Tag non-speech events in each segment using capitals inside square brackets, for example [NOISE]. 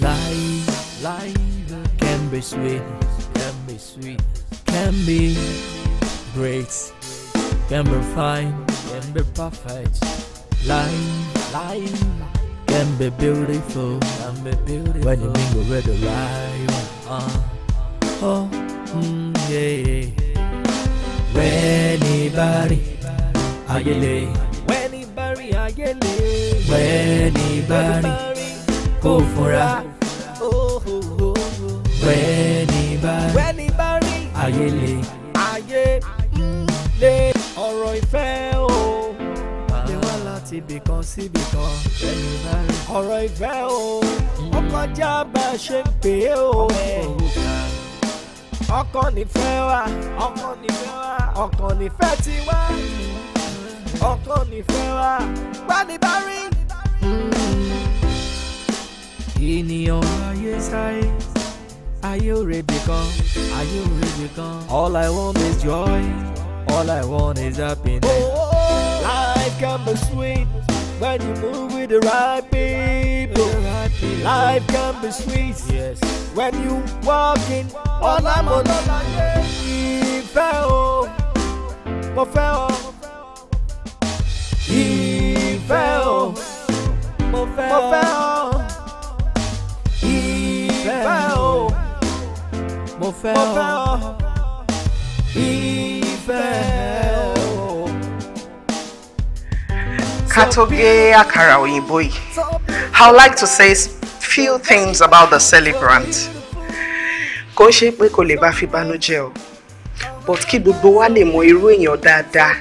Life, life can be sweet, can be sweet, can be great, can be fine, can be perfect. Life, life can be beautiful, can be beautiful when you mingle with the right one. Uh, oh, mm, yeah. When he bury, I get lay. When he bury, I get lay. When he bury. kó fura. Wẹ́ẹ̀ni bá rí ayé le. Ayé le ọ̀rọ̀ ìfẹ́ o. Lè wá láti ibìkan sí ibìkan. Ọ̀rọ̀ ìfẹ́ o. Ó kọjá bá a ṣe pè é o ọkàn nífẹ̀ wa ọkàn nífẹ̀ wa ọkàn nífẹ̀ ti wá ọkàn nífẹ̀ wa gbanibari. Mm. In your highest heights, are you I gone? Are All I want is joy, all I want is happiness. Oh, oh, oh, life can be sweet when you move with the right people. Life can be sweet yes. when you walk in all i on. Ìfẹ́ mo fell, mo mo fẹ́ ọ. ìfẹ́ o. ká tó gé àkàrà I would like to say few things about the celebrant. kò ń ṣe pé kò lè bá fi bánújẹ́ o but kí gbogbo wa lè mọ irú èèyàn dáadáa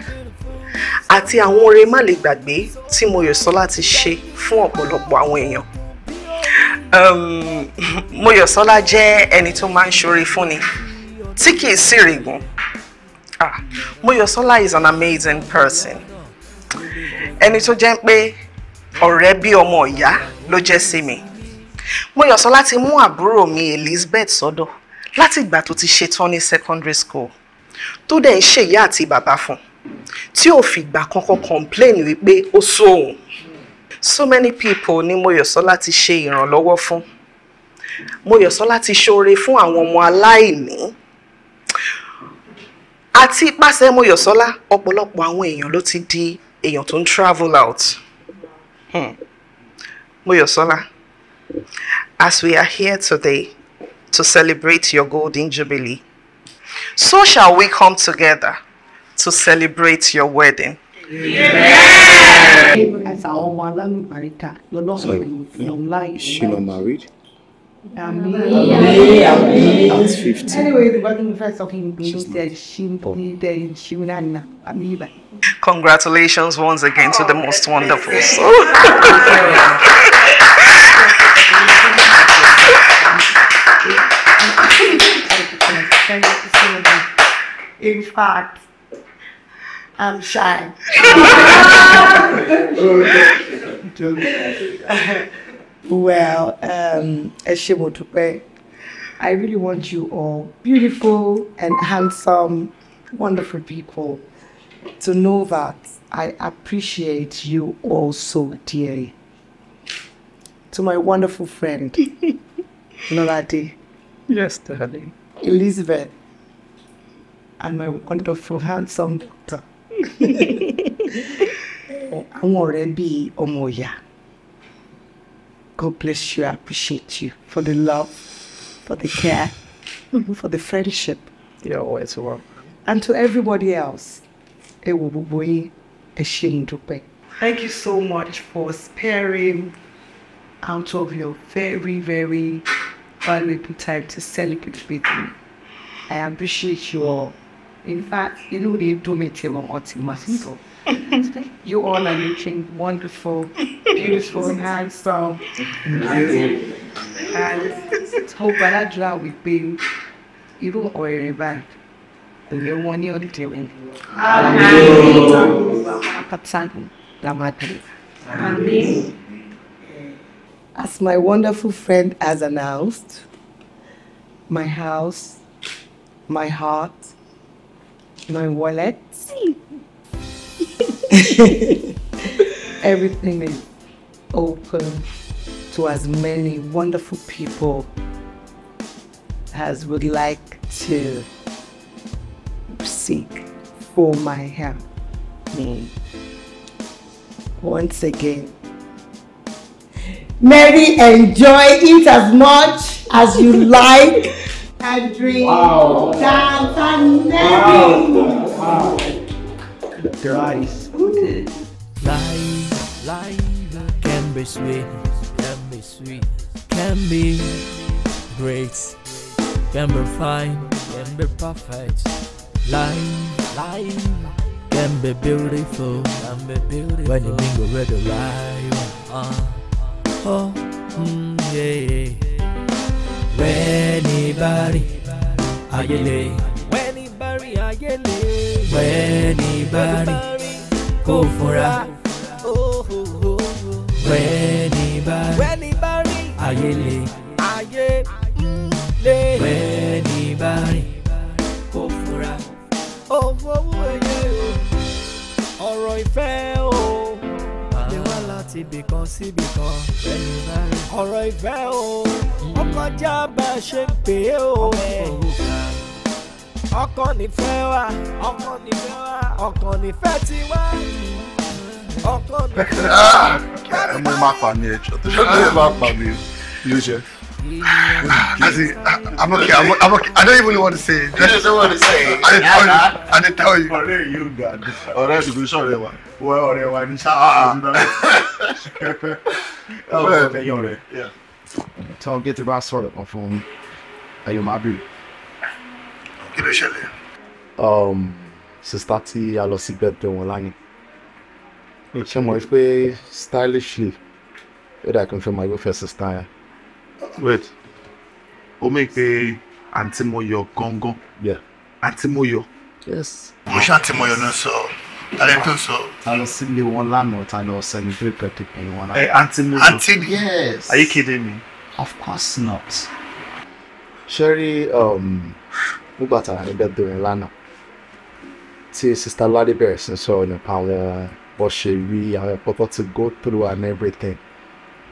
àti àwọn oore má lè gbàgbé tí Mọ́yọ̀sọ́lá ti ṣe fún ọ̀pọ̀lọpọ̀ àwọn èèyàn Mọ́yọ̀sọ́lá um, [LAUGHS] jẹ́ ẹni tó máa ń ṣoore fúnni tí kì í sì rìgùn ah, is an amazing person ẹni tó jẹ́ pé ọ̀rẹ́ bí ọmọ ìyá ló jẹ́ sí mi Mọ́yọ̀sọ́lá ti mú àbúrò mi Elizabeth sọ́dọ̀ láti ìgbà tó ti ṣetán ní secondary school tó dẹ̀ ń ṣèyá àti bàbá fún tí ò fìgbà kankan complain wípé ó sóhun so many people ni Mọ́yọ̀sọ́lá ti ṣe ìrànlọ́wọ́ fún Mọ́yọ̀sọ́lá ti ṣoore fún àwọn ọmọ aláìní àti ipasẹ̀ Mọ́yọ̀sọ́lá ọ̀pọ̀lọpọ̀ àwọn èèyàn ló ti di èèyàn tó ń travel out hmm. Mọ́yọ̀sọ́lá as we are here today to celebrate your golden jubilee so shall we come together to celebrate your wedding. As our mother Marita, the Lord so, life. She not married. Amen. Amen. Anyway, the first of him said she Congratulations once again to the most wonderful soul. [LAUGHS] In fact, I'm um, shy. well, um, Eshimotupe, I really want you all beautiful and handsome, wonderful people to know that I appreciate you all so dearly. To my wonderful friend, [LAUGHS] Nolati. Yes, darling. Elizabeth. And my wonderful, handsome doctor. [LAUGHS] àwọn ọ̀rẹ́ bíi ọmọ ìyá God bless you I appreciate you for the love for the care for the friendship. You're always welcome. And to everybody else, ẹ wo Thank you so much for sparing out of your very, very valuable time to celebrate with me. I appreciate you all. In fact, you know, they do meet him or Timasito. You all are looking wonderful, beautiful, and handsome. And, [LAUGHS] and hope that draw with being even or a band. The one year you Amen. Amen. As my wonderful friend has announced, my house, my heart, my wallet. [LAUGHS] Everything is open to as many wonderful people as would like to seek for my help. Me mm. Once again, Mary, enjoy it as much as you [LAUGHS] like and dream, wow. dance and marry. Wow. Life, life can be sweet, can be sweet, can be great, can be fine, can be perfect. Life, life can be beautiful, can be beautiful when you mingle with the life. Uh, uh, oh, mm, yeah. wẹ́ni bá rí ayé le. wẹ́ni bá rí ayé le. wẹ́ni bá rí kó fura. wẹ́ni bá rí ayé le. ayé le. wẹ́ni bá rí ọ̀rọ̀ ìfẹ́ síbi kan síbi kan ọ̀rọ̀ ìfẹ́ o ọkọjá bá a ṣe pè é o. ọkàn nífẹ̀ wa ọkàn nífẹ̀ wa ọkàn nífẹ̀ ti wá. ọkàn nífẹ̀ [LAUGHS] ah! wa. ẹ mú má pa mí ẹ jọ tó ṣe é má pa mí ló I see, I'm okay, I'm okay, I'm okay. I don't even want to say it. You just don't want to say it. I didn't tell you. I didn't tell you. Ọ̀rẹ́ yóò ga ọ̀rẹ́ ṣùgbọ́n sọ̀rọ̀ wa. Wọ́n ọ̀rẹ́ wa ní sáà. Ọ̀rẹ́ ẹ̀yìn ọ̀rẹ́. Tọ́ gé tí bá sọ̀rọ̀ kan fún ẹ̀yọ̀ máa bèrè. Kí ló ṣẹlẹ̀? Sista tí a lọ sí bẹ́ẹ̀ wọn lánìí. Ṣé mo rí pé stylishly ó dà kí n fẹ́ máa yóò fẹ́ sista yẹn? wait o mọ̀ pé àǹtí Mọ́yọ̀ gangan àǹtí Mọ́yọ̀. yes. mo ṣe àǹtí Mọ́yọ̀ náà sọ alẹ́ tó sọ. ta lọ sílé wọn lánàá ta lọ celebrate pẹ̀lú pẹ̀lú wọn. ẹ eh, yes. are you kidding me. of course not. ṣẹ́rí Um, tá a ní bẹ́ẹ̀ doing, lánàá tí sista Ládé bẹ̀rẹ̀ sí sọ̀rọ̀ nípa àwọn bó ṣe rí àwọn ẹ̀kọ́ tó ti go through and everything.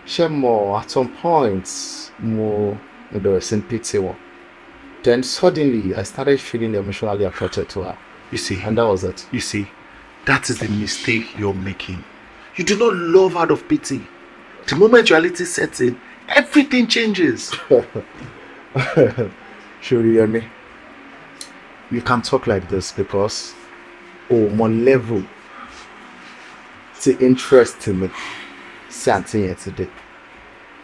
hyɛ more some points more the Then suddenly I started feeling emotionally attracted to her. You see. And that was it. You see, that is the mistake you're making. You do not love out of pity. The moment reality sets in, everything changes. Shuriyomi, [LAUGHS] you can talk like this because, oh, my level, it's interesting. sí àǹtí yẹn ti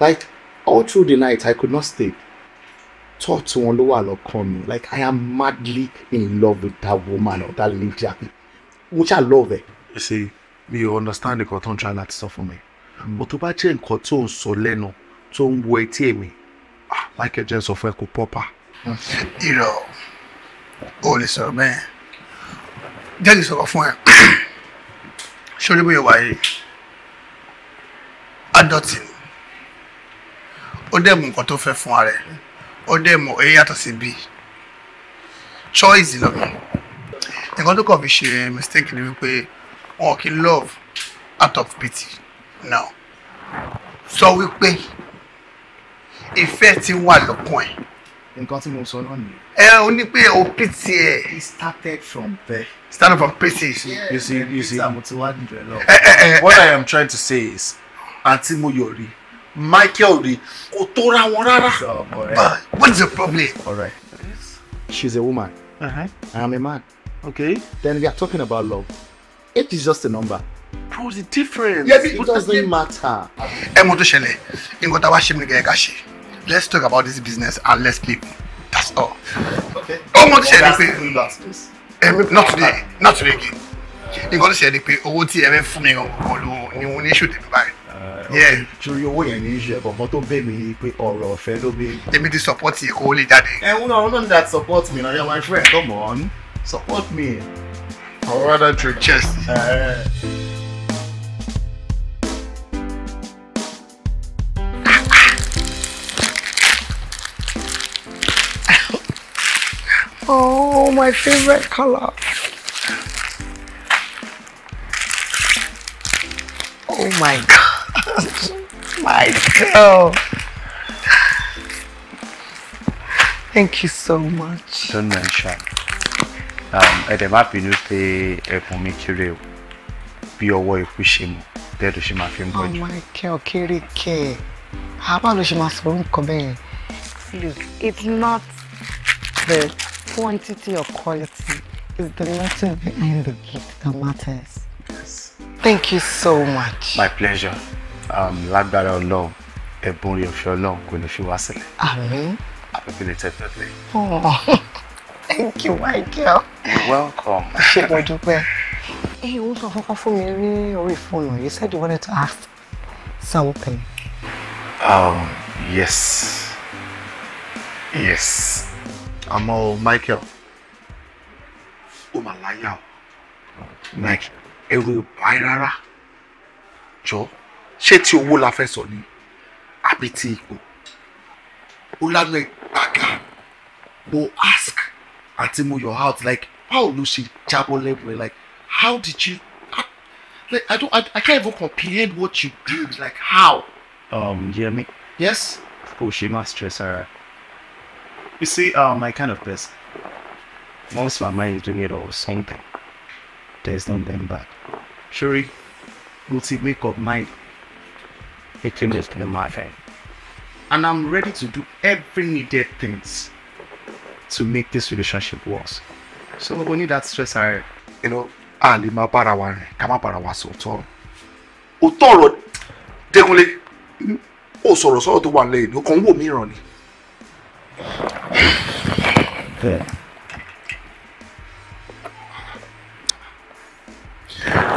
like all through the night i could not sleep thought wọn ló wà lọ́kàn mi like i am madly in love with that woman or that lady which I love ẹ. you see mi ò understand the tó ń tra láti sọ fún mi mo hmm. tó bá jẹ́ nǹkan tó ń sọ lẹ́nu tó ń wo etí èmi ah, Michael jẹ́ sọ fún ẹ kó pọ́pà. irọ́ hmm. o lè sọ̀rọ̀ bẹ́ẹ̀ jẹ́ kí [CLEARS THROAT] adọ́tì ni ó dẹ̀ mú nǹkan tó fẹ́ fún ara ẹ̀ ó dẹ̀ mọ̀ èyí yàtọ̀ sí bíi choice lọ́nà nǹkan tó kàn fi ṣe mistake ni wípé wọn kì í love out of pity now sọ wípé ìfẹ́ ti wà lọ́kàn ẹ̀. nǹkan tí mo sọ náà nìyẹn. ẹ o ní pé o pity ẹ. it started from there. started from pity. you see you see mo ti wá lọ. what i am trying to say is àǹtí Moyọ̀rí Michael rè kò tó ra wọn rárá. but what's the problem. Alright. right she's a woman uh-huh. I am a man. okay then we are talking about love age is just a number. What's the difference? Yeah, it doesn't matter. Ẹ mọ̀ tó ṣẹlẹ̀, nǹkan tá a wá ṣe mi gẹ̀gẹ̀ ká ṣe. Let's talk about this business and let's sleep. That's all. Okay. Ó mọ̀ tó ṣẹlẹ̀ pé not today not today again. Nǹkan tó ṣẹlẹ̀ pé owó tí ẹ fẹ́ fún mi gan-an ló ní báyìí. Uh, yeah, through your way í ṣe but kan tó ń bẹ̀ me pé ọ̀rọ̀ ọ̀fẹ́ ló bẹ̀. èmi ti support you, holy daddy. And ẹ wúlò àwọn olóńgbò that support me na my friend come on support me. or rather through chest. Uh, oh, my favorite color. Oh my god. Michael. Thank you so much. Don't mention. Um, ẹ dẹ̀ má bínú pé ẹkùn mi kéré o bí ọwọ́ ikú ṣe mú bẹ́ẹ̀ ló ṣe máa fi ń bọ́jú. ọmọ ẹkẹ ọkẹrẹ kẹ àbá ló ṣe máa sọ nǹkan bẹ́ẹ̀. it's not the quantity or quality it's the matter behind the gift that matters. thank you so much. my pleasure. Um, lágbára Ọlọ́run ẹ̀bùn rẹ̀ ọ̀fẹ́ Ọlọ́run kò ní fi wá sílẹ̀. àmín. àbẹ̀bí lè tẹ́tẹ́ pé. thank you Michael. you're welcome. ṣé mo dúpẹ́. ẹ ò sọ fún kan fún mi rí orí fóònù you said you wanted to ask something. Um, yes. Yes. Àmọ́ Michael. Ó mà láyà o. Like, ẹ̀rù ìbáyé rárá. Jọ̀ọ́ ṣé ti owó la fẹ́ sọ ni àbí ti ipò ó lánà ìgbàgà mo ask àti mo your heart like báwo ló ṣe jábọ́ lẹ́gbẹ̀ẹ́ like how did you like i don't I, i can't even comprehend what you did like how. um Yemi. yes. Oh, she must stress her. you see um, my kind of person once my mind is doing it or something there's nothing bad. Shuri, mo make up mind victimless in my head. And I'm ready to do every needed things to make this relationship worse. So we need that stress I you know, Ali ma máa bára wa rìn ká má bára wa sọ̀tọ̀ ọ̀rọ̀. òótọ́ ọ̀rọ̀ Dékúnlé ó sọ̀rọ̀ sọ̀rọ̀ tó wà lẹ́yìn ó kàn ń wò mí ni.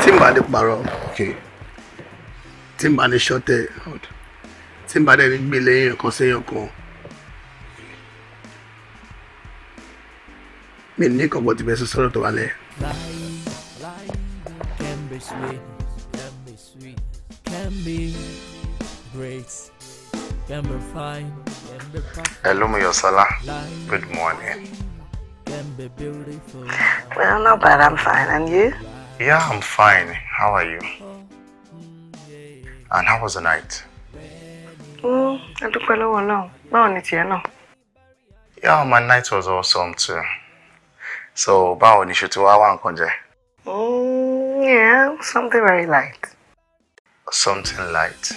tí màá lè parọ́. Okay tí n bá ní ṣọ́tẹ̀ tí n bá dẹ̀ ní gbé lẹ́yìn ọ̀kan sẹ́yìn ọ̀kan mi ní kọ̀ọ̀bọ̀ tí bẹ́ẹ̀ sọ tó wà lẹ́yìn. Hello, Muyosala. Good morning. Well, not bad. I'm fine. And you? Yeah, I'm fine. How are you? And how was the night? Mm, I took a little long. Báwo ni tiẹ̀ náà? Yeah, my night was awesome too. So, báwo ni ṣe ti wá wá nǹkan jẹ? Mm, yeah, something very light. Something light.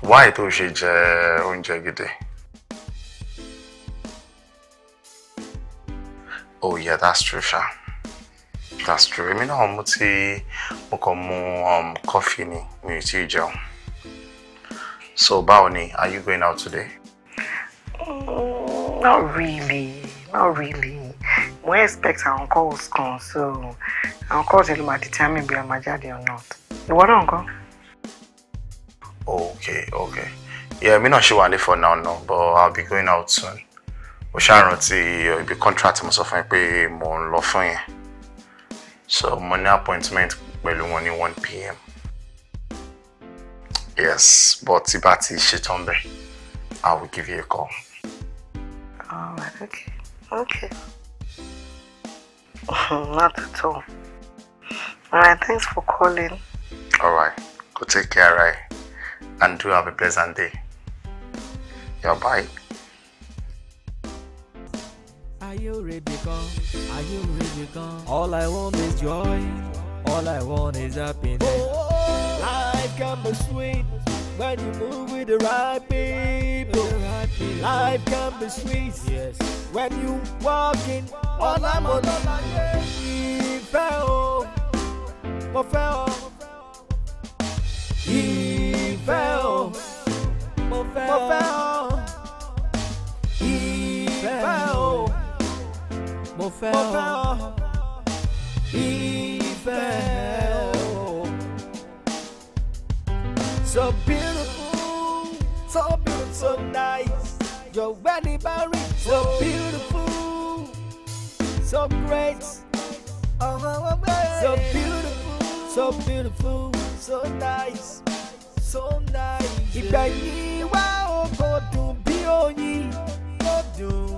Why do you jẹ oúnjẹ gidi? Oh yeah, that's true, Sha. Sure that's true èmi náà mo ti mo kàn mu um, coffee ni mi ò tí ì jẹun so báwo ni are you going out today. Mm, not really not really mo expect àwọn calls kan so àwọn calls yẹn ló máa determine bí a máa or not ìwọ náà nǹkan. okay okay yeah èmi náà ṣì wà ní for now no but i'll be going out soon o ṣàrántí uh, ibi contract mo sọ fún yín pé mo ń lọ fún yẹn. so mo appointment will be only one pm yes but tí bá if that is ti bẹ́ẹ̀ i will give you a call. all right okay okay [LAUGHS] not at all all right thanks for calling. all right go take care right and do have a pleasant day. Yeah, bye. Are you ready, come? Are you ready, come? All I want is joy. All I want is happiness. Oh, oh, life can be sweet when you move with the right people. Life can be sweet yes. when you walk in. All I want is ìfẹ́ o, mo fẹ́ o. Ìfẹ́ o, mo fẹ́ o. mo fẹ́ ọ ìfẹ́ ọ. so beautiful so beautiful so nice your wedding berry so beautiful so great Oh oh so beautiful so beautiful so nice so nice. ìgbẹ̀yìn wa ó kò dùn bí oyin ó dùn.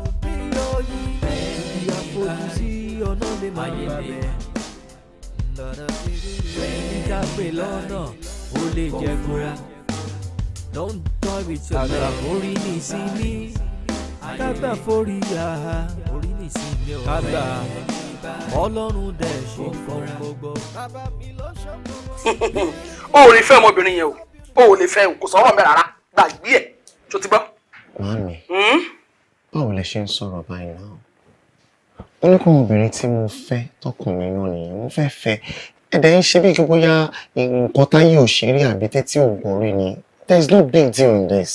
ojú sí ọ̀nà mi máa ń bá bẹ́ẹ̀. ẹni tá a pè lọ́nà ó lè jẹ́ fúra. don't toy with your man. orí ní ìsinmi kágbà forí àhá orí ní ìsinmi ọ̀rẹ́ kágbà ọlọ́run dẹ̀ ṣe fún gbogbo. [LAUGHS] o ò lè fẹ́ ọmọbìnrin yẹn o o ò lè fẹ́ o kò sọ̀rọ̀ mi rárá gbàgbé ẹ̀ tó ti bọ́. màámi hmm? báwo lẹ ṣe ń sọ̀rọ̀ báyìí náà orúkọ obìnrin tí mo fẹ́ tọkùnrin náà nìyẹn mo fẹ́ fẹ́ ẹ̀dẹ̀ ń ṣe bí kí bóyá nǹkan táyé ò ṣe rí àbí tẹ́tí ò gbọ́n rí ni there is no big deal in this.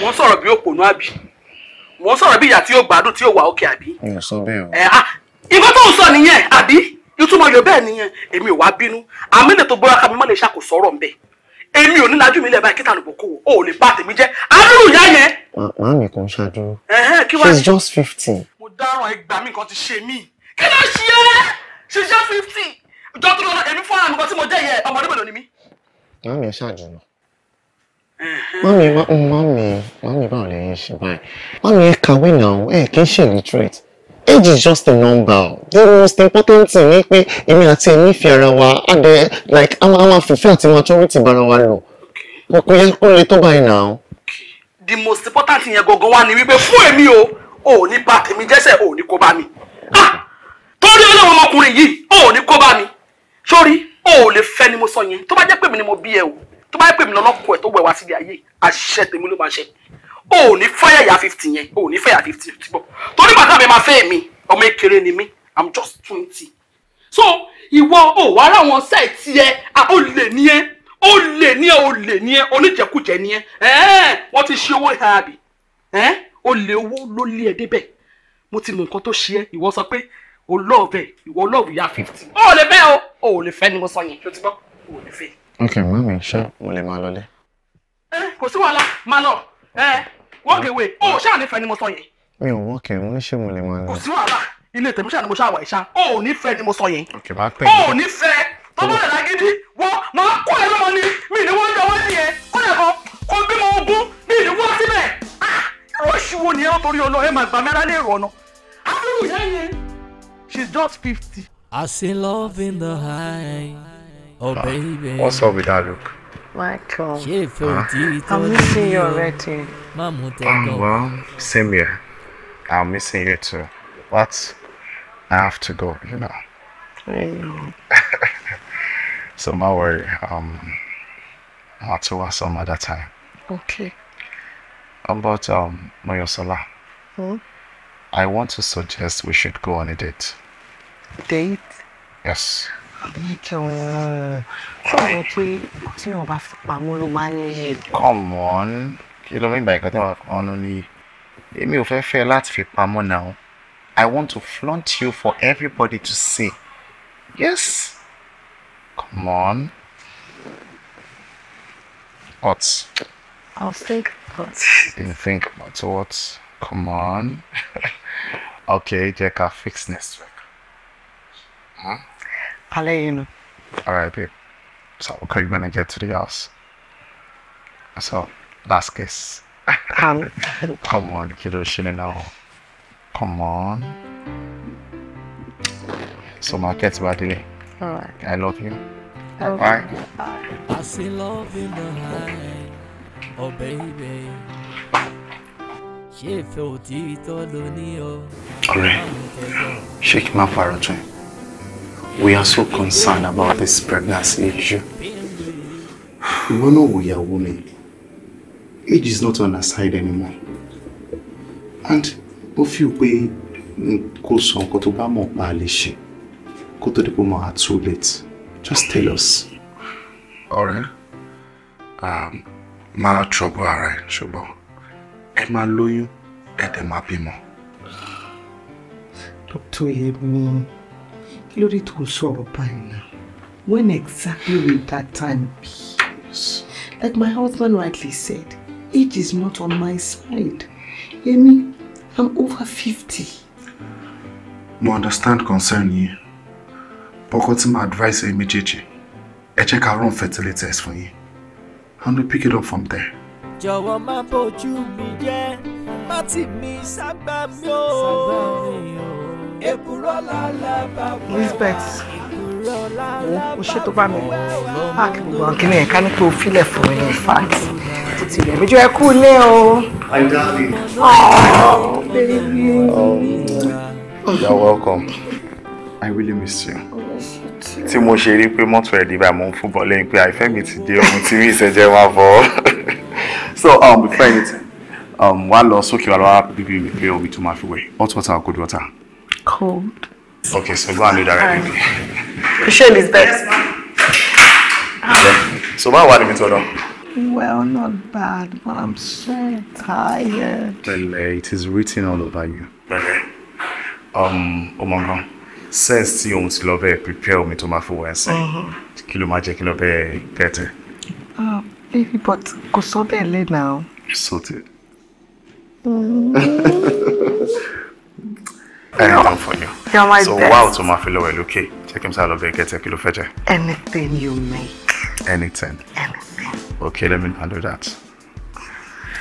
wọ́n sọ̀rọ̀ bí òpònú àbí wọ́n sọ̀rọ̀ bí ìyá tí yóò gbádùn tí yóò wà òkè àbí. mi ò sọ bẹ́ẹ̀ o. ẹ̀ ah nǹkan tó ń sọ nìyẹn àbí ìtumọ̀ yóò bẹ́ẹ̀ nìyẹn èmi ò wá bínú àmì lè tó gbóra ká mi má lè ṣàkóso ọ̀rọ̀ mbẹ́ èmi ò ní lajú mi lẹ́ báyìí kíta lùbọ̀ kó o ò lè bá tèmi jẹ́ àdúrú ìyá yẹn. màámi kan ṣàdúró she's just fifteen mo dáràn ẹgbà mi kan ti ṣe mí kí ló ṣe é ṣiṣẹ́ fifty ìjọ tó lọ́nà èmi fún àmì kan tí mo jẹ́ yẹ ọmọdé mélòó ni mí. màmí ẹ ṣàjùnà màmí màmí màmí báwo lè yín ṣe báyìí màmí ẹ kàwé náà ẹ kì í ṣe illiterate age is just a number the most important thing ni pé èmi àti èmi fi ara wa adé like àwọn àwọn àfẹ́fẹ́ àti maturity bára wa lò kò kò yẹ kó lè tó báyìí náà. the most important yẹn gangan wa ni wípé fún èmi o o ò ní bà tèmi jẹ́sẹ̀ o ò ní kó bá mi ah! torí ọlọ́run ọmọkùnrin yìí o ò ní kó bá mi sórí o lè fẹ́ ni mo sọ yẹn tó bá jẹ́ pèmí ni mo bí ẹ o tó bá jẹ́ pèmí lọ́lọ́kọ̀ ẹ̀ tó wẹ̀ wá sílé ayé àṣẹ tèmi ló máa ṣe o ò ní fẹ́yà yà fifty yẹn o ò ní fẹ́yà fifty ti bọ̀ torí bàtà mi máa fẹ́ mi ọmọ ékeré ni mi i'm just twenty so ìwọ ò wá rà wọn sẹ́ẹ̀tì ẹ ó lè ní ẹ ó lè ní ẹ ó lè ní ẹ oníjẹkújẹ ní ẹ ẹ wọ́n ti ṣe owó ìhàbì ẹ ó lé owó ló lé ẹ débẹ̀ mo ti mọ nǹkan tó ṣe ẹ ìwọ sọ pé o love ẹ ìwọ love ya fifty. o ò lè fẹ́ o o ò lè fẹ́ ni mo sọ yẹn ṣó ti bọ́ o ò lè fẹ́. ok mami ṣé mo lè máa lọlé. ẹ kò sí wàhálà máa lọ ẹ walk away o ò ṣáà nífẹ̀ẹ́ ni mo sọ yẹn. mi ò wọ́ọ̀kì mo ní ṣé mo lè máa lọ. kò sí wàhálà ilé tèmi ṣáà ni mo ṣáà wà ìṣá o ò nífẹ̀ẹ́ ni mo sọ yẹn. ok máa pè é. o ò nífẹ̀ẹ́ tọ́lá rẹ̀ lágídí wọ́n máa kó ẹ lọ́wọ́ ni mi ni wọ́n ń lọ wọ́n nìyẹn kó she's just fifty. I see love in the high. Oh, ah, baby. What's up with that look? Michael. Huh? I'm missing you already. Um, well, same here. I'm missing you too. But I have to go, you know. [LAUGHS] so, my worry. Um, I'll tell us some other time. Okay. about um, Moyosola? Hmm? I want to suggest we should go on a date. Date? Yes. Come on. you ló mean by cutting off only? Èmi ò fẹ́ fẹ́ láti fi pamọ́ now. I want to flaunt you for everybody to see. Yes. Come on. What? I'll take didn't think So what come on [LAUGHS] okay take a fix next week huh? i you know all right babe so okay, when i get to the house so last kiss come [LAUGHS] on kiddo shouldn't know come on so my cat's the all right i love you okay. all right i see love in the high oh baby ṣé ìfẹ́ òtítọ́ ló ní ọ. ọ̀rẹ́ ṣé kí n má parọ́ tún we are so concerned about this pregnancy issue. ìwọ náà wò ìyàwó mi age is not on our side anymore and mo fi pé kó sọ nǹkan tó bá mọ̀ pa á lè ṣe kó tó di pé mo are too late just tell us. ọ̀rẹ́. Um, máa trouble ara ẹ̀ ṣùgbọ́n ẹ máa lóyún ẹ dẹ̀ máa bímọ. Dr. Yemi, kí ló dé tó sọ̀rọ̀ báyìí náà? When exactly will that time be? Like my husband rightly said, age is not on my side. Yemi, I'm over 50. Mo understand concern yín. Bọ́kọ́ tí mo advise ẹ méjèèjì, ẹ jẹ́ ká run fertility test fún yín and we pick it up from there. jọ̀wọ́ má bójú mi jẹ́ má tì mí sábà mi ò èkúrọ́ lálábà wá. Elizabeth o ṣe tó bá mi páàkì gbogbo àwọn kìnìún ká ní pé o filẹ̀ fún mi ní fact o ti rẹ̀ mí jọ ẹ kú ilé o. my darling. oh um, you're welcome. I really miss you tí mo ṣe rí pé mọ́tò ẹ̀ dìbà mo ń fúbọ̀ lẹ́yìn pé àìfẹ́ mi ti dé ohun tí mi ìṣẹ̀jẹ̀ wá fọ́ [LAUGHS] so um, before anything um, wá lọ sókè wàá wá bíbí mi pé omi tó máa fi wẹ̀ hot water or cold water. cold. okay so go and do that right away. Michelle is best. so báwo wà ní mi tó lọ. Well, not bad, but I'm so tired. Lele, it is written all over you. Okay. Um, Omongo sense tí òun ti lọ bẹ́ẹ̀ prepare omi tó máa fowó ẹsẹ̀ uh-huh. kí ló máa jẹ́ kí lọ bẹ́ẹ̀ bẹ́tẹ̀. baby but kò sọ bẹ́ẹ̀ lẹ́nà o. sorted. I am done for you. You're my so, best. So wow, to my fellow well, okay. Check him out of the get a Anything you make. Anything. Anything. Okay, let me handle that.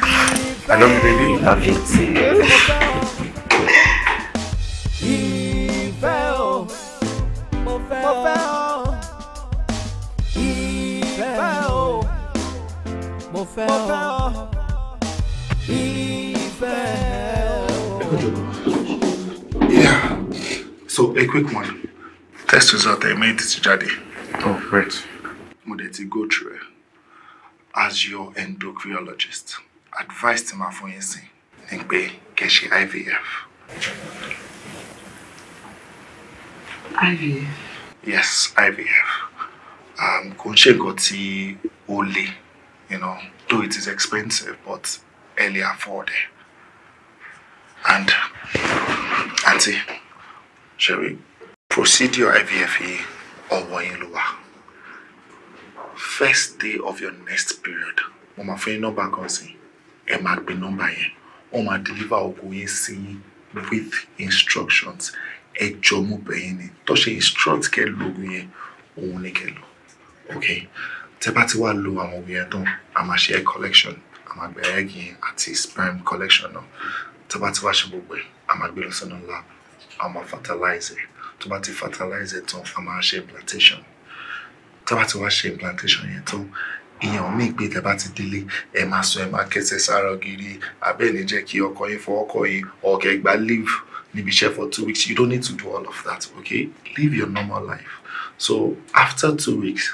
I love you, baby. Love you too. [LAUGHS] mo fẹ́ ọ. ìfẹ́ o mo fẹ́ ọ. ìfẹ́ o. yeah so a quick one test result ẹ̀ méjì ti jáde. oh great. mo dẹ̀ ti go through it as your endocrinologist advice ti máa fún yín sí ni pé kẹ́ ṣe IVF. IVF yes IVF um, kò ń ṣe nǹkan you know though it is expensive but ẹ lè afford ẹ and àǹtí ṣẹ̀rí procedure IVF yìí ọwọ́ yín ló wà first day of your next period Mama máa fún yín nọ́mbà kan sí ẹ máa gbé nọ́mbà deliver òògùn yín sí with instructions ẹ jọ mo bẹ̀ yín ni tó ṣe instruct kẹ́ lóògùn yẹn òun ni kẹ́ lọ ok tẹ́ bá ti wá lo àwọn oògùn yẹn tán a máa ṣe egg collection a máa gbé egg yẹn àti sperm collection náà tẹ́ bá ti wá ṣe gbogbo ẹ̀ a máa gbé lọ sínú lab a máa fertilize ẹ̀ tó bá ti fertilize ẹ̀ tán a máa ṣe implantation tẹ́ bá ti wá ṣe implantation yẹn tán èèyàn míì pé tẹ́ bá ti délé ẹ máa sọ ẹ máa kẹsẹ̀ sára ògiri abẹ́ẹ̀ ní jẹ́ kí ọkọ yín fọwọ́kọ yín ọ̀kẹ́ gba leave níbi iṣẹ́ for two weeks you don't need to do all of that okay live your normal life so after two weeks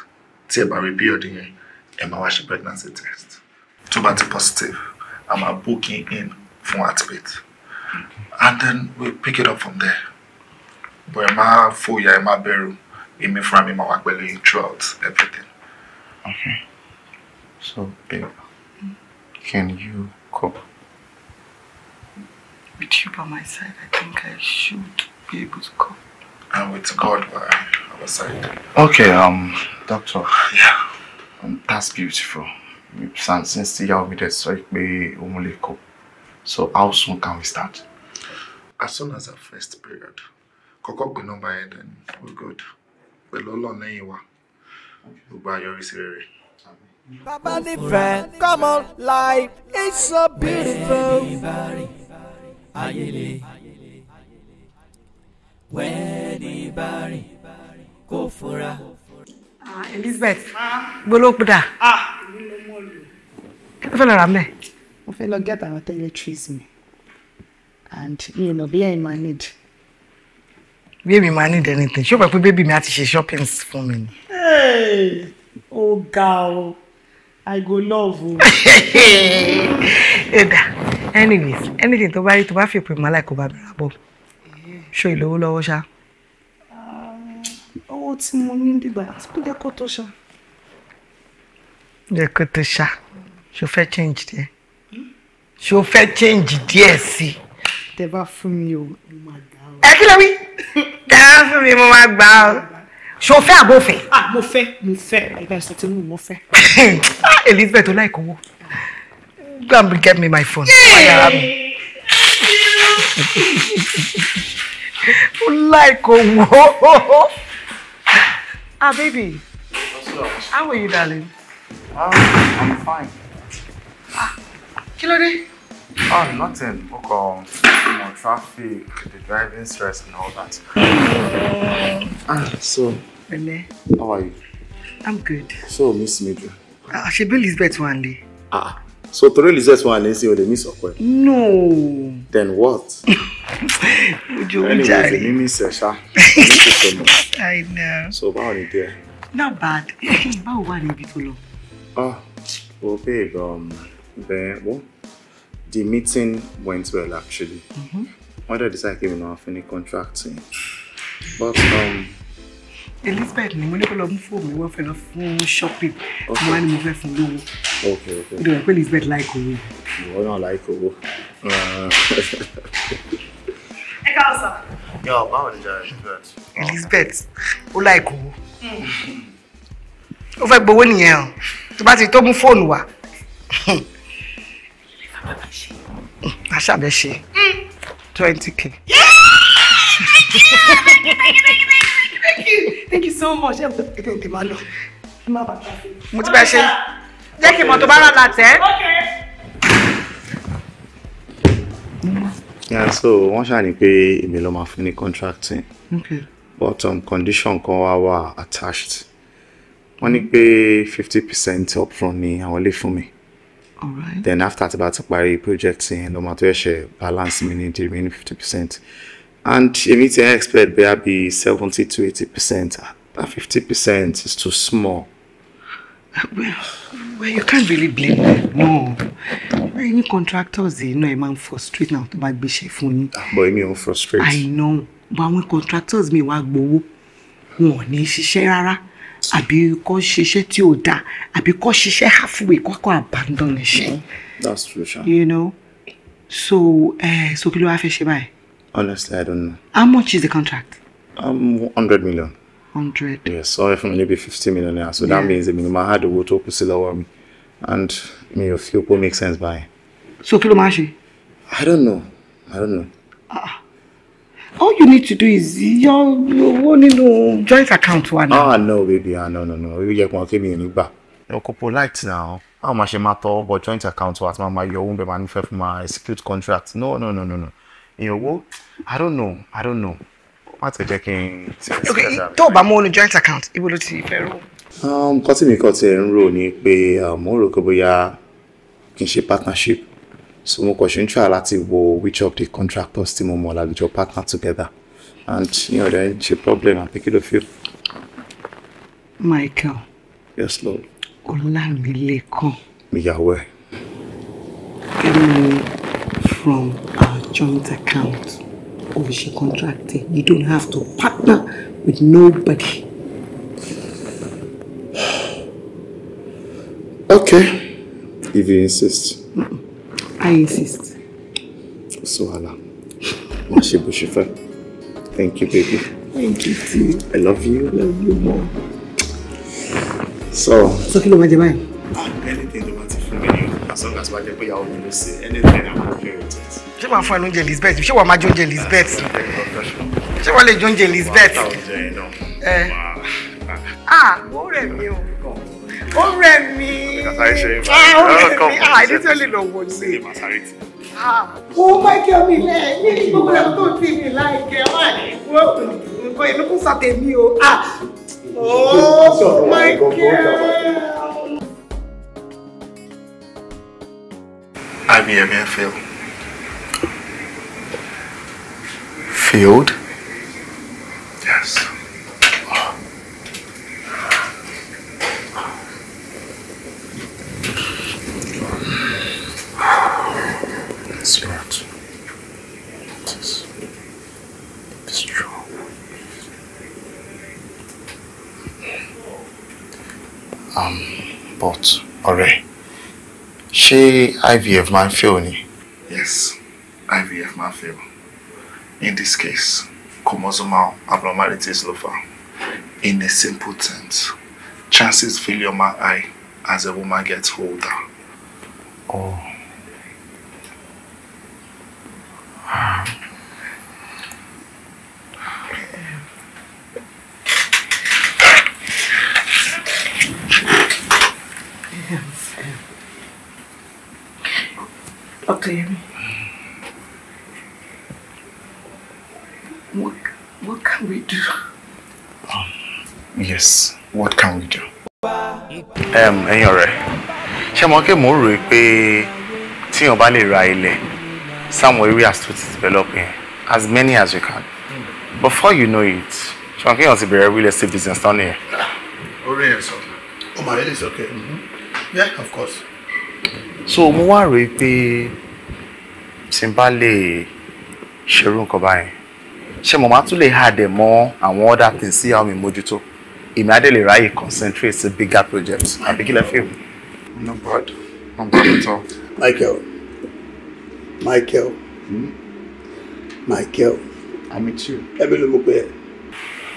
tí ẹ bá rí period yẹn ẹ máa wá pregnancy test Two bá positive. I'm a booking in fún atibate and then we we'll pick it up from there bọ̀ ẹ má year, ẹ má bẹ̀rù me from mi máa wà pẹ̀lú throughout everything. okay so babe can you cope with you by my side, I think I should be able to cope. And with God by our side. Okay, um, doctor. Yeah. Um, that's beautiful. And since the year me did so it may only cope. So how soon can we start? As soon as our first period. Kọ́kọ́ pé number and then we're good. Pẹ̀lú Ọlọ́run lẹ́yìn wa. Gbogbo àyọrí sí rere. come on, life is so beautiful ayele wẹ́ẹ̀ni bá rìn kó fura. Ah, Elizabeth gbólógbòdà ah. kí ló fẹ́ lọ rà mẹ́. mo fẹ́ lọ get àwọn toiletries mi and you know be ẹ̀yin máa need. bí èmi máa need anything ṣé o pẹ̀ pé bébì mi á ti ṣe shopping fún mi ni. ó ga o i go love o. [LAUGHS] ẹ̀dá anyways anything tó bá rí tó bá fi pè mọ́ láì kó bá bẹ̀rẹ̀ bọ̀ ṣó ìlówó lọ́wọ́ ṣá. owó tí mo ní bíbá tó jẹ́ kó tó ṣá. jẹ́ kó tó ṣá ṣó fẹ́ change díẹ̀ ṣó fẹ́ change díẹ̀ sí i. tẹ bá fún mi o mo máa gbà o. ẹ kí ló wí tẹ bá fún mi mo máa gbà o ṣó fẹ́ àbò ah mo fẹ́ mo fẹ́ ẹgbẹ́ sọ ti mo fẹ́. [LAUGHS] Elizabeth tó láì kówó. Go and get me my phone. Yay! [LAUGHS] like oh whoa. Ah baby. How are you, darling? Um, I'm fine. Ah, kí Oh, nothing. Ok. on, you know, traffic, the driving stress and all that. ah, so. Rene. How are you? I'm good. So, Miss Major. Ah, bed one day. Ah, So torí Lizette wà lẹ́sìn o lè miss ọkọ No. Then what? Ojú ń jàre. Anyways, mímí sẹ̀ṣá. [LAUGHS] I know. So báwo ni díẹ̀? Not bad. [CLEARS THROAT] Báwo wà níbi tó lọ? Ah, well babe, um, then, well, the meeting went well actually. Mm-hmm. Wọ́n dẹ̀ decide kí mi náà fi ní contracting. But um, Elizabeth ni mo ní kó lọ mú fóònù mi wọ́n fẹ́ lọ fún shopping mo wá ní mo fẹ́ fún lówó ìdọ̀rọ̀ pé Elizabeth láìkò owó. ìwọ náà láìkò owó. ẹ káàbọ̀ sà. yọ báwo ni jàre Elizabeth. Elizabeth ó láìkò owó ó fẹ́ gbowó nìyẹn o tó bá ti tó mú fóònù wá. aṣàbẹ̀ṣe mm. twenty k thank you thank you so much ẹ bẹ òkè máa lọ kí má bàtà sí. mo ti bẹ ṣe jẹ́ kí mọ̀ tó bá rà látẹ̀. yeah so wọ́n ṣàní pé èmi ló máa fún ní contracting okay. but um, condition kan wá wà attached wọ́n ní pé fifty percent upfront ni àwọn lè fún mi. Alright. then after tí bá ti parí project yẹn ló máa tó ẹ̀ṣẹ̀ balance mi ní the remaining fifty percent and èmi ti expect bóyá bí seventy to eighty percent and fifty percent is too small. well well you can't really blame them no any contractors they know a man frustrated now to buy bá gbéṣẹ́ fún me àbọ̀ ah, èmi ò ń i know but when contractors mi wá gbowó wọn ò ní ṣiṣẹ́ rárá àbí kọ́ ṣiṣẹ́ tí ò dáa àbí kọ́ ṣiṣẹ́ halfway kọ́ kọ́ abandon iṣẹ́. Mm-hmm. that's true sha. you know so uh, so kí ló wá fẹ́ Honestly, I don't know. How much is the contract? Um, 100 million. 100. Yes, so if maybe 50 million yeah, So yeah. that means the minimum had the water to sell over um, and me of few people make sense by. So kí ló máa I don't know. I don't know. Ah. All you need to do is your owó nínú joint account one. now. Ah no baby, ah no no no. Orí yẹ kàn kí in ní gbà. you're polite now. Àwọn máa ṣe máa tọ́ bọ̀ joint account wa my my máa yọ owó my máa nífẹ̀ẹ́ fún máa execute contract. No no no no no. Ìyẹn owó i don't know i don't know What's the checking? okay tó o bá mú o ní joint account ibo ló ti fẹ́ rò. Um, nǹkan tí mi kàn ti ń rò ni pé um, mo rò pé bóyá kì í ṣe partnership so mo kàn ṣe ń try láti wo which of the contractors tí mo mọ̀ lálejò partner together and ní ọ̀dọ̀ ẹ̀ ṣe problem àti kí ló fi. Michael. yes lord. Ọlámilékan. ìyàwó ẹ̀. give me from our joint account publish a contract. You don't have to partner with nobody. Okay, if you insist. I insist. So, Allah, thank you, baby. Thank you, too. I love you. I love you more. So. So, kí ló máa ah, Anything you want as long as ṣe anything fún ẹ lóúnjẹ Elizabeth ṣé wàá máa jẹ oúnjẹ Elizabeth ah, ṣé wàá lè jẹ oúnjẹ Elizabeth. Eh. Ah, ah. ah ó rẹ̀ o ó rẹ̀ mí ó ah ẹni tí ó lè lọ wò ni. Wo Michael mi ní gbogbo ẹ̀ tó ti mi láìkẹ́ wá wo nǹkan ìlú kún sàtẹ̀mí o. Oh, Michael. IBM Airfield. Field? Yes. Oh. Oh. It is true. Um, but, alright. ṣé IVF máa ń fail ni. yes IVF máa ń fail in this case chromosomal abnormalities ló fà in a simple terms chances failure ma high as a woman gets older. Oh. Ah. Clearly. What, what can we do? Um, yes, what can we do? Um, ẹ̀yin ọ̀rẹ́, ṣé mo kí mò ń rò pé tíyàn bá develop as many as we can. Before you know it, ṣé mo kí yàn a bẹ̀rẹ̀ real estate business náà here? Orí yẹn sọ, ọmọ rẹ̀ lè sọ Yeah, of course. So mo wá rò tí n bá lè ṣerú nǹkan báyẹn ṣé mo máa tún lè hà dẹ̀ mọ́ àwọn other things sí àwọn mi èmi á dẹ̀ lè ráyè concentrate sí bigger projects àbí kí lẹ fi wù. no bad no bad at all. michael michael hmm? michael. i'm with you. ẹbí ló mú pé ẹ.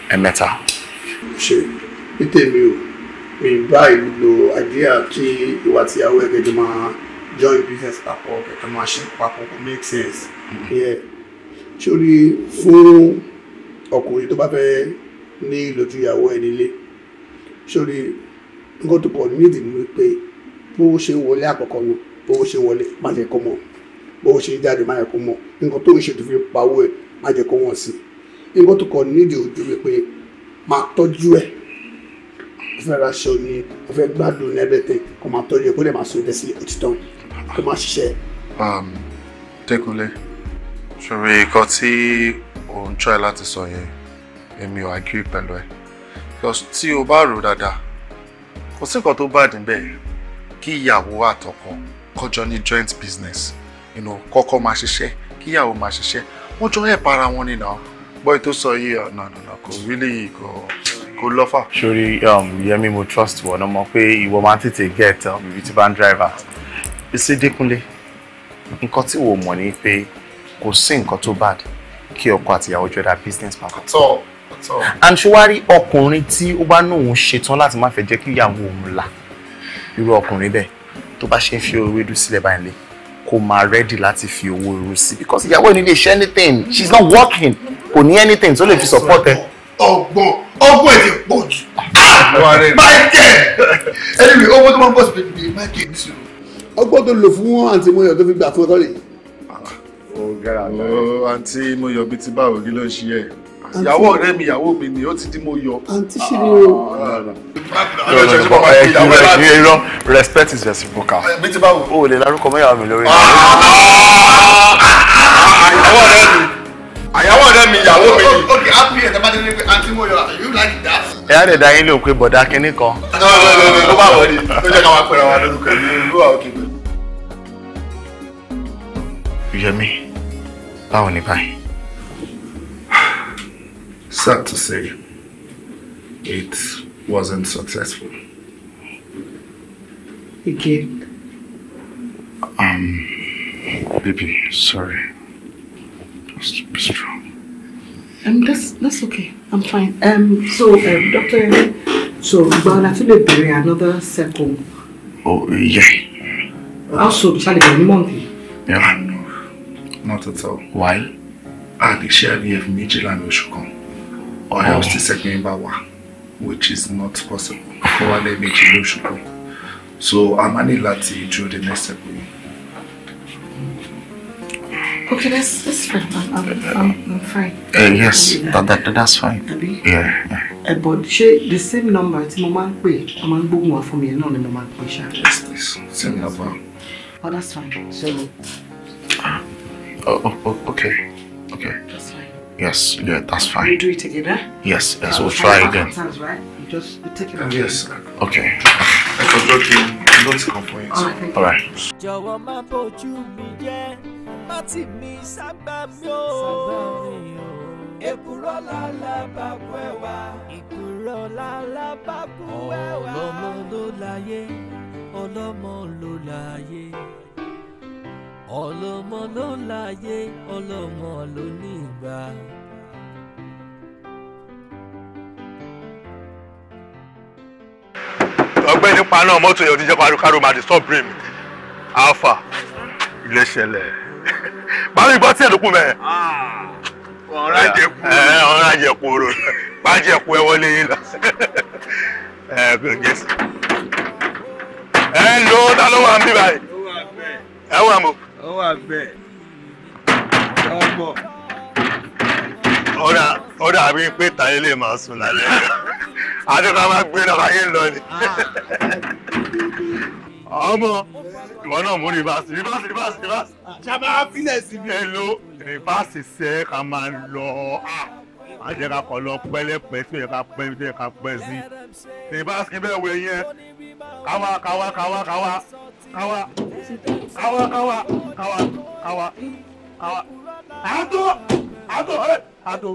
ẹ̀mẹ́ta. ṣe ní tèmi o mi bá ìlú lo àdíyà tí ìwà tíyàwó ẹgbẹ́jọ máa join business papọ̀ kẹ̀kẹ́ máa ṣe papọ̀ kò make sense. Mm-hmm. sórí fún ọkùnrin tó bá fẹ́ ní lójú ìyàwó ẹ̀ nílé sórí nǹkan tó pọ̀ nídìí ni pé bó ṣe ń wọlé àkọ́kọ́ nu bó ṣe wọlé má jẹ́ kó mọ̀ bó ṣe jáde má jẹ́ kó mọ̀ nǹkan tó ń ṣe tó fi pawó ẹ̀ má jẹ́ kó wọ̀n sí i nǹkan tó pọ̀ nídìí ojú wípé máa tọ́jú ẹ̀ fẹ́ ra aṣọ ni o fẹ́ gbádùn ní ẹbẹ̀ tẹ̀ kó máa tọ́jú ẹ̀ kó lè máa sọ ẹ̀dẹ̀ sílẹ̀ òtítọ́ a máa ṣiṣẹ́. Um, Dékúnlé ṣòro nǹkan tí òun try láti sọ yẹn èmi ò agree pẹ̀lú ẹ̀ because tí o bá rò dáadáa kò sí nǹkan tó bá dín bẹ́ẹ̀ kí ìyàwó àtọkọ kọjọ ní joint business kọ́kọ́ máa ṣiṣẹ́ kí ìyàwó máa ṣiṣẹ́ wọ́n jọ ẹ̀ para wọn nínà bọ́ọ̀ tó sọ yìí ọ̀nà ọ̀nà kò really kò kò lọ́fà. sori um, yemi mo trust wọn ọmọ pé ìwọ máa ń tètè get um, ibi tí bá ń driver bísí dẹ́kunlé nǹkan tí wò mọ̀ ni pé kò sí nǹkan tó bad kí ọkọ àtìyàwó jọ dá business partner. àtọ àtọ. and ṣùwárí ọkùnrin tí ó bá náà ń ṣetán láti má fẹ́ jẹ́ kí ìyàwó òun là irú ọkùnrin bẹ́ẹ̀ tó bá ṣe ń fi owó edu sílẹ̀ báyìí lé kó máa ready láti fi owó edu sí because ìyàwó ẹni lè ṣe anything she is not working kò ní anything tó lè fi support ẹ. ọgbọ́n ọgbọ́n èdè pọ̀ jù. ah my dear anyway owó tó máa ń bọ̀ sí bèbè my dear ní sùúrù ọgbọ́n tó lò fún àǹtí Mọ́yọ̀ tó fi gbà fún ọtọ́ rè. ó gẹ́ra ó àǹtí Mọ́yọ̀ bíi ti báwo kí ló ń ṣe ẹ̀ ìyàwó ọ̀rẹ́ mi ìyàwó mi ni ó ti di Mọ́yọ̀. àǹtí ah, ṣe ni o. respect is reciprocal. bí ti báwo. o ò lè larúkọ mọ́ ìyàwó mi lórí. Ah! ìyàwó ọ̀rẹ́ mi àyàwó ọ̀rẹ́ mi ìyàwó mi. okay happy ẹ̀ tẹ́bá délé pé aunty Moyo you like that. ẹ á lè dá yín lóhùn pé bọ̀dá kínní kan. ló bá wọlé ló jẹ́ ká wá pẹ̀lú àwọn adolùkọ́ ní ìlú àwọn òkè You hear Yẹmí báwo ni báyìí. Sad to say, it wasn't successful. Again. Um, baby, sorry. Just be strong. Um, that's that's okay. I'm fine. Um, so um, Doctor, so but I feel like doing another circle. Oh yeah. Also, Charlie, month. Yeah. not at all. Why? A lè ṣe IVF méjì láàrin oṣù kan. Or oh. else the second bá wà which is not possible. Kó wá lẹ́ẹ̀mejì lóṣù kan. So I'm máa ní láti the next step Okay, that's that's fine. I'm, I'm, I'm, fine. Uh, yes, that, that that's fine. Abi? Yeah. Uh, but she the same number It's my man. ń I'm ọ máa ń for me. fún mi my man. mo máa ń pè ṣáà. Yes, Same number. Oh, that's fine. So. Ah. Oh, oh, oh, okay. Okay. That's fine. Yes, yeah, that's fine. We do it together. eh? Yes, yes, we'll try again. Times, right? You just you take it away. Uh, yes. Okay. I forgot you. I'm not complaints. All right. All right. Ọlọ́mọ ló láyé, ọlọ́mọ ló láyé. ọlọ́mọ ló ń láyé ọlọ́mọ ló ní ìgbà. ọ̀gbẹ́ni paná mọ́tò yẹn ò ní jẹ́ kárò máa disturb brain alpha ilé ṣẹlẹ̀ báwo ni gbọ́ tí ẹ̀dùnkún mẹ́. Ah, ọ̀rọ̀ àjẹkù ọ̀rọ̀ àjẹkù rò bájẹkù ẹ wọlé yín lọ. ẹ ló ta ló wà ń bí báyìí ẹ wà mọ́ ó wà bẹ́ẹ̀ ọmọ. ó dàbí pé táyé lè máa sùn lálẹ́ adéka máa gbé náà ayé lọ ni. ọmọ ìwọ náà mú rìbáàsì rìbáàsì rìbáàsì rìbáàsì. sábà fílẹ̀ síbi. ẹ ló rìbáàsì sẹ́ ká máa lọ ah, a jẹ ka kọ lọ pẹlẹpẹ tí o yẹ ka pẹ tí o yẹ ka pẹ sí. tèbá bẹ́ẹ̀ wẹ̀ yẹn káwa káwa káwa káwa awa awa awa awa awa awa ato ato ọ̀rẹ́ ato.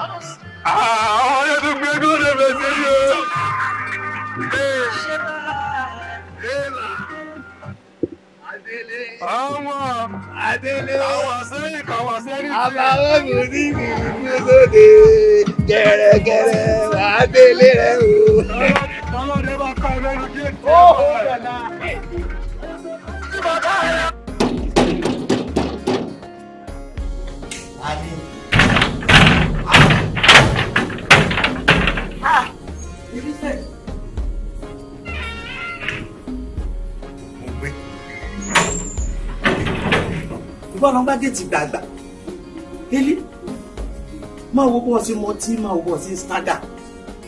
àwọn ọ̀rẹ́ tó gbé kó lè fẹ́ sí i o. àwọn àdélé àwọn sẹ́yìn kàwọn sẹ́yìn. àbáwọ̀ mi ní ìlú lóde gẹ̀rẹ́gẹ̀rẹ́ wàá délé rẹ̀ o kan lẹ́nu díẹ̀ tí ó bọ̀ náà. ìgbọ́n lọ́gbà gẹ̀ẹ́tì gbàgbà délé máa wo bọ́ọ̀sì mọtí máa wo bọ́ọ̀sì stagger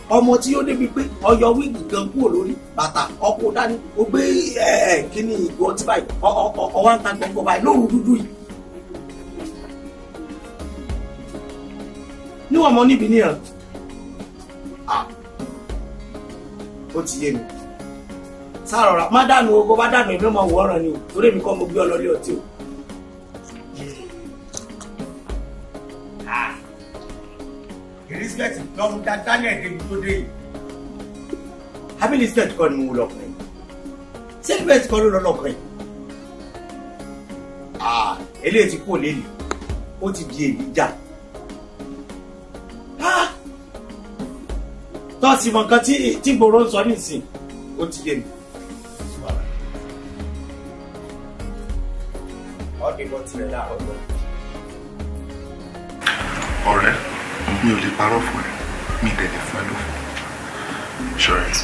ọmọ tí ó débi pé ọyọ wíìgì gan kúrò lórí bàtà ọkọ dání ó gbé ẹ kíní ìgò ọtí báyìí ọwọ́ ń ta gbọ̀ngàn báyìí lóru dúdú yìí. níwọ̀n mọ níbi níyàn ó ti yé mi sáà rọra má dànù o bó bá dànù èmi ọmọ wòóràn ni o torí èmi kọ́ mo gbé ọ lọ ọtí o. elizabeth lọ́rùn dá daniel dé dúró dé yìí. àbí elizabeth kọ́ ni mo wù lọ́kùnrin ṣé elizabeth kọ́ ló lọ lọ́kùnrin. Ah, eléyìí ti kó lélẹ̀ ó ti di èyí jà. Ah! tọ́sí mọ̀ nǹkan tí gbòòrò ń sọ nísìnyí ó ti yé mi. ọ̀dìbọ̀ tirẹ̀ láàárọ̀ lọ. ọ̀rẹ́ mi ò lè parọ́ fún ẹ mi ì dẹ̀lẹ̀ fún ẹ lófo ṣọ̀rẹ́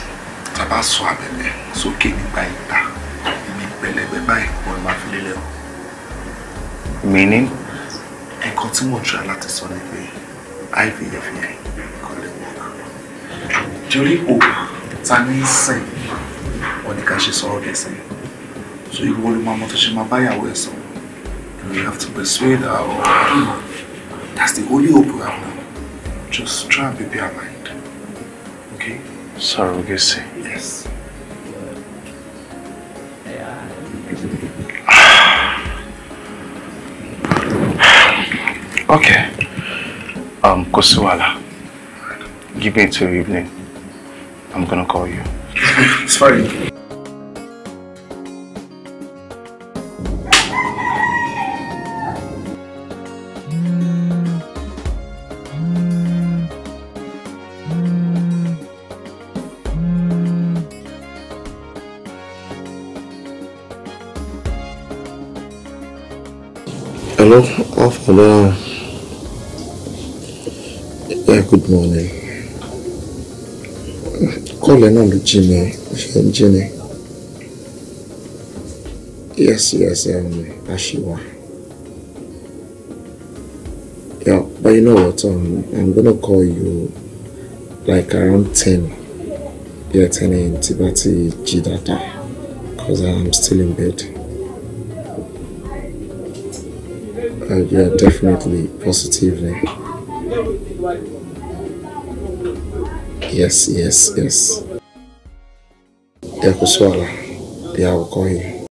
tàbá sọ abẹ́bẹ́ sókè nígbà ìta mi pẹlẹbẹ báyìí mo máa fi lélẹ̀ o. mi ní. nǹkan tí mò ń ṣe láti sọ ni pé ivf yẹn kò lè wọ́n náà torí o ta ní sìn wọn ni ká ṣe sọ̀rọ̀ dẹ̀sìn so ìwọ ló máa mọ tó ṣe máa báyàwó ẹ̀ sọ you have to persuade her or that's the only hope we have Just try and prepare your mind. Okay? Surrogacy. Yes. [SIGHS] okay. Um, Kosuwala, give me till evening. I'm gonna call you. [LAUGHS] it's fine. Hello, afternoon. Yeah, good morning. Call náà ló jí mi, ṣe ń jí ni. Yes, yes, um, Ashiwa. Yeah, but you know what, um, I'm gonna call you like around 10. Yeah, 10 a.m. Tibati Jidata. Because I'm still in bed. Uh, yeah, definitely, positively. Yes, yes, yes. Yeah, Kuswala. Yeah, we'll call him.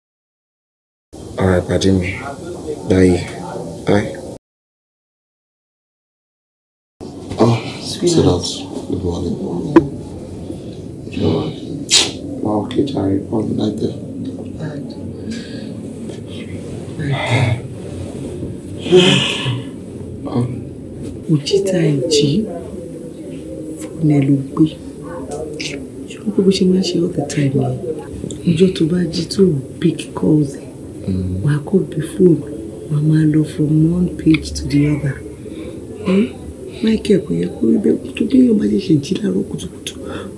Alright, pardon me. Bye. Bye. Oh, Sweet. Good morning. Good morning. Wow, okay, tired. All the night there. Good night. Good night. òjìta ìjì fóònù ló gbé ṣùgbọ́n gbogbo ṣe máa ń ṣe all the time yẹn tó bá jí tó big calls ẹ̀ wàá kó bí fóònù wàá máa lọ from one page to the other. Michael kò yẹ kó rí tó bí èèyàn bá ṣe ṣe jí láàárọ̀ kùtùkùtù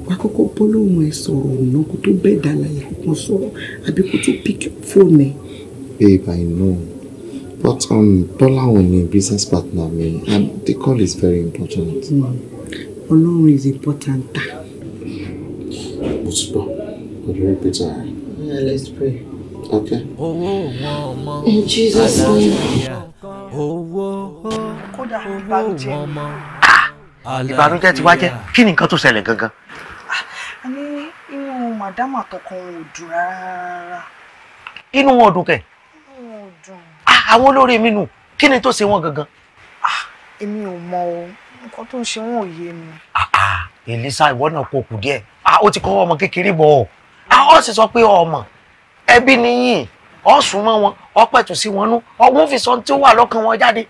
wà á kọ́kọ́ bọ́ lóhùn ẹ̀ ọ̀nà kó tó bẹ́ẹ̀ dà láyà kó kàn sọ̀rọ̀ àbí kó tó pick fóònù ẹ̀. Babe, I know. But um, Bola Oni, business partner, me, and the call is very important. Mm. Olorun is important. What's up? Could you repeat Yeah, let's pray. Okay. In Jesus' name. Kódà ìbànújẹ́. Ah! Ìbànújẹ́ ti wá jẹ́. Kí ni nǹkan tó ṣẹlẹ̀ gangan? Ah, a ní inú màdámà tọkàn ò dùn rárá. Inú wọn ò dùn kẹ̀ àwọn olórí mi nù kí ni tó ṣe wọn gangan. Ah, èmi ò mọ o nǹkan tó ń ṣe wọn ò yé mi. Ah, ah, Elisa ìwọ náà kò kù díẹ̀ ó ti kọ́wọ́ ọmọ kékeré bọ̀ ọ́ sì sọ pé ọmọ ẹbí nìyí ọ́ sùn mọ́ wọn ọ́ pẹ̀tù sí wọn nú ọ̀gbọ́n fi sọ tí ó wà lọ́kàn wọn jáde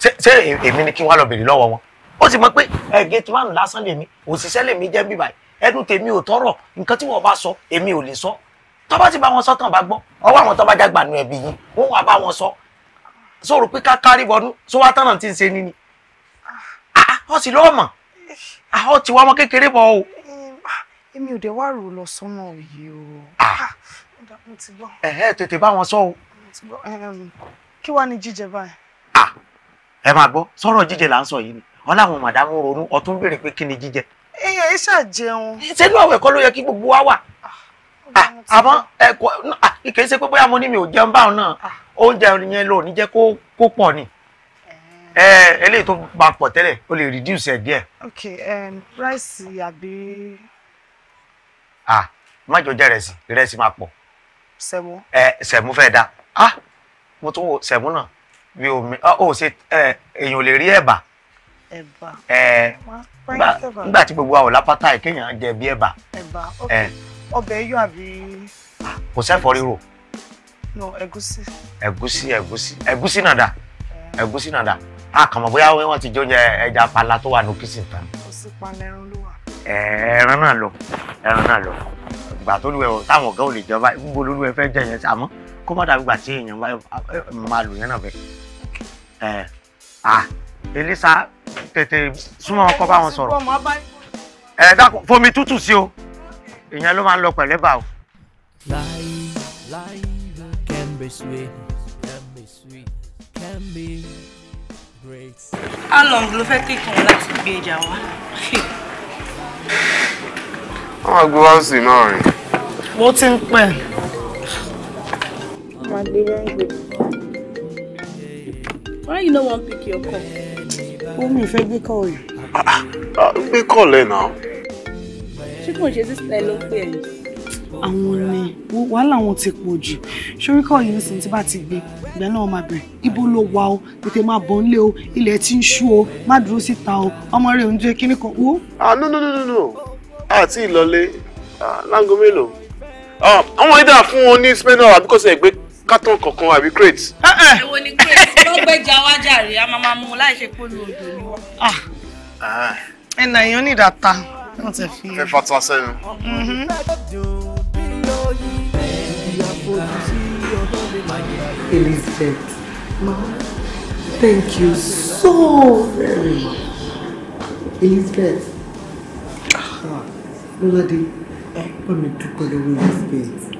ṣé èmi ni kí wọ́n lọ bèrè lọ́wọ́ wọn ó sì mọ̀ pé ẹ̀ gate man lásán lèmi òṣìṣẹ́ lèmi jẹ́ bíbáyìí ẹnu tèmi ò tọrọ nǹkan tí wọn bá sọ èmi ò lè sọ tó bá ti bá wọn sọ tán bá gbọ́ ọwọ́ àwọn tó bá jágbà nu ẹbí yìí wọn wà bá wọn sọ so rò pé ká kárí wọnú so wá tán náà ti ń ṣe nínú ah, ah, ọ sì lọ́ọ̀mọ̀ ah, ọ ti wá ọmọ kékeré bọ̀ o. èmi ò dé wá rò lọ sọ́nà yìí o mo ti gbọ́. ẹ̀hẹ́ tètè bá wọn sọ o. kí wàá ní jíjẹ báyìí. ẹ máa gbọ́ sọ̀rọ̀ jíjẹ là ń sọ yìí ni wọ́n láwọn màdámù ronú ọ̀tún béèrè pé kí ni jíjẹ. èèyàn ẹ ṣáà jẹun. sẹ́nu àwẹ̀ kọ́ ló yẹ kí gbogbo wa wà. àmọ́ ẹ kò kì í ṣe pé bóyá mo ní mi ò jẹun báwọn náà oúnjẹ yẹn lò ní jẹ́ kó pọ̀ ni eh. Eh, eléyìí tó máa pọ̀ tẹ́lẹ̀ o lè reduce ẹ̀ díẹ̀. ok um, rice àbí. ah má jọ jẹ rẹsì rẹsì máa pọ̀. sẹ̀mú. ẹ eh, sẹ̀mú fẹ́ da ah mo tún wo sẹ̀mú náà bí omi ó ṣe èèyàn ò lè rí ẹ̀bà. ẹ̀bà ẹ nígbà tí gbogbo àwọn lápáta ẹ̀ kéèyàn jẹ bí ẹ̀bà. ẹ̀bà ok ọbẹ̀ yọ àbí. Ah, kò sẹ́fọ̀ ríro. No, ẹ̀gúsí. Ẹ̀gúsí, ẹ̀gúsí. Ẹ̀gúsí náà dà. Eh. Ẹ̀gúsí náà dà. A kàn mọ̀ bóyá wọ́n ti jóúnjẹ ẹja pala tó wà ní kìsìn tán. Kò sí panlẹ̀ ẹran ló wà. Eh, ẹran náà lọ. Ẹran náà lọ. Ìgbà tó lúwẹ̀ táwọn ọ̀gá ò lè jọba gbogbo olúwẹ̀ fẹ́ jẹ yẹn àmọ́ kó má dàbí gbà tí èèyàn máa lò yẹn náà bẹ́ẹ̀. Ẹ eh, à Elisa tètè súnmọ́ ọkọ bá wọn sọ̀rọ̀. Ẹ dákun fomi tútù sí o. Ìyẹn ló máa ń lọ pẹ̀lẹ́bà o. Láyé be sweet, can be sweet, can be great. How long ló fẹ́ take wọn láti gbé ìjà wá? Wọ́n máa gbé wáùsì náà rìn. Mo ti ń pẹ́. Why you don't want to pick your call? Ó mi fẹ́ gbé call yìí. Ah, ah, gbé call ẹ̀ náà. Ṣé kò ń ṣe sísè ló ń pè ẹ̀yìn? àwọn ni wàhálà wọn ti pọ̀ jù sórí kọ́ yìí nísìnyí tí bá ti gbé ìgbà náà máa bẹ̀rẹ̀ ibo ló wà o tètè máa bọ̀ ń lé o ilẹ̀ ti ń ṣú o má dúró síta o ọmọ rẹ̀ ń jẹ́ kíní kan wo. ah no no no no no àti ìlọlé ah, láago mélòó ah, àwọn ìdá fún wọn ní spinal àbíkọ́sẹ̀ ìgbé carton kankan àbí crate. Eh, eh. èwo ni crate ló gbẹjà wájà rè a máa máa mú un láì ṣe pólú odò ni wọn. Ah. ẹnà èèyàn ní wọn ti fi. fẹ́ fatọ́ sẹ́nu. Mm-hmm. Elizabeth, ma, thank you so very much. Elizabeth, Ah, Lọ́ládé, bá mi you. lọ́wọ́ Elizabeth,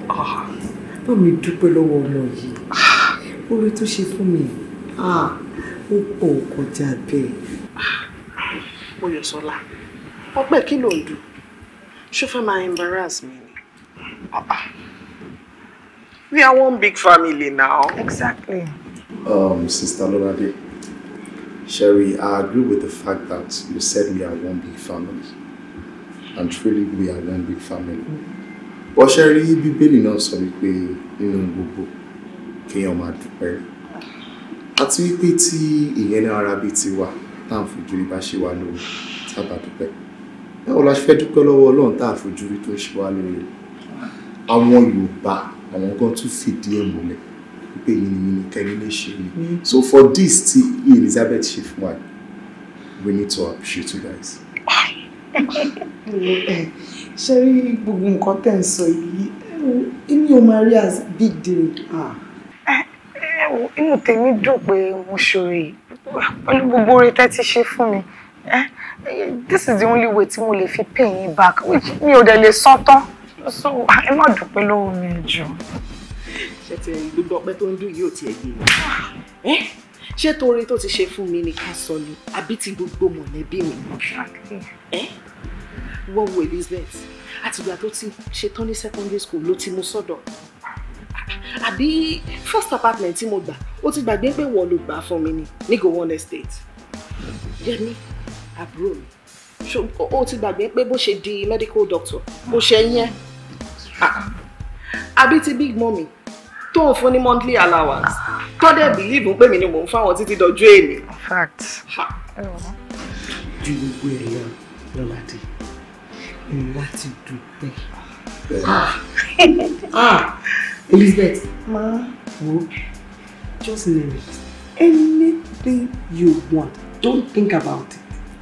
bá mi dúpẹ́ lọ́wọ́ ọmọ yìí, oore tó ṣe fún mi, ah, ó pọ̀ kọjá bẹ́ẹ̀. Oyèsọ́lá, ọpẹ́ kí ló ń dùn? Ṣó fẹ́ máa embarrass mi Ah. We are one big family now. Exactly. Um, Sister Lorade, Sherry, I agree with the fact that you said we are one big family. And truly, we are one big family. But Sherry, Bíbélì náà sọ wípé nínú gbogbo kéèyàn máa dúpẹ́. Àti wípé tí ìyẹn náà ara bíi ti wà tá à ń fojú rí bá ṣe wá lóore tá a bá dúpẹ́. Báwo la ṣe fẹ́ dúpẹ́ lọ́wọ́ Ọlọ́run tá à fojú rí tó ń ṣe wá àwọn gan tún fìdí ẹ̀ múlẹ̀ wípé èmi ni mi ni kẹ́mi lè ṣe mi mm. so for this tí Elizabeth ṣe fún wa we need to appreciate you guys. [LAUGHS] ṣé rí gbogbo nǹkan tẹ̀ ń sọ yìí èmi ò máa rí as big deal. ẹ ah. eh, eh, wo inú tèmi dùn pé mo ṣòro yìí pẹ̀lú gbogbo oore tẹ́ ti ṣe fún mi eh, this is the only way tí mo lè fi pay yín back which mi ò dẹ̀ lè san tán so ẹ má dúpẹ́ lọ́wọ́ mi jù. ṣé ti gbogbo ọpẹ́ tó ń dùn yóò tiẹ̀ gbé mi eh? ṣé torí tó ti ṣe fún mi ni ká sọ ni àbí ti gbogbo mọ̀lẹ́bí mi. Eh? wọ́n wo Elizabeth àtìgbà tó ti ṣetán ní secondary school ló ti mú sọ́dọ̀ àbí first apartment tí mo gbà ó ti gbàgbé pé wọ́n ló gbà fún mi ni ní gowon estate yẹmi àbúrò mi ó ti gbàgbé pé bó ṣe di medical doctor bó ṣe yẹn Ah. àbí ti big mommy tó ń fún ní monthly allowance tó dẹ̀ bìlíìfù pé mi ni mò ń fáwọn títí dọjú èmi. fact ju gbogbo ẹ̀ lọ lọ́ládé ńlá ti dúpẹ́. Elizabeth ma wo just name it anything you want don't think about it.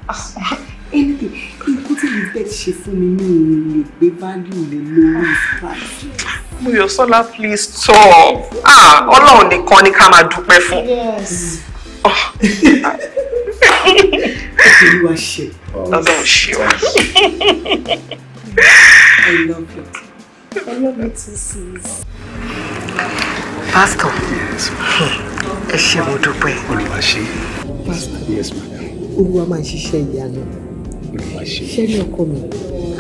Ah anything nǹkan tí mi bẹ́ẹ̀ ṣe fún mi ní òun lè gbé value lè lórí price. Muyọ̀sọ́lá please stop ah ọlọ́run nìkan ni ká phone. Yes. Oh. Òkèlú wa ṣe. That's all wá. I love you. I love you too, sis. Pastor. Yes, ma'am. Ẹ ṣé mo dúpẹ́. Olúwa ṣe. Pastor. Yes, ma'am. Olúwa máa she ṣiṣẹ́ ìyanu olùwàṣe. ṣẹ́ni ọkọ mi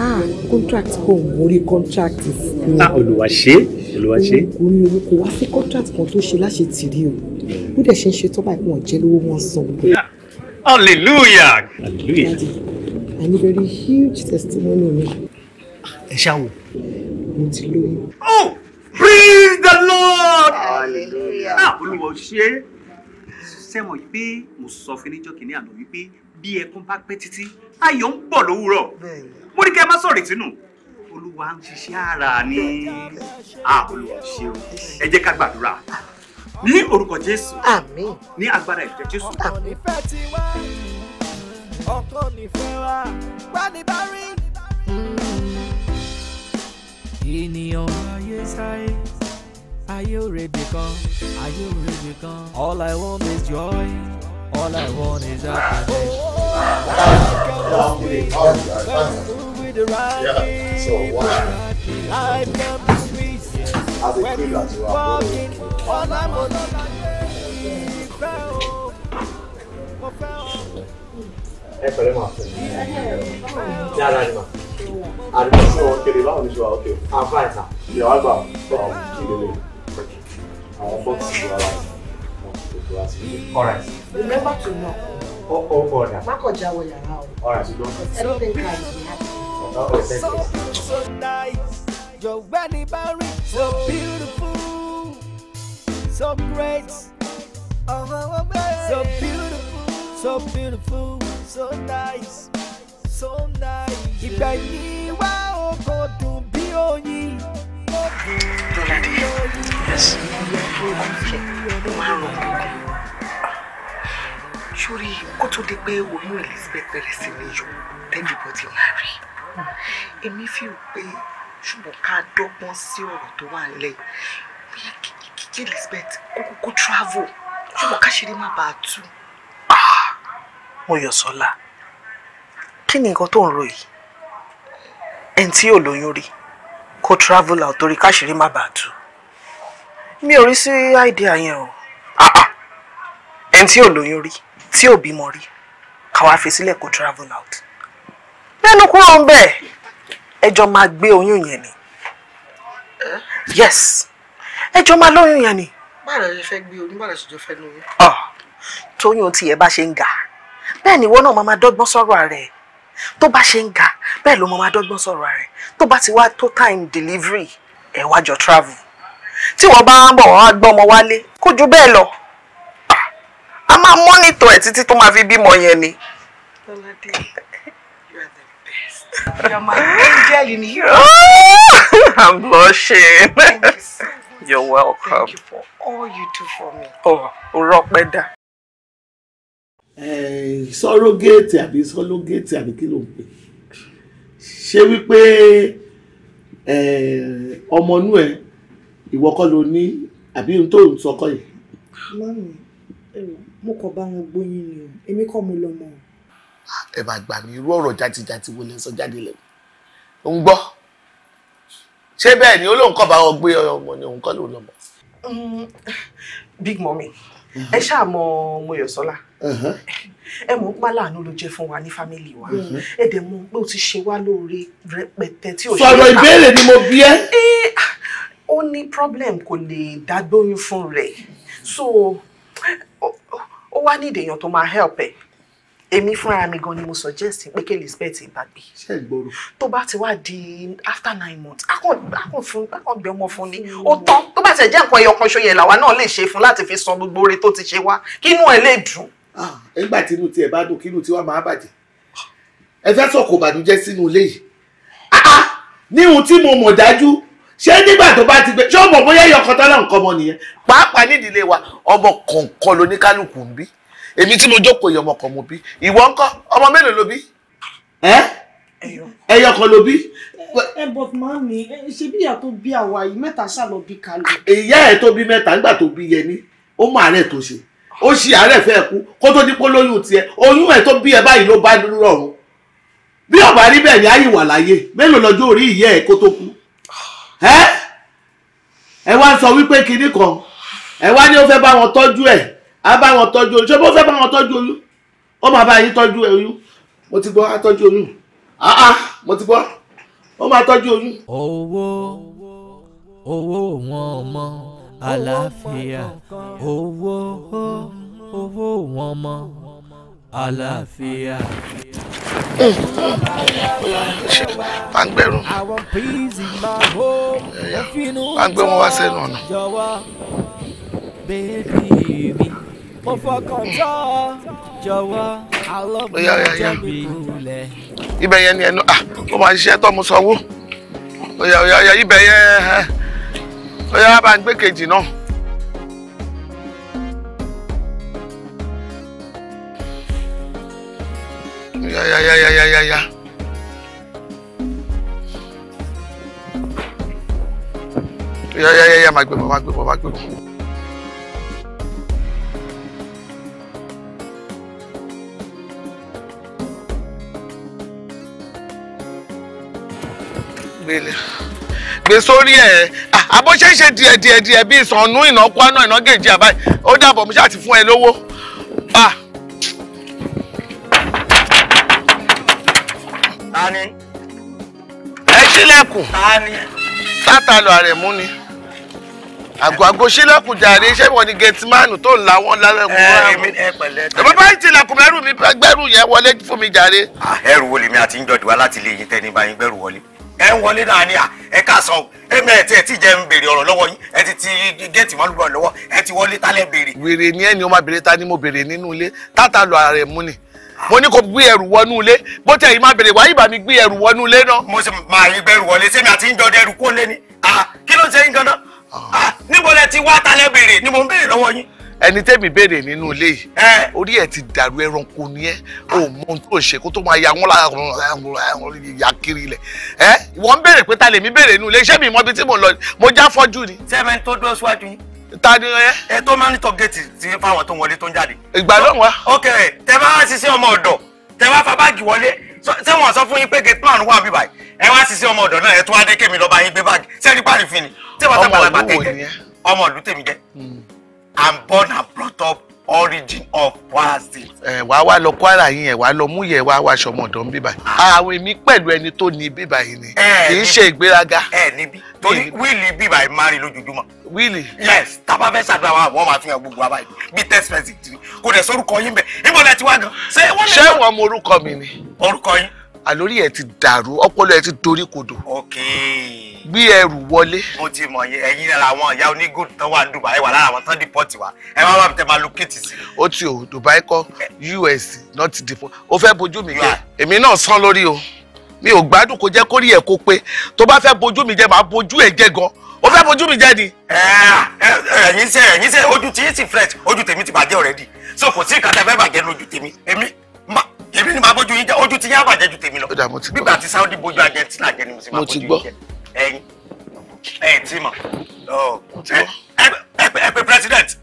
ah contract kò ń borí contract fún. ah olùwàṣe olùwàṣe. kò ní owó kò wá sí contract kan tó ṣe láṣẹ tìrí o bó dẹ̀ ṣe ń ṣe tọ́ba ìpín ọ̀jẹ́ lówó wọn san. Ah, hallelujah. hallelujah. Daddy, I need very huge testimony mi. ẹ ṣáà wò. mo ti lóyún. oh praise the Lord. hallelujah. ah olùwàṣe sẹ́mọ̀ yìí pé mo sọ fún níjọ́ kìíní àná wípé bí ẹkún bá pẹ́ títí ayọ̀ ń bọ̀ lówùrọ̀ mo ní kẹ́ ẹ má sọ̀rọ̀ ìtinú olúwa ń ṣiṣẹ́ ara ni olúwa ṣeun ẹ jẹ́ ká gbàdúrà ní orúkọ jésù ní agbára ìjẹ jésù. ọkọ nífẹ̀ẹ́ ti wá ọkọ nífẹ̀ẹ́ wá gbani bá rí. ènìyàn ayé sáyé ayé ò rèdè kan ayé ò kan. all i want is joy all i want is happiness. Yeah, so what? I come to streets you walking, all Ẹ pẹ̀lẹ́ máa fẹ́. Yàrá ni ma àdìgbò sí wọn kéde báwo ni ṣe wà ókè àfáìsà ìyàwó àgbà ọ̀hún ìdílé àwọn bọ́ọ̀sì ìlú ara ìlú alright. remember to knock. Oh, oh, ó ọ̀dà. má kọ̀ já wọ yàrá o. alright so beautiful, so great, uh-huh, uh-huh, so beautiful, so nice, so nice yes. sórí kó tó di pé oyún Elizabeth bẹ̀rẹ̀ sí ní yọ tẹ́lifù ti máa rí èmi fi rò pé ṣùgbọ́n ká dọ́gbọ́n sí ọ̀rọ̀ tó wà nílẹ̀ bóyá kí Elizabeth kó travel ṣùgbọ́n ká ṣe lè má bàa tú. Mọ́yọ̀sọ́lá kí ni nǹkan tó ń ro yìí ẹni tí yóò lóyún rí travel out torí káṣíìrí má bàa tú mi ò rí sí àìdíà yẹn o ah, ah. ẹni tí ò lóyún rí tí ò bímọ rí káwa fi sílẹ̀ kó travel out lẹ́nu kúrò ń bẹ̀ ẹjọ́ máa gbé oyún yẹn ni yes ẹjọ́ máa lóyún yẹn ni. báàlẹ̀ ṣe fẹ́ gbé oyún báàlẹ̀ ṣe jọ fẹ́ lóyún. Ah, tóyún tiẹ̀ bá ṣe ń ga bẹ́ẹ̀ ni ìwọ náà máa máa dọ́gbọ́n sọ̀rọ̀ rẹ̀ tó bá ṣe ń ga bẹ́ẹ̀ ló máa máa dọ́gbọ́n sọ̀rọ̀ rẹ̀ tó bá ti wá tó time delivery ẹ̀ wá travel tí wọ́n bá ń bọ̀ á gbọ́ ọmọ wálé kó ju bẹ́ẹ̀ lọ a máa mọ́nítọ̀ ẹ̀ títí tó máa fi bímọ yẹn ni. my angel in [LAUGHS] here. I'm blushing. Thank you so much. You're welcome. Thank you for all you do for me. Oh, rọpẹ́ dà. Eh, Sọ́rọ́gẹ́ẹ̀tì àbí sọ́lọ́gẹ́ẹ̀tì àbí kí ló ń pè? Ṣé wípé eh, ọmọ inú ìwọ kọ́ ló ní àbí ohun tó ń sọkọ yìí. mami mo kàn bá wọn gbóyin ni o èmi kọ́ mo lọ́mọ. ẹ bá gbà mí irú ọ̀rọ̀ játijàti wo lẹ sọ jáde lẹ ò ń gbọ́ ṣé bẹ́ẹ̀ ni ó lóun kọ́ bá wọn gbé ọmọ ni òun kọ́ ló lọ́mọ. Mm, big mommy mm-hmm. ẹ ṣáà mọ Mọ́yọ̀sọ́lá uh-huh. ẹ mọ̀ pa láàánú ló jẹ́ fún wa ní fámìlì wa mm-hmm. ẹ dẹ̀ mọ̀ pé o ti ṣe wá lóore rẹpẹtẹ tí o ṣe. sọ̀rọ̀ ìbéèrè ni mo bí ẹ́. Eh, ah, ó ní problem kò lè dágbóyún fún rẹ̀ so ó wá ní ìdèyàn tó máa help ẹ̀ èmi fúnra mi gan ni mo suggest pé kí Elizabeth ìbàgbé tó bá ti wá di after nine months akọ̀gbẹ́ ọmọ fún ni hmm. ó tán tó bá ti jẹ́ nǹkan ẹyọ kan ṣoyè làwa náà lè ṣe fún láti fi san gbogbo oore tó ti ṣe wá kí inú ẹ lè dùn. nígbà tí inú tiẹ̀ bá dùn kí inú tiwa máa bàjẹ́ ẹ fẹ́ sọ̀kò ìbànújẹ́ sínú ilé yìí ah, ah, ní ohun tí mo mọ̀ dájú ṣé nígbà tó bá ti gbé ṣé ọmọ bóyá ẹyọkan tọ́lá nǹkan ọmọ nìyẹn pàápàá nídìílé wa ọmọ kọ̀ọ̀kan lóníkálukú ń bí èmi tí mo jókòó yìí ọmọ kan mo bí ìwọ ńkọ́ ọmọ mélòó ló bí. ẹ ẹyọkan ló bí. ẹ bọ máa mi ṣe bí ìyá tó bí àwa yìí mẹ́ta ṣàlọ bí kalu. ìyá ẹ tó bí mẹ́ta nígbà tó bí yẹni ó mọ àárẹ̀ tó ṣe ó ṣe àárẹ̀ fẹ́ kú kó tó dípò lóyún tiẹ̀ oyún ni á yìí wà láyé mélòó lọ́jọ́ orí ẹ ẹ wá sọ wípé kinní kan ẹ wá ní ó fẹ́ bá wọn tọ́jú ẹ̀ á bá wọn tọ́jú oyún ṣé bó fẹ́ bá wọn tọ́jú oyún ó máa bá yín tọ́jú oyún mo ti gbọ́ á tọ́jú oyún àá ah, ah, mo ti gbọ́ ó máa tọ́jú oyún. owó owó wọn mọ àlàáfíà owó owó wọn mọ àlàáfíà. à ń wá sẹ́nu ọ̀nà. ibẹ̀ yẹn ni ẹnu ah máa ṣiṣẹ́ tó mo sanwó ibẹ̀ yẹn ó yá bá ń gbé kejì náà. ya ya ya ya ya ya. ya ya ya ya máa gbé bọ̀ máa gbé bọ̀ máa gbé bọ̀. gbélé gbé sórí ẹ abọ́ṣẹ́ṣe ah, díẹ̀ díẹ̀ díẹ̀ bí ìsọ̀nù ìnákú àná ìnágèjì àbáyé ó dàbọ̀ mo ṣáà ti fún ẹ Ah. Tani. Ẹ ṣílẹ̀kùn. Tani. Látàlọ Àrẹ̀mú ni. Àgọ́ àgọ́ ṣílẹ̀kùn jàre iṣẹ́ ìwọ ni gẹ̀tìmánù tó ń la wọ́n lálẹ́kùn wọn. Ẹ pẹ̀lẹ́ Bàbá yìí ti lẹ̀kùn mẹ́rù mi gbẹ́rù yẹn wọlé fún mi jàre. Ẹrù wo lèmi àti ń jọ dùwà láti lè yín tẹ́ ní báyìí gbẹ́rù wọlé ẹ ń wọlé náà ni à ẹ ká sọ ẹ mẹ ẹ ti jẹ ń béèrè ọ̀rọ̀ lọ́wọ́ yín ẹ ti ti géètì mọlúbọ lọ́wọ́ ẹ ti wọlé tálẹ béèrè. wèrè ni ẹni o máa ta ni mo béèrè nínú ilé tátà lọ ààrẹ mú ni mo ní kó gbé ẹrù wọnú ilé bó tẹ̀ yìí má bèrè wáyé bá mi gbé ẹrù wọnú ilé náà. mo sì máa yí bẹ̀rù wọlé sẹ́mi àti ń jọdẹ ẹrù kó lé ni kí ló ń ṣe yín gan-an níbo lẹ ti wá talẹ́ béèrè ni mo ń béèrè lọ́wọ́ yín. ẹni tẹ́mi béèrè nínú ilé yìí orí ẹ̀ ti dàrú ẹranko ni ẹ́ o mọ ohun tó ṣe kó tó máa ya wọn lára kiri ilẹ̀ ẹ ìwọ ń béèrè pé ta lèmi béèrè nínú ilé iṣẹ́ mi mọ ibi tí mo lọ mo já fọ́jú ni. sẹ́mi tó dúró síwájú yín ta ẹ. ẹ tó máa ń tọ géètì tí fáwọn tó ń wọlé tó ń jáde. ìgbà náà wá. ok tẹ bá ṣiṣẹ́ ọmọ ọ̀dọ̀ tẹ bá fa báàgì wọlé ṣé wọn sọ fún yín pé gate man wà bíbáyìí ẹ wá ṣiṣẹ́ ọmọ ọ̀dọ̀ náà ẹ tún adé kémi lọ́ba yín gbé báàgì sẹ́ni pàrí fi ni. ọmọ ìlú tèmi jẹ́ hmm. i'm born and brought up origin of Kwara State. ẹ wá wá lọ Kwara yín ẹ wá lọ mú yẹ wá wá aṣọ ọmọ ọ̀dọ̀ ń bíbáyìí. Ah. àwọn èmi pẹ̀lú ẹni tó ní bíbáyìí ni kì í ṣe ìgbéraga. ẹ níbí torí wíìlì bí bàá máa rí lójoojúmọ́. wíìlì. yes tábà fẹ́ ṣàdúrà wa wọ́n máa fi hàn gbogbo àbá yìí bí test person ti kò dẹ̀ sórúkọ yín bẹ̀ níbo lẹ ti wá gan. ṣé wọ́n lè. ṣé wọn mọ orúkọ mi ni. orúkọ yín. àlórí ẹ ti dàrú ọpọlọ ẹ ti dorí kodò. ok. gbé ẹrù wọlé. mo ti mọ ẹyin lára àwọn ìyá onígò tán wà Dubai wà lára àwọn tán dìpọ́tì wa ẹ má bàbá tẹ máa lókètì sí. ó ti o Dubai kọ US not deport o fẹ́ bojú mi kẹ èmi náà sán lórí o mi ò gbádùn kó jẹ́ kórìí ẹ̀ kó pé tó bá fẹ́ bojú mi jẹ́ màá bojú ẹ̀ jẹ́ gan ó fẹ́ bojú mi jẹ́ ni. ẹ̀yin ṣe ẹ̀yin ṣe ojú tí yín sì fresh ojú tèmi ti bàjẹ́ already so kò sí ìkàtà fẹ́ bàjẹ́ lójú tèmi èmi èmi ni màá bójú yín jẹ́ ojú tí yín á bàjẹ́ ju tèmi lọ nígbà tí Saudi bójú Argentina jẹ́ ni mo sì máa bójú yín jẹ́ ẹ̀yin ẹ̀yin tí mà ẹ ẹ oh, pé president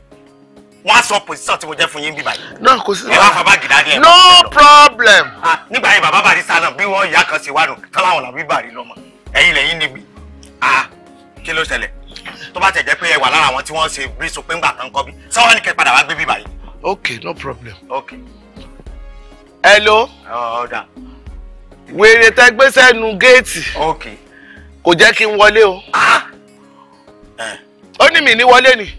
wọ́n á sọ pòsíṣàn tí mo jẹ́ fún yín bí báyìí. náà kò sí. ẹ wá fa báàgì no problem. Ah, nígbà yẹn bàbá Barrister náà bí wọ́n ìyá kan ṣe wá nù káláwọn làwọn bíbàrí lọ́mọ ẹ̀yin lẹ́yìn níbi ah, kí ló ṣẹlẹ̀ tó bá tẹ̀ jẹ́ pé ẹ wà lára àwọn tí wọ́n ṣe bí so pé ńgbà kan kọ́ bí sọ́wọ́n ní kẹ́ padà wá gbé bí báyìí. ok no problem. ok. hello. ọ̀ọ́dà. wèrè tẹ gbé sẹ́nu géètì. ok. kò jẹ́ kí n wọlé o. Ah! ó ní mi ní wọlé ni.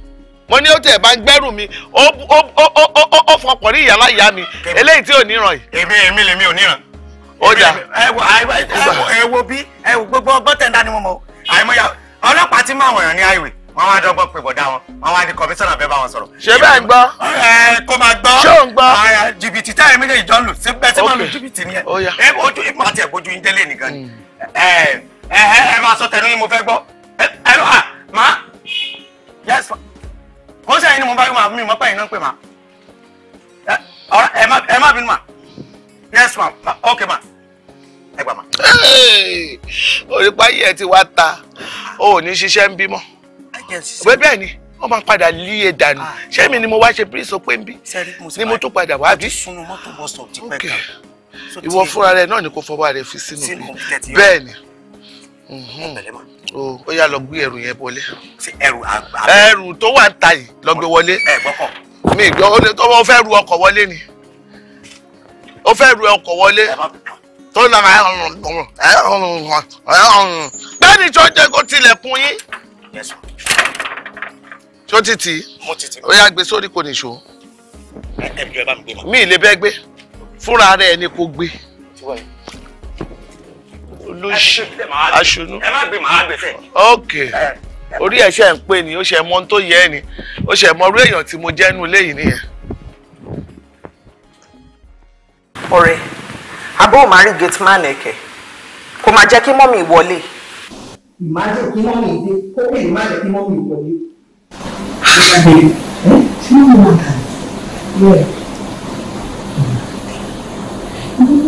mo ní ó tẹ̀ bá ń mi ó fọpọ̀ ní ìyàlá ìyá mi eléyìí tí ò yìí. èmi èmi lèmi ò ó jà ẹ wo bí ẹ wo gbogbo ọgbọ́n ọlọ́pàá ti máa wọ̀nyàn ní wá pé wọn wá ní kọmíṣánná fẹ́ bá wọn sọrọ. ṣé bẹ́ẹ̀ ń gbọ́. ẹ kó máa gbọ ṣé ò ń ni jìbìtì táyà méjèèjì jọ ń sí bẹ́ẹ̀ sí máa ń jìbìtì nìyẹn. ẹ ojú ìmọ̀ àti ẹ̀gbójú yín délé nìkan mm. ẹ ẹ ẹ máa sọ tẹnu kò sí ẹ̀yin ni mo bá yọ máa mi mọ́pẹ́ yìí náà ń pè má ẹ má bínú mà yes ma ok ma ẹ gbà ma. orípáyé ẹ ti wá ta o ò ní ṣiṣẹ́ ń bímọ bẹ́ẹ̀ bẹ́ẹ̀ ni wọ́n máa padà lé e dànù ah, ṣé mi ni mo wá ṣe prince ope ń bí ni mo tún padà wá bí ìwọ fúnra rẹ náà ni kò fọwọ́ rẹ fi sínú bẹ́ẹ̀ ni. Mm-hmm. pẹ̀lẹ́ mọ. ó yá lọ gbé ẹrù yẹn wọlé. ṣe ẹrù àgbà. ẹrù tó wà ń ta yìí lọ gbé wọlé. ẹ gbọ́kọ̀. mi ìgbọ́ ó lè tó ó fẹ́ ru ọkọ̀ wọlé ni ó fẹ́ ru ọkọ̀ wọlé tó lára bẹ́ẹ̀ni tó jẹ́ kó tilẹ̀kùn yín tó títì ó yá gbé sórí kò nìṣó mi ì lè bẹ́ gbé fúnra rẹ̀ ni kò gbé olóṣì aṣunú. ẹ má gbé màá gbèsè. ok orí ẹ ṣe ń pè ní ó ṣe mọ ohun tó yẹ ẹ ni ó ṣe mọ orú èèyàn tí mo jẹ́ nú ilé yìí nìyẹn. ọ̀rẹ́ àbúrò máa gate man ẹ̀kẹ́ kó máa jẹ́ kí mọ́mì wọlé. má jẹ́ kí mọ́mì dé kó pè má jẹ́ kí mọ́mì wọlé. ṣé mo máa dà ní ẹ̀? ìdílé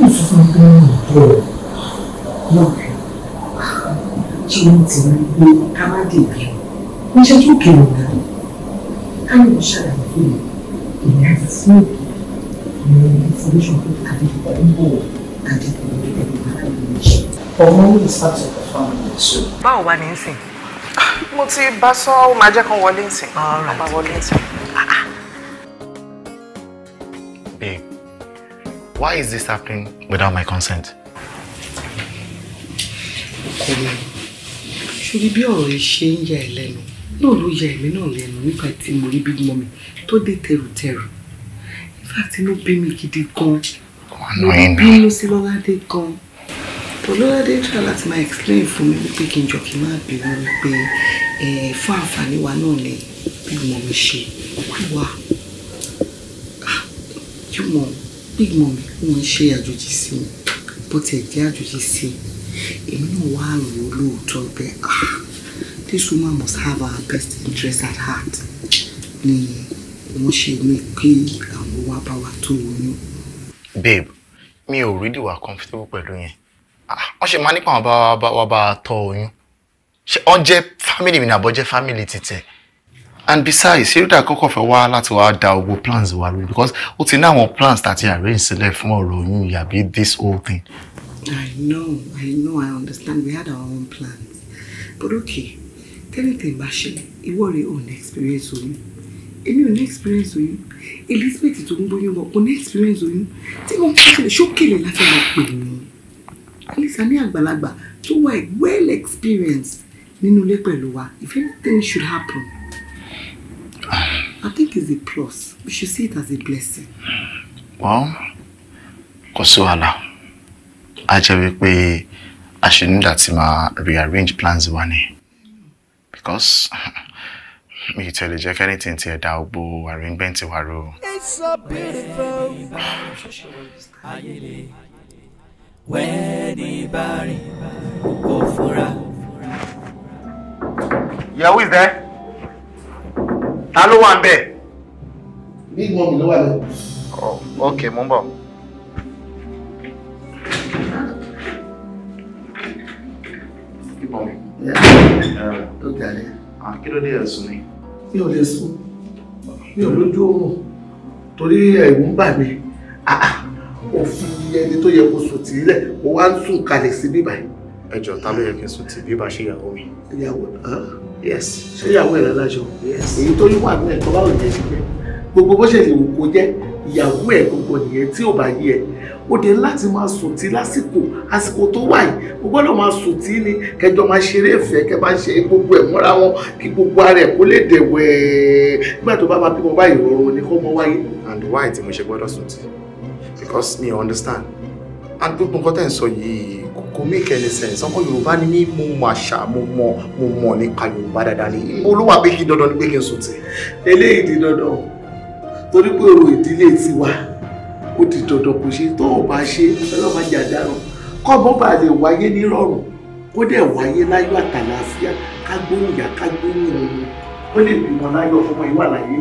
ìṣúná tó ń bọ̀ ọ́ náà rẹ̀ tí wọ́n ti rí pé ká má dèbí o ń ṣe tó kéré náà káyọ̀ ń ṣàlàyé pé èmi á fún ìwé information tó kàdé ń bọ̀ kàdé ń bọ̀ ẹ̀rọ máa ń lè ṣe. ọmọ yìí sàtọ̀ kọ̀ fún àwọn èso. báwo wá ní í sìn. mo ti bá sọ ó máa jẹ́ kán wọlé ìsìn. ọba wọlé ìsìn. why is this happening without my consent? ọkọ mi ṣorí bí ọ̀rọ̀ yìí ṣe ń ya ẹ lẹ́nu náà ló ya èmi náà lẹ́nu nígbà tí mo rí big mummy tó dé tẹrùtẹrù in fact inú bí mi gidi gan mo bínú sí lọ́ládé gan olóládé try láti máa explain fún mi wípé kí n jọ kí n máa bínú wípé fún àǹfààní wa náà ni ah, big mummy ṣe wá jùmọ̀ big mummy òun ṣe àjòjì sí mi bó tiẹ̀ jẹ́ àjòjì sí i èmi náà wá rò ó lóòótọ́ pé ah this woman must have our best interest at heart ni wọ́n ṣe ní kí àwọn wá bá wa tó oyún. babe mi ò rí dìwà comfortable pẹ̀lú yẹn ah, wọ́n ṣe máa nípa àwọn bá wa bá tọ́ oyún ṣe wọ́n jẹ́ family mi nàbọ̀ jẹ́ family títẹ̀ and besides Hilda kọ́kọ́ fẹ́ wá láti wá da gbogbo plans wa rú because ó ti ní àwọn plans tàti arrange sílẹ̀ fún ọ̀rọ̀ oyún yàbí this whole thing I know, I know, I understand. We had our own plans. But okay, tẹ́lẹ̀tẹ̀ bá ṣẹlẹ̀, ìwọ rẹ̀ ò ní experience oyún. Èmi ò ní experience oyún. Elizabeth tó ń gbóyún bọ̀ kò ní experience with oyún. Tí wọ́n bá ṣẹlẹ̀ ṣókèlè láti lọ pè mí. Alisa ní àgbàlagbà tó wà well experienced nínú ilé pẹ̀lú wa. If anything should happen, I think it's a plus. We should see it as a blessing. Well, kò sí wàhálà a jẹ́ wípé a ṣe ní láti máa rearrange plans wa ni because [LAUGHS] mi ì tẹ̀lé jẹ́ kẹ́nìtìn ti ẹ̀dá gbogbo arrangement wa ro. It's so beautiful. ta ló wà ń bẹ̀. bí gbọ́n mi wà lẹ́kọ̀ọ́. Oh, ok mo ń bọ̀. ló jalè. kí ló dé ẹ̀sùn ni. mi ò lè sùn mi ò lójú oorun torí ẹ̀rù ń bà mí òfin ẹni tó yẹ kó sùn tì í lẹ̀ mo wá ń sùn kalẹ̀ sí bíbá yìí. ẹjọ ta ló yẹ kí n sùn tì bíbá ṣe ìyàwó mi. ìyàwó yes ṣé ìyàwó ẹ̀ lálàjọ èyí tó yíwà ní ẹ̀kọ́ báwo yẹ sí pé gbogbo bó ṣe lè wù kó jẹ́ ìyàwó ẹ̀ gbogbo nìyẹn tí ò bá yí ẹ̀ ó dé láti máa sùn lásìkò àsìkò tó wà yìí o gbọ́dọ̀ máa sùn ni kẹjọ máa ṣeré ìfẹ́ kẹ bá ṣe gbogbo ẹ̀ mọ́ra wọn kí gbogbo ara ẹ̀ kó lè dẹ̀wẹ̀ nígbà tó bá máa bímọ báyìí rọrùn ni kó mọ wáyé. and why tí mo ṣe gbọ́dọ̀ sùn tí because me understand and gbogbo nǹkan tẹ̀ ń sọ yìí kò make any sense ọkọ yorùbá ni mí mo mọ àṣà mo mọ mo mọ nípa yorùbá dáadáa ni olúwa pé kí dandan ni pé kí n sùn tì. eléyìí di dandan torí pé ọ̀rọ̀ ìdílé tiwa ó ti dandan kò ṣe tó o bá ṣe ọlọ́mọ jàdáràn kọ́ bọ́ bá lè wáyé nírọ̀rùn kó dẹ̀ wáyé láyọ̀ àtàlàáfíà ká gbóhùn ìyá ká gbóhùn òun ó lè bímọ láyọ̀ fọmọ ìwà láyé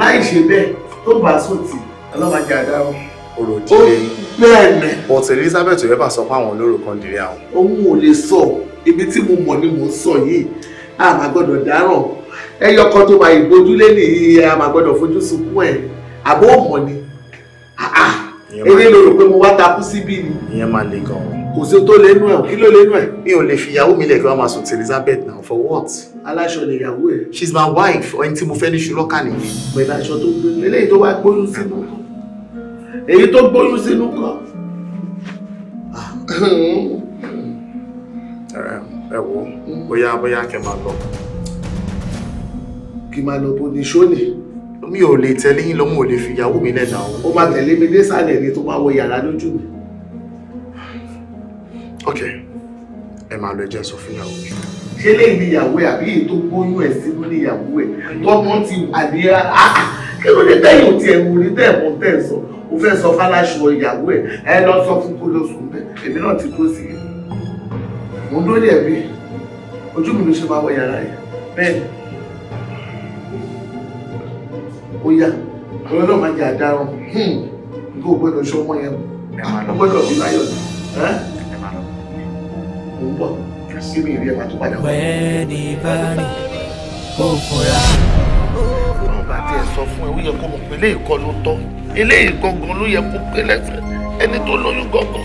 láì ṣe bẹ́ẹ̀ tó bá sùn tì ọlọ́mọ jàdáràn ọ̀rọ̀ ìdílé bẹ́ẹ̀ni. but Elizabeth rẹ́bà sọ pé àwọn olóró kan dìrí àwọn. òun ò lè sọ ibi tí mo mọ̀ ni mò ń sọ yìí a máa gbọ́dọ̀ dáràn ẹyọ kan tó máa ìgbójúlé a máa gbọ́dọ̀ fojú sunkún ẹ̀ àbọ̀ ọ̀mọ̀ Ah, ah. eré ló pé mo wá takú síbí ni. ìyẹn máa le gan-an. kò sí tó lẹ́nu ẹ̀ kí ló lẹ́nu ẹ̀. mi ò lè fi mi lẹ̀ kí wọ́n máa sùn ti Elizabeth now for what. aláṣọ ni ìyàwó ẹ. she is my wife ẹni tí mo fẹ́ ní ṣùlọ́kà nìyí. pẹ̀lú aṣọ tó gbóyún eléyìí tó wá gbóyún sínú kan èyí tó gbóyún sínú kan. Ah. ẹ wo bóyá bóyá kẹ máa lọ. kí máa lọ bó ni ṣó ni mi ò lè tẹ̀lé yín lọ mo ò lè fi ìyàwó mi lẹ́nà o. ó máa tẹ̀lé mi désàlẹ̀ ni tó bá wọ yàrá lójú mi. ok ẹ máa lọ ẹjẹ sọ fún ìyàwó mi. ṣé lẹ́yìn ni ìyàwó ẹ àbí èyí tó gbóyún ẹ sínú ní ìyàwó ẹ tọmọ ti wà ní kí ló dé tẹ̀yìn ò tiẹ̀ wò ní tẹ̀ mọ́ tẹ̀ sọ o fẹ́ sọ fáláṣọ ìyàwó ẹ ẹ lọ sọ fún kó lọ sùn bẹ́ẹ̀ èmi náà ti dúró sí i mo dúró ní ẹ̀mí ojú mi ló ṣe máa wọ yàrá yẹn bẹ́ẹ̀ ó yá àwọn náà máa jẹ àdáran nǹkan hmm, ò gbọ́dọ̀ ṣe ọmọ yẹn ó gbọ́dọ̀ bí láyọ̀ mo ń bọ̀ kí mi rí ẹ máa tó padà wá. wẹ́ẹ̀ni bá rí sọ fún ẹ ó kó mọ̀ pé eléyìí kọ́ ló tọ́ eléyìí gangan ló yẹ kó pé lẹ́fẹ̀ẹ́ ẹni tó lóyún gangan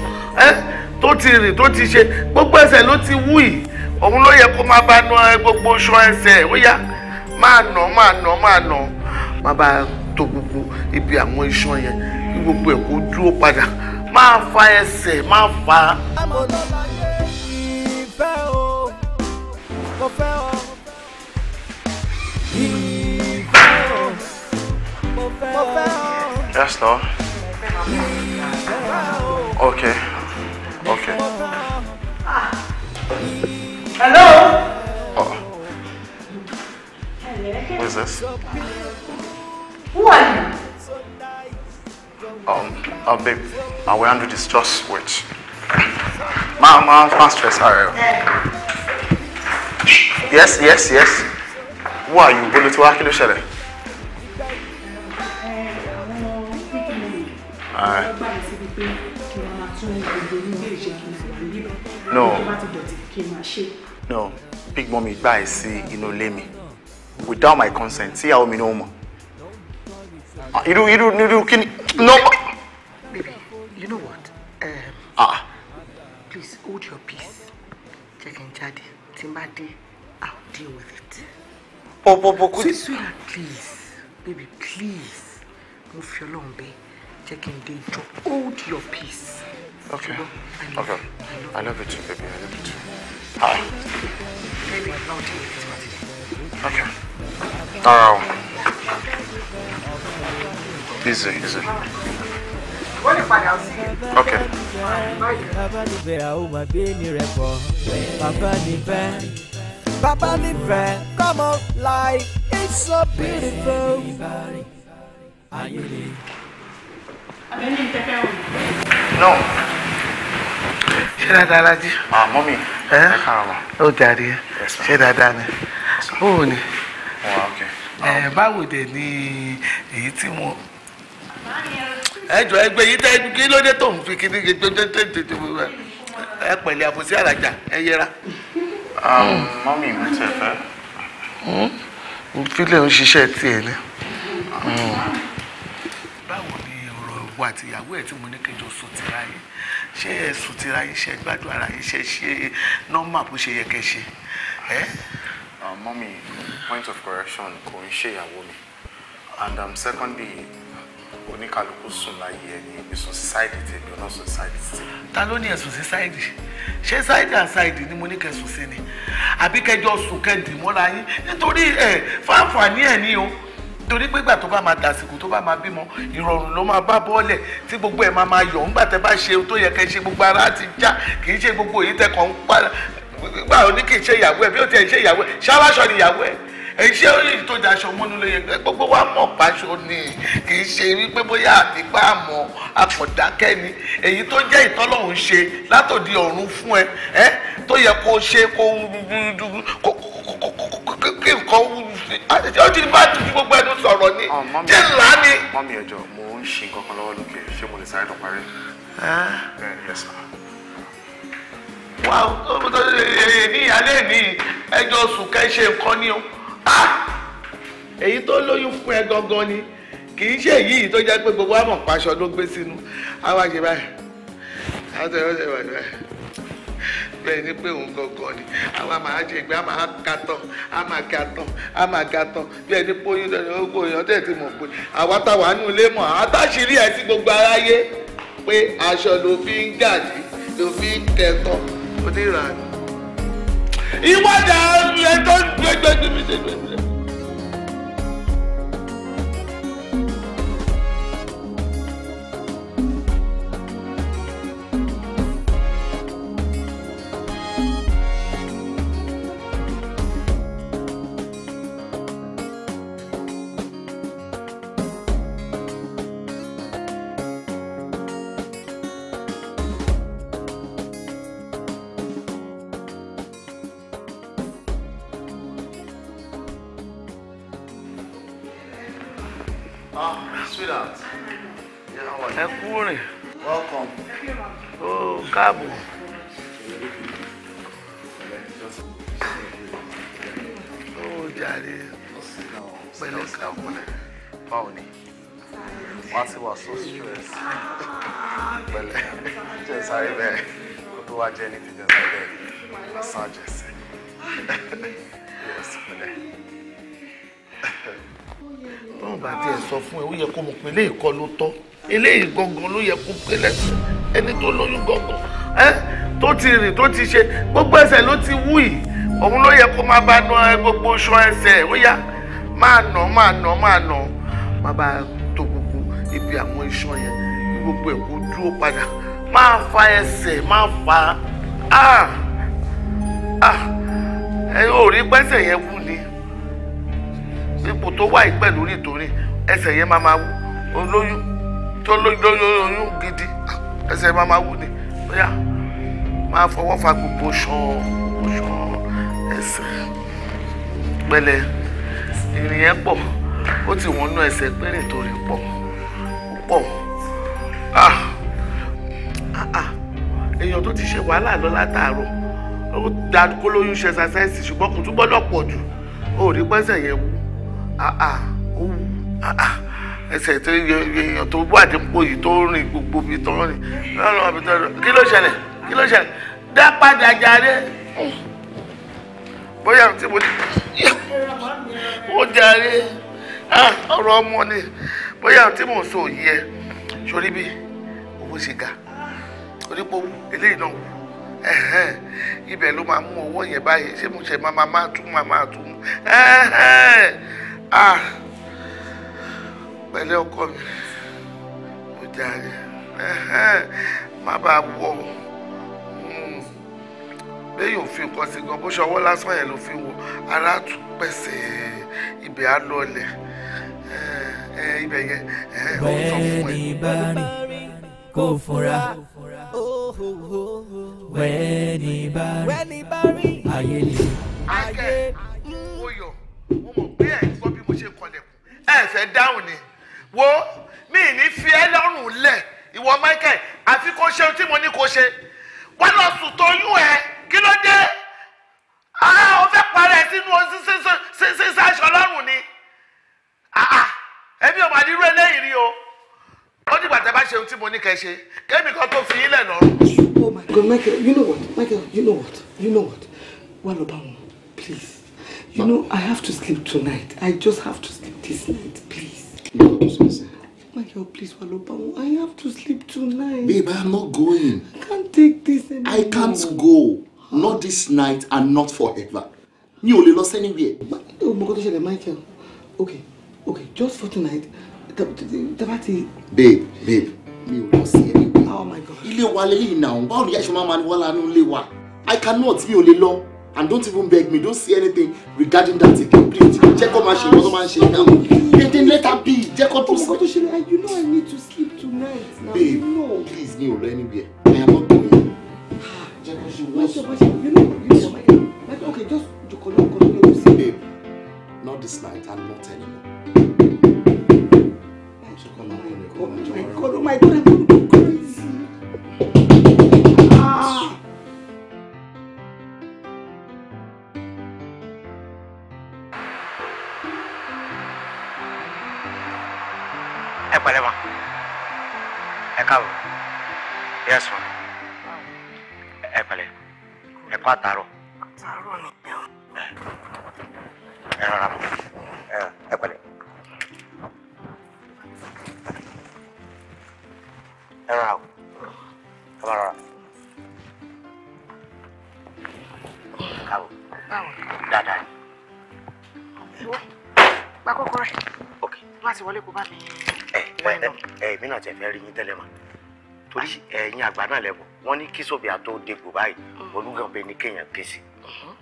tó ti rìn tó ti ṣe gbogbo ẹsẹ̀ ló ti wú yìí òun ló yẹ kó máa bá ná gbogbo ṣan ẹsẹ̀ ó yá máa nà máa nà máa nà má bá tó gbogbo ibi àwọn iṣan yẹn kí gbogbo ẹ̀ kó dúró padà máa fa ẹsẹ̀ máa fa. Yes, no. Okay. Okay. Hello? Oh. Who is this? Who are you? Um, oh babe, I will handle this. Just wait. My my ma stress. All right. Yes, yes, yes. Who are you? Bolo ti wá kí ló ṣẹlẹ̀? No. No. Big mommy gbà see, you inú ilé me without my consent. See how me no mọ̀ irú irú irú kí ni. no. baby you know what. Um, ah. please hold your peace jẹ́ kí n I'll deal with it. Oh, oh, tí. sweetheart please baby please Move your long bay. jẹ́ day, n hold your peace. Okay. I love, okay. I love, I love it baby. I love it Hi. Baby, I'll deal with it. Okay. Oh. Easy, easy. Okay. No. Ṣé dáadáa la jí? Ah, mommy. Ẹ Oh, daddy. Yes. Ṣé dáadáa ni? bóò ni oh, eh, báwo dẹ̀ ni èyí tí mo ẹjọ ẹgbẹ yìí tẹ kí ló dé tó ń fi kí ni ẹ pẹ̀lẹ́ àfòsí àràjà ẹ yẹra. Um, mọ́mí mi ti fẹ́. ìfilẹ̀ hmm? ń ṣiṣẹ́ tiẹ̀ ni. Hmm. báwo ni ọ̀rọ̀ ìwọ àti ìyàwó ẹ̀ tí mo ní kẹjọ sùn ti ra yìí ṣé ẹ sùn ti ra yìí ṣe gbádùn ara yìí ṣe ṣe nọ́mà bó ṣe yẹ kẹ́ ṣe. Uh, mommy, point of correction kò ń ṣe ìyàwó mi and um, secondly oníkàlùkù sùn láyé ẹni èmi sùn society tèmi ọ̀nà society tèmi. ta ló ní ẹ̀sùn sí ṣáìdì ṣé ṣáìdì and ṣáìdì ni mo ní kẹsùn sí ni àbí kẹjọ sùn kẹdì mọ́ra yín nítorí ẹ̀ fáǹfààní ẹ̀ ní o torí pé ìgbà tó bá máa dàsìkò tó bá máa bímọ ìrọ̀rùn ló máa bá bọ́ọ̀lẹ̀ tí gbogbo ẹ̀ máa máa yọ̀ ńgbà tẹ́ bá ṣe tó yẹ kẹ́ ṣe gbogbo ara ti já kì í ṣe gbogbo èyí tẹ́ kàn ń pa gbà ó ní kì í ṣe ìyàwó ẹ bí ó ti ẹ̀ ṣe ìyàwó ẹ ṣáláṣọ ni ìyàwó ẹ ẹṣẹ oyin tó daṣọ mọnú ló yẹ gbogbo wa mọ paṣọ ni kì í ṣe wípé bóyá àtìpá àmọ́ àkàndákẹ ni èyí tó jẹ́ ìtọ́lọ́hún ṣe látòdì ọ̀run fún ẹ ẹ tó yẹ kó ṣe kó kí nǹkan ó ti bá tuntun gbogbo ẹnu sọ̀rọ̀ ni jẹ́ oh, ńlá ni. mọ́mí ẹ̀jọ̀ mò ń ṣe nǹkan kan lọ́wọ́ lókè ṣé mo lè sáré lọ parí. bẹ́ẹ̀ ni ẹ sọ wà ní alẹ́ ní ẹjọ́ sùn kẹ́ ṣe nǹkan ni o èyí tó lóyún fún ẹ gangan ni kì í ṣe èyí tó jẹ́ pé gbogbo àmọ̀ paṣọ ló gbé sínú àwa ṣe báyìí àwọn tó yẹ wọ́n ṣe wà níbẹ̀ bẹ́ẹ̀ ni pé òun gangan ni àwa máa ṣe ìgbé àmà kàtàn àmà kàtàn àmà kàtàn bẹ́ẹ̀ ni pé oyún lọ́dọ̀ gbogbo èèyàn tẹ̀ ti mọ̀ pé àwa táwa nù lé mọ̀ àwa táṣìírí ẹ̀ sí gbogbo aráyé pé aṣọ ló fi ń gàdí ló fi ń kẹtàn kò ní ìrà ni. ìwádà ń gbẹgbẹgbẹ. Ah, sweetheart. Yeah, how are you? Welcome. Oh, káàbọ̀. Oh, jàre. Pẹ̀lú káàbọ̀ náà. Báwo ni? Wọ́n á sì so stressed. Well, just sorry, man. Kó tó wá jẹ́ ní ti jẹ́ sáré bẹ́ẹ̀. Yes, pẹ̀lẹ́ báwọn bá tiẹ̀ sọ fún ẹ ó yẹ kó mọ̀ pé eléyìí kọ́ ló tọ́ eléyìí gangan ló yẹ kó pé lẹ́sìn ẹni tó lóyún gangan ẹ tó ti rìn tó ti ṣe gbogbo ẹsẹ̀ ló ti wú yìí òun ló yẹ kó máa bá na gbogbo ṣan ẹsẹ̀ ó yá máa nà máa nà máa nà máa bá tó gbogbo ibi àwọn iṣan yẹn gbogbo ẹ̀ kó dúró padà máa fa ẹsẹ̀ máa fa ah ah ẹ ò rí pẹ́sẹ̀ yẹn wú ni ipò tó wà yìí pẹ̀lú nítorí ẹsẹ̀ yẹn máa máa wú olóyún tó lóyún gidi ẹsẹ̀ máa máa wú ni bóyá máa fọwọ́ fa gbogbo ṣan gbogbo ṣan ẹsẹ̀ pẹ̀lẹ́ ìrìn yẹn pọ̀ ó ti wọ́n nú ẹsẹ̀ pé nítorí pọ̀ pọ̀ ah ah ah èèyàn tó ti ṣe wàhálà lọ látàárọ̀ ó dá kó lóyún ṣe ṣàṣẹ́sì ṣùgbọ́n kò túbọ̀ lọ́pọ̀ jù ó rí pẹ́sẹ̀ yẹn wú. Ah, ah, oh, ah, ẹsẹ̀ tó èèyàn tó wà ní pò yìí tó rìn gbogbo ibi tó rìn lọ́nà àbítọ́ kí ló ṣẹlẹ̀ kí ló ṣẹlẹ̀ dá padà jáde bóyá tí mo ó jáde ọ̀rọ̀ ọmọ ni bóyá tí mo sọ yìí ẹ sórí bí owó ṣe ga onípò eléyìí náà ibẹ̀ ló máa mú owó yẹn báyìí ṣé mo ṣe máa máa tún máa máa tún ah pẹ̀lẹ́ ọkọ mi mo jàre má bàa wọ̀ lẹ́yìn hmm, òfin nǹkan sí gan bó ṣe ọwọ́ lásán yẹn ló fi wọ ara tún pẹ̀sẹ̀ ibẹ̀ á lọlẹ̀ ibẹ̀ yẹn ó sọ fún ẹ. wẹ́ẹ̀ni bá rìn kó fura wẹ́ẹ̀ni bá rìn ayé lè. akẹ́ mo yọ̀ mo mọ̀ pé ẹ̀ ń gbọ́ sì ń kọlẹ̀kùn ẹ fẹ́ dáhùn ni wo mi ní fi ẹ lọ́rùn lẹ̀ ìwọ Michael àfi kó ṣe ohun tí mo ní kó ṣe wọ́n lọ sùn tó yún ẹ kí ló dé ah o fẹ́ parẹ́ sínú sísá aṣọ ọlọ́run ni ah, ah, ẹbí ọmọ àdírú eléyìí rí o ó dìgbà tẹ bá ṣe ohun tí mo ní kẹ́ ṣe kẹ́mi kan tó fi yín lẹ̀ lọ́rùn. oh my god michael you know what michael you know what you know what wà lọ bá wọn You know, I have to sleep tonight. I just have to sleep this night, please. No, Michael, please, Walopamu. I have to sleep tonight. Babe, I'm not going. I can't take this anymore. I can't go. Not this night and not forever. You only lost anywhere. Oh, my God, Michael. Okay, okay, just for tonight. Tabati. Babe, babe. Mi ò lọ sí anywhere. Oh my God. Ilé wa lélẹ́yìn náà. Báwo ni ìyá ìṣọ́ wa? I cannot. Mi ò lè and don't even beg me don't say anything regarding that again please Jacob, kó máa ṣe ìwọ tó máa ń ṣe ìdáhùn tètè later be jẹ́ kó tó sọ. ọkọ tó you know i need to sleep tonight na you know. please mi ò lọ anywhere i am not doing it. Jacob, she wọ́n náà lẹ́bọ̀ wọ́n ní kí sóbì àtó dégbò báyìí mm-hmm. olúgànbẹ ní kéèyàn ké sí. Mm-hmm.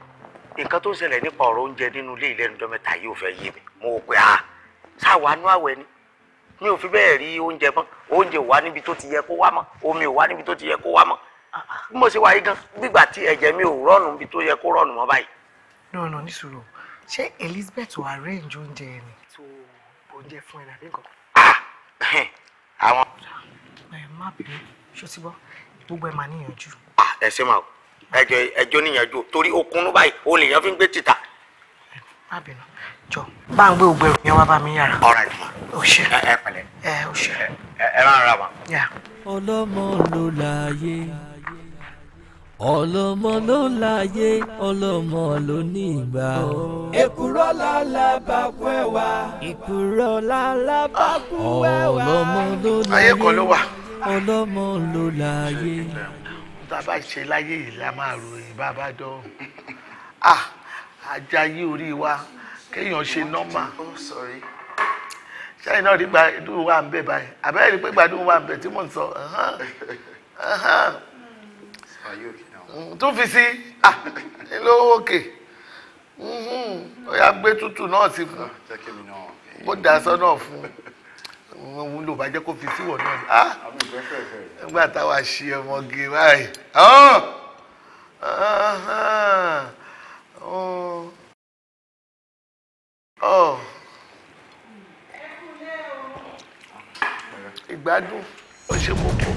nǹkan tó ń ṣẹlẹ̀ nípa ọ̀rọ̀ oúnjẹ nínú ilé ìlẹ́nu dọ́mẹ́ta yìí ò fẹ́ yé mi mo wò pé ah sáwa nú àwẹ̀ ni mi ò fi bẹ́ẹ̀ rí oúnjẹ mọ́ oúnjẹ ò wá níbi tó ti yẹ kó wá mọ́ omi ò wá níbi tó ti yẹ kó wá mọ́ bí mo ṣe wáyé gan gbígbà tí ẹ̀jẹ̀ mi ò rọ́ọ̀nù níbi tó yẹ kó rọ́ọ̀nù mọ́ báyìí. náà náà níṣòro ṣé Elizabeth ò arrange oúnjẹ ẹ ni tó oúnjẹ fún ẹ nàbí nǹkan. Ah, [LAUGHS] àwọn. ẹ má bínú gbogbo ẹ̀ máa níyànjú. Ah, ẹ ṣe máa ẹjọ ẹjọ níyànjú torí okun báyìí o lè yan fi ń gbé títà. má bínú jọ bá ń gbé ògbẹ ìròyìn wá bá mi yàrá. ọ̀rọ̀ ìtumọ̀ o ṣe ẹ ẹ pẹ̀lẹ́ ẹ o ṣe ẹ máa ra wa. ọlọ́mọ ló láàyè ọlọ́mọ ló láàyè ọlọ́mọ ló ní ìgbà. èkùrọ́ lálá bá kú ẹ̀ wá. èkùrọ́ lálá bá kú ẹ̀ wá. ọlọ́mọ ló láàyè. ayé kan ló wà ọlọ́mọ ló láàyè. bàbá ṣe láyé yìí la máa ròyìn bàbá dán ajá yí orí wa kéèyàn ṣe nọ́mà ṣáà iná rí gbàdúrà wà ń bẹ báyìí àbẹ́rẹ́ rí pé gbàdúrà wà ń bẹ tí mò ń sọ tún fi sí lówó òkè ó yà gbé tútù náà sí fún kó dà náà fún un òun ló bá jẹ́ kó fi síwọ̀ náà ni ah nígbà táwa ṣe ọmọge báyìí ọ́ ọ́ ìgbádùn ó ṣe kókó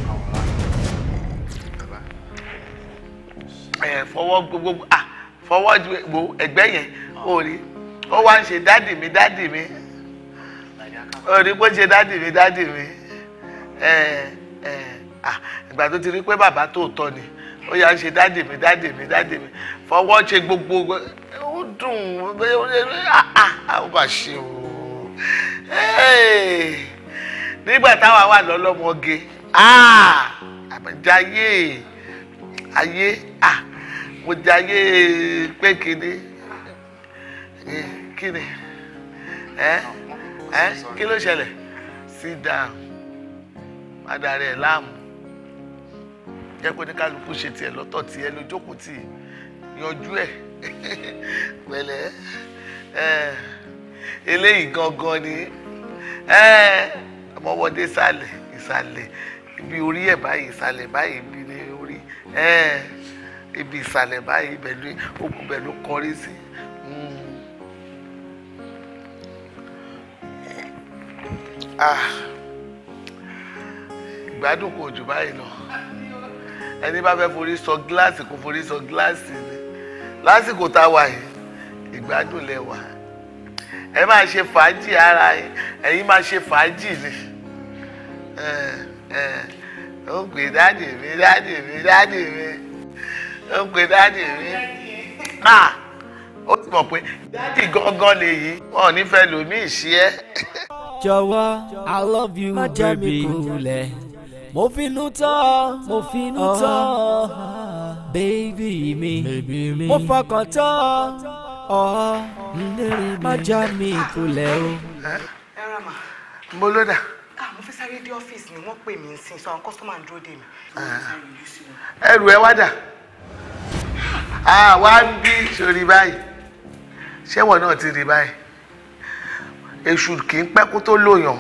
ẹ̀ fọwọ́ gbogbo ah fọwọ́ ju ẹgbẹ́ yẹn ó rí ó wá ń ṣe dádì mi dádì mi orí bó ṣe dádì mi dádì mi ìgbà tó ti rí pé bàbá tòótọ́ ni ó yà ń ṣe dádì mi dádì mi dádì mi fọwọ́ ṣe gbogbo ó dùn ó bá ṣe o nígbà táwa wà lọ́lọ́mọge àbẹ̀jáyé ayé mo jayé pé kíni kíni Eh? ẹ kí ló ṣẹlẹ̀ sit down adarí ẹ̀ láàmú jẹ́ pé oníkálukú ṣe tiẹ̀ lọ́tọ̀ tiẹ̀ lójókòó tì yanjú ẹ̀ [LAUGHS] pẹ̀lẹ́ eléyìí gangan ni ọmọwọ́dé sàlẹ̀ ìsàlẹ̀ ibi orí ẹ̀ báyìí ìsàlẹ̀ báyìí ibi ni orí ibi ìsàlẹ̀ báyìí ibẹ̀ ló kọrí sí. Mm. Ah, ìgbádùn kò jù báyìí lọ ẹni bá fẹ́ forí sọ gíláàsì kò forí sọ gíláàsì ni lásìkò tá a wà yìí ìgbádùn lẹ wà ẹ máa ṣe fàájì ara yín ẹ̀yin máa ṣe fàájì ni ó pè dáàdì mi dáàdì mi dáàdì mi ó pè dáàdì mi ah, ó ti mọ̀ pé dáàdì gángan lèyí wọn ò ní fẹ́ lòmíì sí ẹ́ jọ̀wọ́ i love you baby kulẹ̀ mo finú tán mo finú tán baby mi mo fọkàn tán ọ̀ ma já mi kulẹ̀ o. ẹ ràn mà mo ló dà ah, mo fẹ́ sáré dé ọ́fíìsì ni wọ́n pè mí sí sọ àwọn kọ́sítọ́mà ń dúró dè mí. Ah. ẹrù ẹ wá dà àwa ah, ń bí sórí báyìí ṣẹ́wọ̀n náà ti rí báyìí èṣù kì í pẹ́ kó tó lòyàn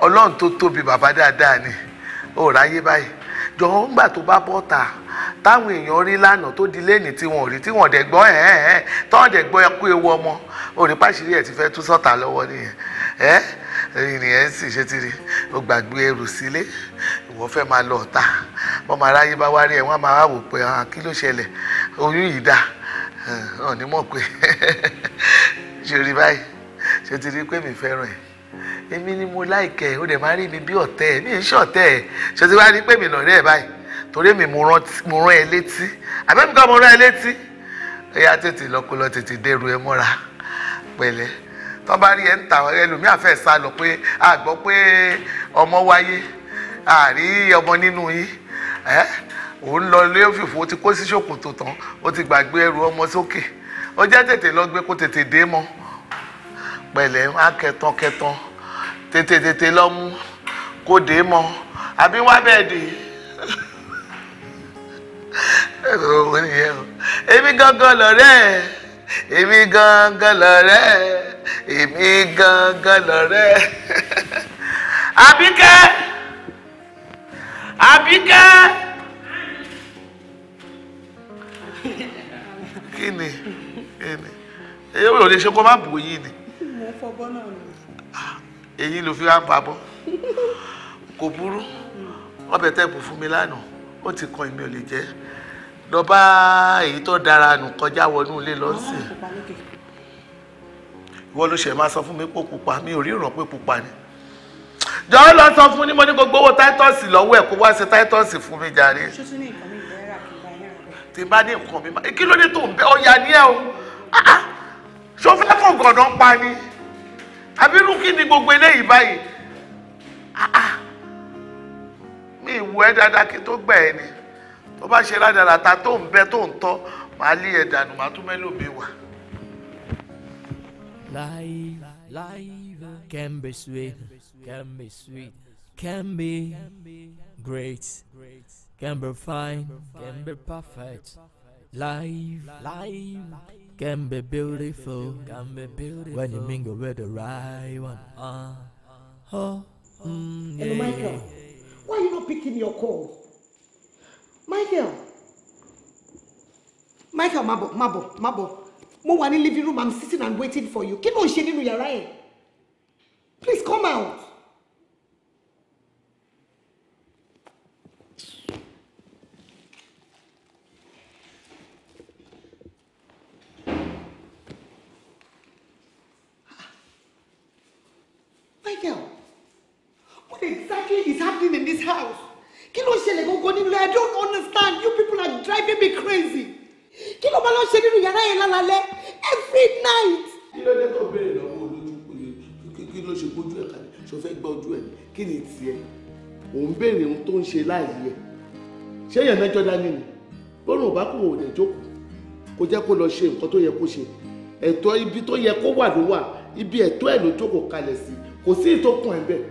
ọlọ́run tó tóbi bàbá dáadáa ni ó ráyé báyìí jọ̀wọ́ ńgbà tó bá bọ́ta táwọn èèyàn rí lánàá tó di lẹ́nìí tí wọ́n rí tí wọ́n dẹ̀ gbọ́ ẹ̀ ẹ̀ ẹ̀ tọ́wọ́n dẹ̀ gbọ́ ẹkú ewu ọmọ òní pàṣírí ẹ̀ ti fẹ́ tú sọ́ta lọ́wọ́ nìyẹn ẹ̀ ènìyàn sì ṣe ti rí o gbàgbé ẹrù sílé ìwọ fẹ́ máa lọ ọ̀tá wọ́n máa ráyé bá wá rí ẹ̀ wọ́n máa wò pé ah, kí ló ṣẹlẹ̀ oyún yìí dà ọ̀ pé [LAUGHS] ṣe rí báyìí ṣe ti rí pé mi fẹ́ràn ẹ̀ èmi ni mo láìkẹ́ ó dẹ̀ máa rí mi bí ọ̀tẹ̀ ẹ̀ mi ń ṣọ̀tẹ̀ ẹ̀ ṣe ti wá rí pé mi lọ̀rẹ́ ẹ̀ báyìí torí mi mo rán ẹ létí àbẹ́mi kan mo rán ẹ létí ẹ̀yà tètè lọ́kọ́lọ́ tètè dẹ́rù ẹ mọ́ra pẹ̀lẹ́ tọ́ bá rí ẹ ń tà ẹlòmíà fẹ́ sá lọ pé a gbọ́ pé ọmọ wáyé àrí ọmọ nínú yín òun lọ lé òfìfo ó ti kó sí ṣòkòtò tán ó ti gbàgbé ẹrù ọmọ sókè ó jẹ́ tètè lọ gbé kó tètè dé mọ́ pẹ̀lẹ́ wọn á kẹtàn kẹtàn tètè tètè lọ́mú kò dé mọ́ àbí wá bẹ́ẹ̀ dé òun nìyẹn o èmi gangan lọ̀rẹ́ ẹ̀ èmi gangan lọ̀rẹ́ ẹ̀ èmi gangan lọ̀rẹ́ ẹ̀ àbíkẹ́ àbíkẹ́ kí ni kí ni èyí ò lè ṣe kó má bù yìí ni mo fọbọ́ náà ni. Ah, eyín ló fi wá ń pa bọ́ kò burú ọbẹ̀ tẹ́ bù fún mi lánàá ó ti kan èmi ò lè jẹ́ lọ bá èyí tó dára nù kọjá wọnú ilé lọ́sìn ìwọ ló ṣe máa sọ fún mi pé pupa mi ò ríran pé pupa ni jọ̀ọ́ lọ sọ fún ni mo ní gbogbo owó táítọ́ọ̀sì lọ́wọ́ ẹ̀ kó wá ṣe táítọ́ọ̀sì fún mi jàre tí bá ní nǹkan mi kí ló dé tó ń bẹ ọ̀yà ni ẹ o ah, ah. ṣó fẹ́ fọ̀gànà pa ni àbírú kí ni gbogbo eléyìí báyìí ah, ah. mi ìwọ ẹ dáadáa kí tó gbà ẹ ni tó bá ṣe ládàlàta tó ń bẹ tó ń tọ́ màá lé ẹ dànù màá tún mẹ́lòmíì wà. can be sweet, can be sweet, can be great, can be fine, can be perfect. Life, life can be beautiful, can be beautiful when you mingle with the right one. Uh, oh, mm, yeah. Hello, Michael. Why are you not picking your call? Michael. Michael, mabo, mabo, mabo. Mo wà ní living room, I'm sitting and waiting for you. Kí ló ń ṣe nínú Please come out. ṣe láàyè ẹ̀ ṣé èèyàn mẹ́jọ dání ni lọ́rùn ọ̀bá kò dẹ̀ jókòó kó jẹ́ kó lọ ṣe nǹkan tó yẹ kó ṣe ẹ̀tọ́ ibi tó yẹ kó wà ló wà ibi ẹ̀tọ́ ẹ̀ ló jókòó kalẹ̀ sí kò sí ìtókùn ẹ̀ bẹ́ẹ̀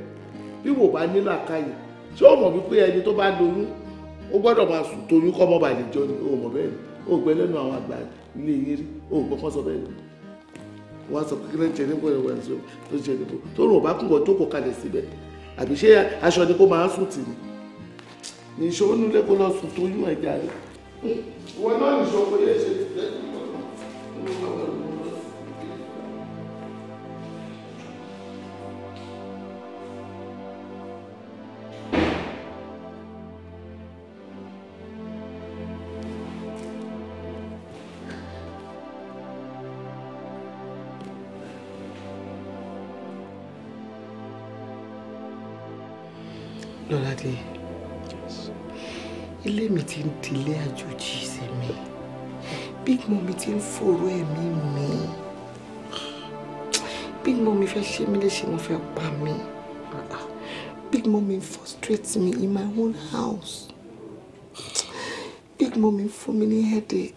bí wò bá nílò àkáyè ṣé o mọ̀ wípé ẹni tó bá lóyún ó gbọ́dọ̀ máa sùn toyún kọ́ mọ́ balẹ̀ jọ ni o mọ̀ bẹ́ẹ̀ ni o gbẹ lẹ́nu àwọn àgbà ilé yín rí o gbọ́ kán sọ bẹ́ẹ̀ ni wọ́n á sọ pé kílẹ̀ ń ṣe níbo ẹ̀wọ̀ ẹ̀ṣọ́ tó ṣe níbo tó rùn ọ̀bá kùn kọ́ jókòó kalẹ̀ síbẹ̀ àbí ṣé aṣọ ni kó máa ń sùn tì ní nìṣó nílé kó lọ sùn tó yún ẹ̀já rẹ̀. wọn náà nìṣó kó yẹ ṣe lẹ́yìn ìwọ̀n náà. ti ń tilé àjòjì sẹ́mi big mommy ti ń fòrò ẹ̀mí mi big mommy fẹ́ ṣe mí léṣe wọ́n fẹ́ pa mí big mommy frustrate me in my own house big mommy fún mi ní headache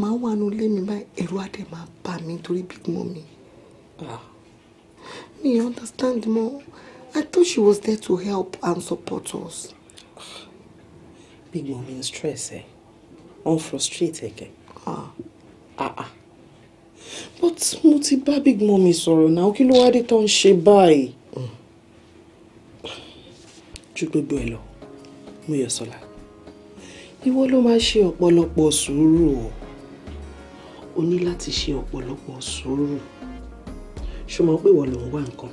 màá wà nù lé mi báyìí ẹ̀rọ adé máa bà mí torí big mommy me understand more I thought she was there to help and support us. Big gbọ̀n mi ń stress ẹ̀ ó ń Ah, ah. kẹ́ ah. but mo ti bá big mommy sọ̀rọ̀ náà kí ló wá dé tó ń ṣe báyìí mm. ju gbogbo ẹ̀ lọ Mọ́yọ̀sọ́lá ìwọ ló máa ṣe ọ̀pọ̀lọpọ̀ sùúrù o o ní láti ṣe ọ̀pọ̀lọpọ̀ sùúrù ṣùgbọ́n pé ìwọ ló ń wá nǹkan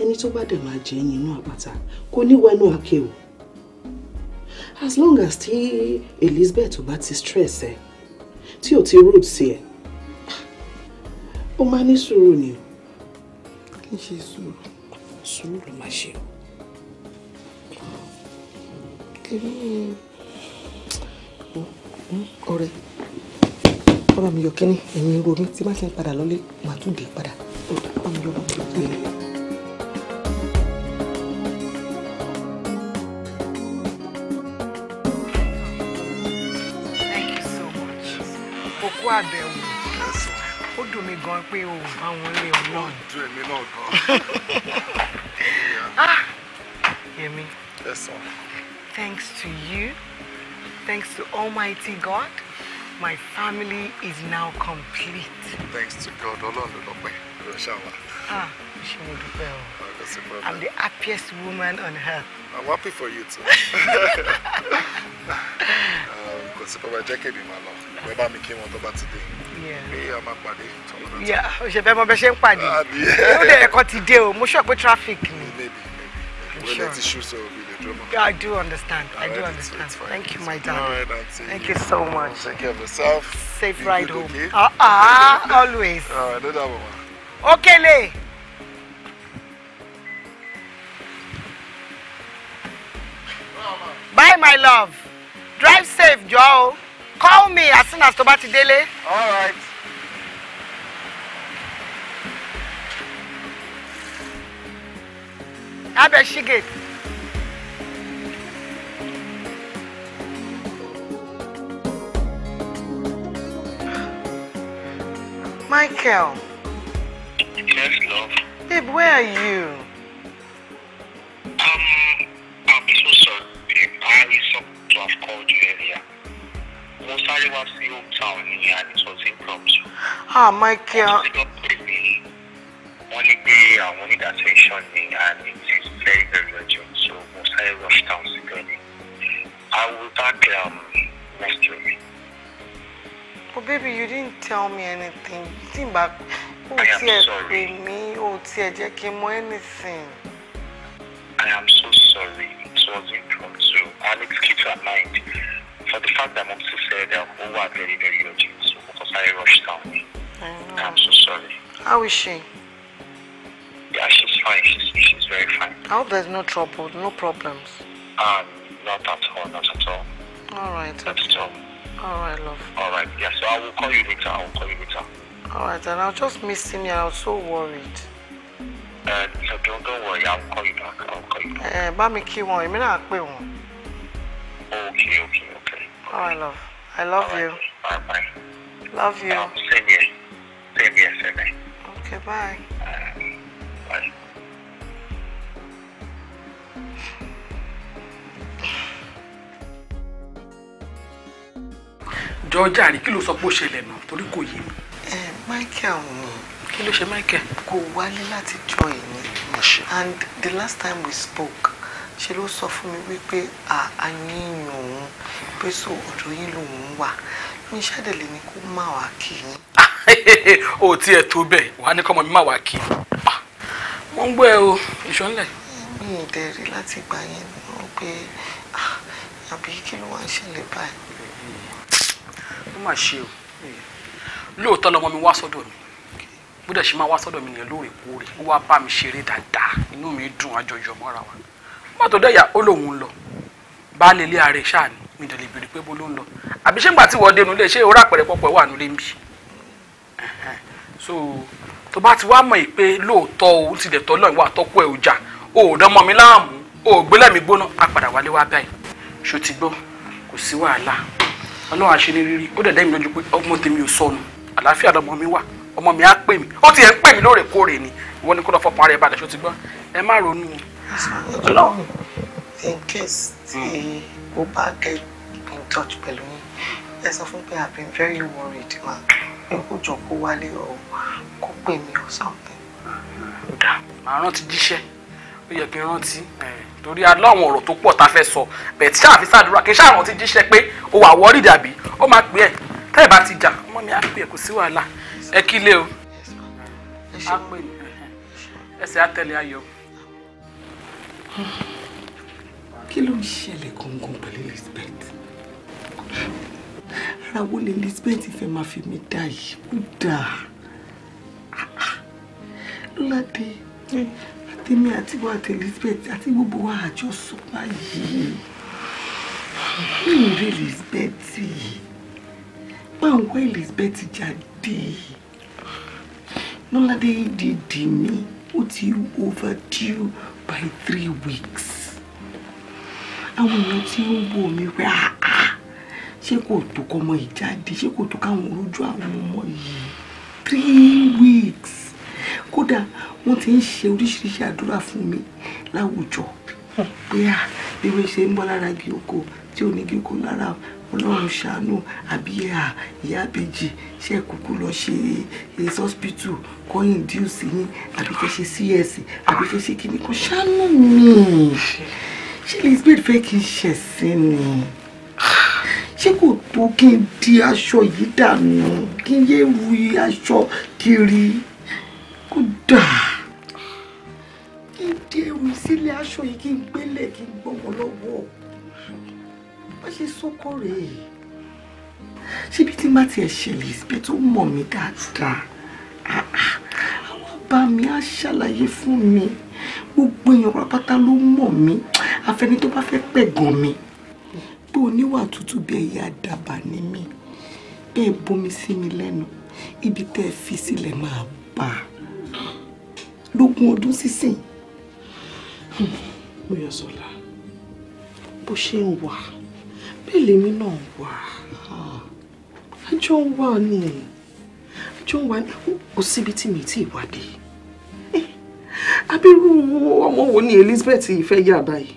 ẹni tó bá dẹ̀ máa jẹ́ yín inú àpáta kò ní wẹnu àkè o as long as tí Elizabeth ò bá ti stress ẹ tí ò ti rude sí ẹ ó máa ní sùúrù ni o. kí n ṣe sùúrù sùúrù ló máa ṣe o. kiri ọ̀rẹ́ bá mi yọ kínní ẹ̀yin ronú tí má ṣe ń padà lọ́lé màá tún dé padà bá mi yọ bá mi yọ kínní. kú àbẹ̀wò ó dùn mí gan pé o bá wọn lé o náà. ó [LAUGHS] ah! Thanks to you, thanks to Almighty God, my family is now complete. Thanks to God, Ọlọ́run ló lọ́pẹ́, ló ṣàwà. Ah, ṣé mo dúpẹ́ o. Ah, I'm the happiest woman on earth. I'm happy for you too. uh, [LAUGHS] [LAUGHS] kò sí pẹ́pẹ́ jẹ́ kébì máa lọ ẹ bá mi kí wọn tó bá ti dé pé a máa pàdé tọ́lọ́dọ́ tí. o ṣe ṣe ń pàdé yóò ẹ̀kọ́ ti dé o mo sọ pé traffic ni. maybe maybe we so we dey drum. I do understand I do understand thank you my darling thank you so much. take care of yourself. safe ride home ah, ah ah always. Okele. Bye my love drive safe Joe. call me as soon as tó bá ti délé. all right. abẹ ṣígètì. Michael. Yes, love. Babe, where are you? Um, I'm so sorry. I to have called you earlier. Mo sáré wá sí home town ní Anisọ̀tí Proms. Ah, Mike. Wọ́n ti lọ I mí. Wọ́n ní pé àwọn and it is very very urgent so mo sáré down sí I will back um, next week. But baby, you didn't tell me anything. You didn't back. O ti ẹ̀ pè mí, o ti ẹ̀ jẹ́ kí anything. I am so sorry. It wasn't I need to keep mind for the fact that mom still said uh, who were very, very urgent. So because I rushed down. Oh. I'm so sorry. How is she? Yeah, she's fine. She's, she's very fine. I hope there's no trouble, no problems. Um, not at all, not at all. All right. Not okay. at all. All right, love. All right, yeah, so I will call you later. I will call you later. All right, and I was just missing you. I was so worried. Uh, so don't, don't worry. I'll call you back. I'll call you back. Uh, bá mi kí wọn, èmi not pè wọ́n. Okay, okay, okay. Oh, I love. I love right. you. Bye bye. Love you. Um, same here. Same here, same here. Okay, bye. Um, bye. George Ari kí ló sọ pé ó ṣẹlẹ̀ náà torí kò yé mi. Ẹ eh, Michael ni. Kí ló ṣe Michael? Kò wálé láti jọ ẹ̀ And the last time we spoke, ṣe ló sọ fún mi wípé àyíyàn òun pé so ọ̀dọ̀ yín lòun wà ní sádẹ̀lẹ̀ ni kó má wàá kì í. o ò tiẹ̀ tó bẹ́ẹ̀ wàá ní kọ́mọ mi má wàá kì í. wọ́n ah, ń gbọ́ ẹ o ìṣọ́nlẹ̀. mi ì dẹ̀rí láti gbà yẹn náà pé ah, àbí kí ló wá ń ṣẹlẹ̀ báyìí. ó mà ṣe o lóòótọ́ lọmọ mi wá sọ́dọ̀ mi bó dẹ̀ ṣe máa wá sọ́dọ̀ mi nìyẹn lóòrèkóòrè ó wá bá mi ṣeré dáadáa inú mi dùn àjọyọ̀ mọ́ra wa mọ́tò dẹ́yà ó lòun lọ baálé ilé ààrẹ ṣáà ni mi dẹ̀ lè béèrè pé bó ló ń lọ àbí ṣé ńgbà tí wọ́n dénú lé ṣé orí àpẹẹrẹ pọ̀pọ̀ wà nílé ń bì so tó bá ti wá mọ̀ ẹ́ pé lóòótọ́ òun ti dẹ̀ tọ́ lọ́yìn wà tọ́kú ẹ̀ ọjà o ò dánmọ́ mi láàmú o ò gbé lẹ́mí gbóná a padà wálé wá báyìí ṣó ti gbọ́ kò sí wàhálà ọlọ́run àṣírí ó dẹ̀ mi lójú pé ọmọ tèmi ò sọnù àlàáfíà ọmọ mi wà ọmọ mi á pè mí ó ti ẹ̀ ń pè mí lóòrèkóòrè ni ìwọ ni kó lọ fọpọ̀ ara ẹ̀ balẹ̀ ṣó ti gbọ́ ẹ má ronú o you in case tí o bá get in touch pẹ̀lú yín ẹ sọ fún pé i been very worried ma ẹ kó jọ kó wálé ọ kó pè mí or something. màá rántí jíṣẹ́ ó yẹ kí n rántí torí aláwọn ọ̀rọ̀ tó pọ̀ tá a fẹ́ sọ bẹ́ẹ̀ tí ṣáà fi ṣàdúrà kí n ṣáà rántí jíṣẹ́ pé ó wà wọ́ọ́rì dàbí ó máa pè ẹ́ tẹ́ẹ̀ bá ti jà ọmọ mi á pè ẹ́ kò sí wàhálà ẹ kí lé o á pè ẹsẹ̀ á tẹ̀lé ayọ̀ kí ló ń ṣẹlẹ̀ gangan pẹ̀lú Elizabeth ara wo lè Elizabeth fẹ́ máa fi mí dá yìí kú dáa lọ́ládé àtẹ̀mí àti wà àti Elizabeth àti gbogbo wa àjọ sọ báyìí mi ò rí Elizabeth máa ń wá Elizabeth jáde lọ́ládé dìdì mi ó ti overdue by three weeks àwọn èèyàn tí ó ń wò mí pé àá ah, ah, ṣé kò tó kọmọ ìjáde ṣé kò tó káwọn rojú àwọn ọmọ yìí three weeks kódà wọ́n ti ń ṣe oríṣiríṣi àdúrà fún mi láwùjọ bóyá bí wọ́n ah, ṣe ń bọ́ lára igi oko tí ò ní igi oko lára ọlọ́run ṣàánú àbíyá ìyá àbèjì ṣe kúkú lọ ṣe é hospital kọ́ induce yín àbí fẹ́ ṣe cs àbí fẹ́ ṣe kíní kan ṣàánú mi ṣé Elizabeth fẹ́ kí n ṣẹ̀sìn ni ṣé kò tó kí n di aṣọ yìí dànù kí n yé wu aṣọ kiri kó dáa kí n di ewu sílé aṣọ yìí kí n gbélé kí n gbọ́mọ lọ́wọ́ bó ṣe sóko rèé ṣebí tí má tiẹ̀ ṣẹlẹ̀ síbi tó mọ̀ mí dáadáa àwọn bá mi á ṣàlàyé fún mi gbogbo èèyàn pátá ló mọ̀ mí afẹni tó bá fẹ́ pẹ̀gàn mi pé oníwà tútù bí ẹyẹ àdàbà ni mí bẹ́ẹ̀ bomi sí mi lẹ́nu ibi tẹ́ ẹ fi sílẹ̀ máa bà á lógún ọdún sísìn Mọ́yọ̀sọ́lá hmm, bó ṣe ń wà á orí lèmi náà wà àjọ ń wà ní àjọ ń wà ní kò síbi tí mi ti ìwádìí eh, abirú ọmọ wo ni Elizabeth ìfẹ́ yà báyìí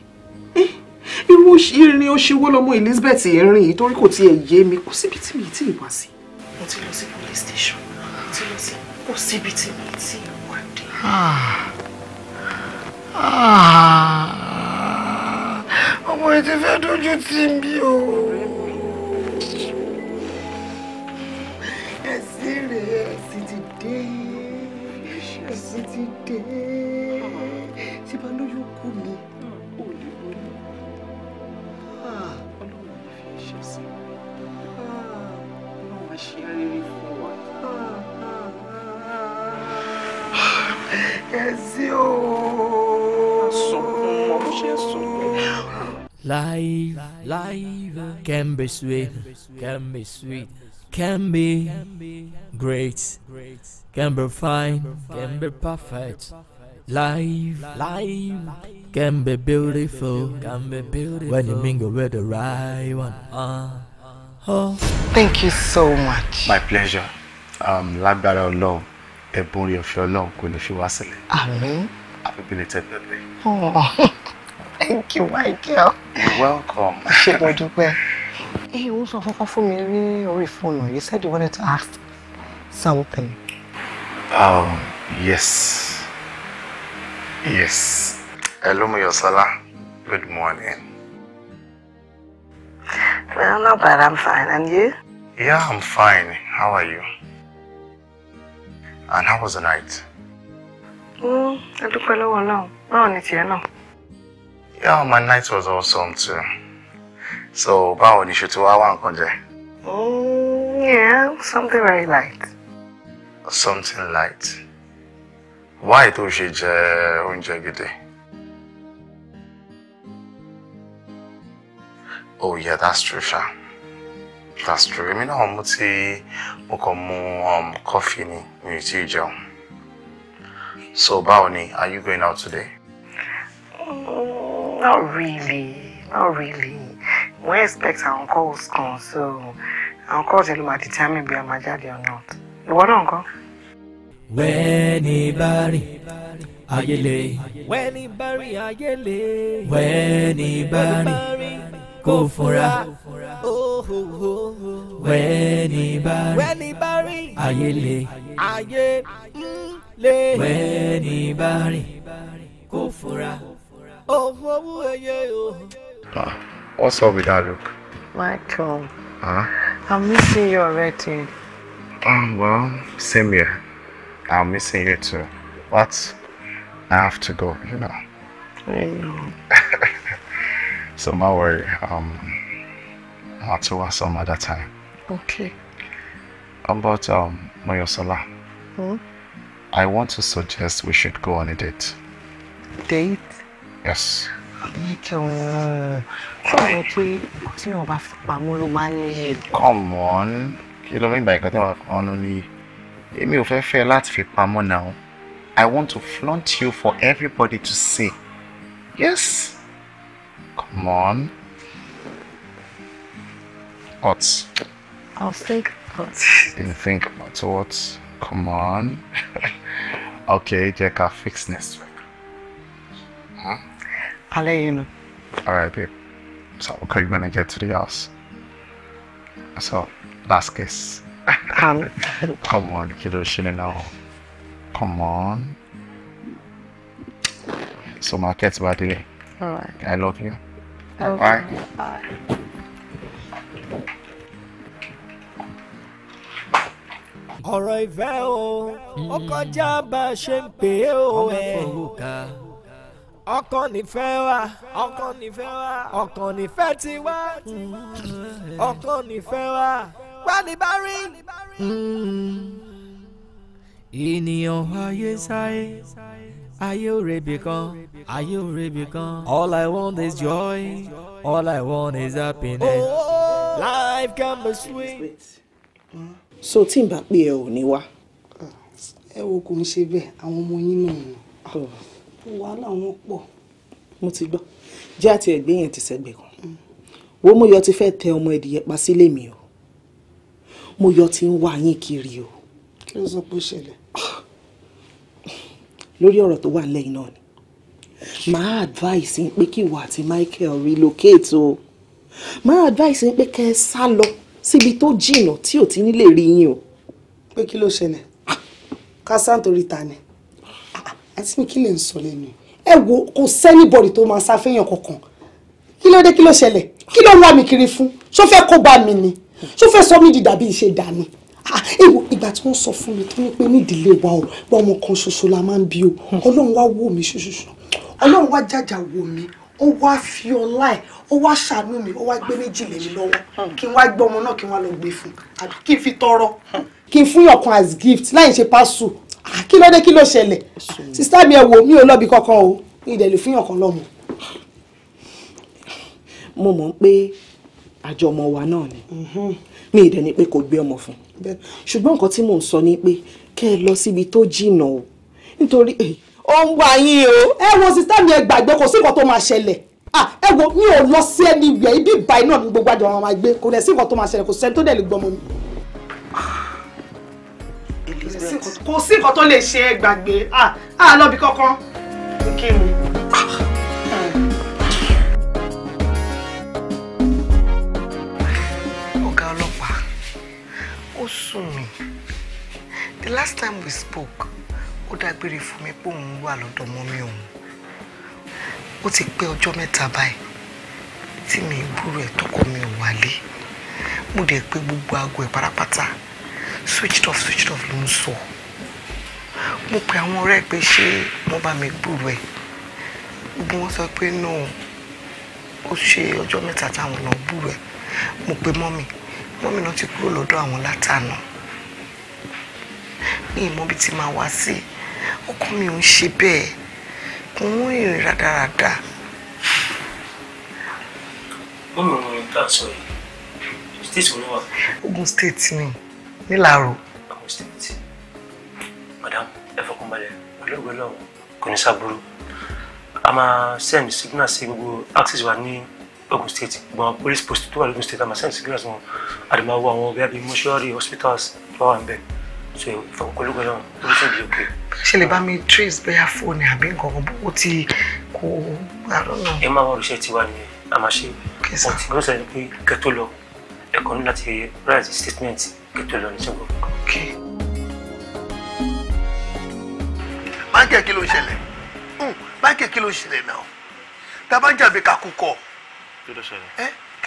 eh, irú irin oṣìwó lọmọ Elizabeth ìrìn torí kò tiẹ̀ yé mi kò síbi tí mi ti ìwà sí. mo ti lọ sí police station mo ti lọ sí kò síbi tí mi ti ìwádìí ọmọ yìí ti fẹ́ dojú tì mí o. ẹ̀sìn rẹ̀ ẹ̀sìn ti dé ẹ̀sìn ti dé tí bá lóyún kú mi ò ah. ah, ah, Life, life can be sweet, can be sweet, can be great, can be fine, can be perfect. Life, life can be beautiful, can be beautiful when you mingle with the right one. Uh, oh. Thank you so much. My pleasure. Um, lágbára Ọlọ́run, ẹ̀bùn orí ọ̀fẹ́ Ọlọ́run kò ní fi wá sílẹ̀. Amen. Happy belated birthday. Oh. [LAUGHS] thank you Michael. you're welcome. [LAUGHS] ṣé mo dúpẹ́. ẹ ò sọ kankan fún mi rí orí fóònù you said you wanted to ask something. Um, yes. Yes. Hello, Muyosala. Good morning. Well, not bad. I'm fine. And you? Yeah, I'm fine. How are you? And how was the night? Mm, I look well along. No, it's here now. Yeah, my night was awesome too. So, báwo ni ṣètò wá wá nǹkan jẹ? Mm, yeah, something very light. Something light? Why tó ṣe jẹ oúnjẹ gidi? Oh yeah, that's true, Sha. That's true. Èmi náà mo ti mo kàn um, coffee ni mi Joe. So báwo are you going out today? Mm. Not really, not really. We expect our uncle's come, so our uncle tell him at the time if I'm jáde or not. Ìwọ náà ńkọ́? Wẹ́ni bá rìn ayẹlẹ. Wẹ́ni bá rìn ayẹlẹ. Wẹ́ni bá rìn kó fura. Wẹ́ni bá rìn ayẹlẹ. Ayẹlẹ. Wẹ́ni bá rìn kó fura. Ah, what's up with that look? Michael. Huh? I'm missing you already. Oh, well, same here. I'm missing you too. But I have to go, you know. I [LAUGHS] know. so, my worry. Um, I'll talk her some other time. Okay. About um, Moyosola. Hmm? I want to suggest we should go on a date. Date? yes. àbẹ̀tẹ̀wọ̀n fún ọ̀rọ̀ pé tí wọ́n bá fi pamọ́ come on You ló fi by gba ìkan tí wọ́n You ló níye èmi ò fẹ́ fẹ́ láti now I want to flaunt you for everybody to see yes come on what. I'll think about it. You think about what? Come on. [LAUGHS] okay, Jack, I'll fix next week. Colleen. Alright, babe. So okay, when I get to the house. So, last kiss. Um, [LAUGHS] Come on, Kiroshina now. Come on. So my cat's about today. Alright. I love you. Okay. Alright. Bye. ọ̀rọ̀ ìfẹ́ o ó kọjá bá a ṣe ń pè é o koja ba a se n ọkàn nífẹ̀ wa ọkàn nífẹ̀ wa ọkàn nífẹ̀ ti wa ọkàn nífẹ̀ wa wani bá rí. ènìyàn ayé sáyé ayé òrèbè kan ayé òrèbè kan. all i want is joy all i want is happiness. Oh, life can be sweet. so tí n bá pè ẹ ò ní wá. ẹ wo kò ń ṣe bẹ́ẹ̀ àwọn ọmọ yín náà wàhálà wọn pọ̀. mo ti gbọ́ jẹ́ àti ẹ̀gbẹ́ yẹn ti sẹ́gbẹ̀ kan wo mo yọ ti fẹ́ tẹ ọmọ ẹ̀dìyẹ pa sílé mi o mo yọ ti ń wá yín kiri o. kí ló sọ pé ó ṣẹlẹ̀. [SIGHS] lórí ọ̀rọ̀ tó wà lẹ́yìn náà ni màá advice yín pé kí ìwà àti Michael relocate o màá advice yín pé kẹ́ ẹ sá lọ síbi tó jìnnà tí ò ti ní rí yín o. pé kí ló ṣẹlẹ̀ ah! ká sáà nítorí ta ni àti mi kí lè ń sọ lẹ́nu ẹ wo kò sẹ́nìbọ̀dì tó máa sáfẹ́yàn kankan kí ló dé kí ló ṣẹlẹ̀ kí ló ń wá mi kiri fún ṣó fẹ́ kó bá mi ni ṣó fẹ́ sọ mí di dàbí ìṣe dànù èwo ah, ìgbà tí wọ́n sọ fún mi tó ní pé nídìílé wa o pé ọmọ kan ṣoṣo la máa ń bí o ọlọ́run wá wò mí ṣoṣoṣo ọlọ́run wá jàjà wò mí ó wá fi ọlá ẹ̀ ó wá ṣàánú mi ó wá gbé méjì lé mi lọ́wọ́ kí n wá gbé ọmọ náà kí n wá lọ gbé fún kí n fi tọrọ hmm. kí n fún yọkan as gift láì ṣe pásù Ah, kí ló dé kí ló ṣẹlẹ̀ sista mi ẹ wò mí ò lọ́bi kankan o ìdẹ̀lù fihàn kan lọ́mọ. mo mọ̀ pé àjọmọ̀ wa náà ni mhm. mi ìdẹ̀ ni pé kò gbé ọmọ fún ṣùgbọ́n nǹkan tí mò ń sọ ni pé kẹ́ ẹ lọ síbi tó jìnnà o nítorí eh, ó ń wá yín o. ẹ wo sista mi ẹ gbàgbé kò sí nǹkan tó máa ṣẹlẹ̀ ah, ẹ wo mi ò lọ sí ẹni ibẹ̀ ibi ìbá iná ni gbogbo àjọ àwọn máa gbé kò dẹ̀ sí nǹkan tó máa ṣẹlẹ̀ kò sẹ́ni tó dẹ̀ lè gbọ́ ọmọ mi kò sí nǹkan tó lè ṣe gbàgbé à lọ́bi kankan ọ̀gá ọlọ́pàá ó sùn mí the last time we spoke ó dágbére fún mi pé òun wà lọ́dọ̀ mọ́ mi òun ó ti pé ọjọ́ mẹ́ta báyìí tí mi ìbúrò ẹ̀ tọkọ mi ò wálé mo dẹ̀ pé gbogbo aago ẹ̀ pátápátá switched off switched off ló ń sọ mo pe àwọn ọ̀rẹ́ pé ṣé wọ́n bá mi gbúrò ẹ̀ gbogbo wọn sọ pé no ó ṣe ọjọ́ mẹ́ta táwọn lọ gbúrò ẹ̀ mo pe mọ́mì mọ́mì náà ti kúrò lọ́dọ̀ àwọn látànà ní ìmọ̀bi tí máa wá sí ọkọ mi ò ń ṣe bẹ́ẹ̀ kò ń rìn rádaràda. state wọn wà. Ogun state ni nílàárọ̀. àwọn state madam ẹ fọkànbalẹ̀ pẹ̀lú ìgbẹ́lẹ̀ ọ̀hún kò ní sábúrú a máa send signal sí gbogbo access wa ní Ogun State gbọ́n police post tó wà lógun state a máa send signal sí wọn a lè máa wo àwọn ọ̀gá bíi mortuary hospitals tó wà níbẹ̀ so pẹ̀lú ìgbẹ́lẹ̀ ọ̀hún ló tún di òkè. ṣe lè bá mi trace bóyá fóònù àbí nǹkan kan bó ti kó àárọ̀ náà. ẹ máa wọ òrìṣẹ́ tiwa ni a máa ṣe ọtí ló sọ pé kẹtó lọ ẹ̀kọ́ ní láti write statement ètò ìlọrin sí wọn. báńkì kí ló ń ṣẹlẹ̀ hmm, báńkì kí ló ń ṣẹlẹ̀ náà tá a bá ń jàbí kakú kọ kí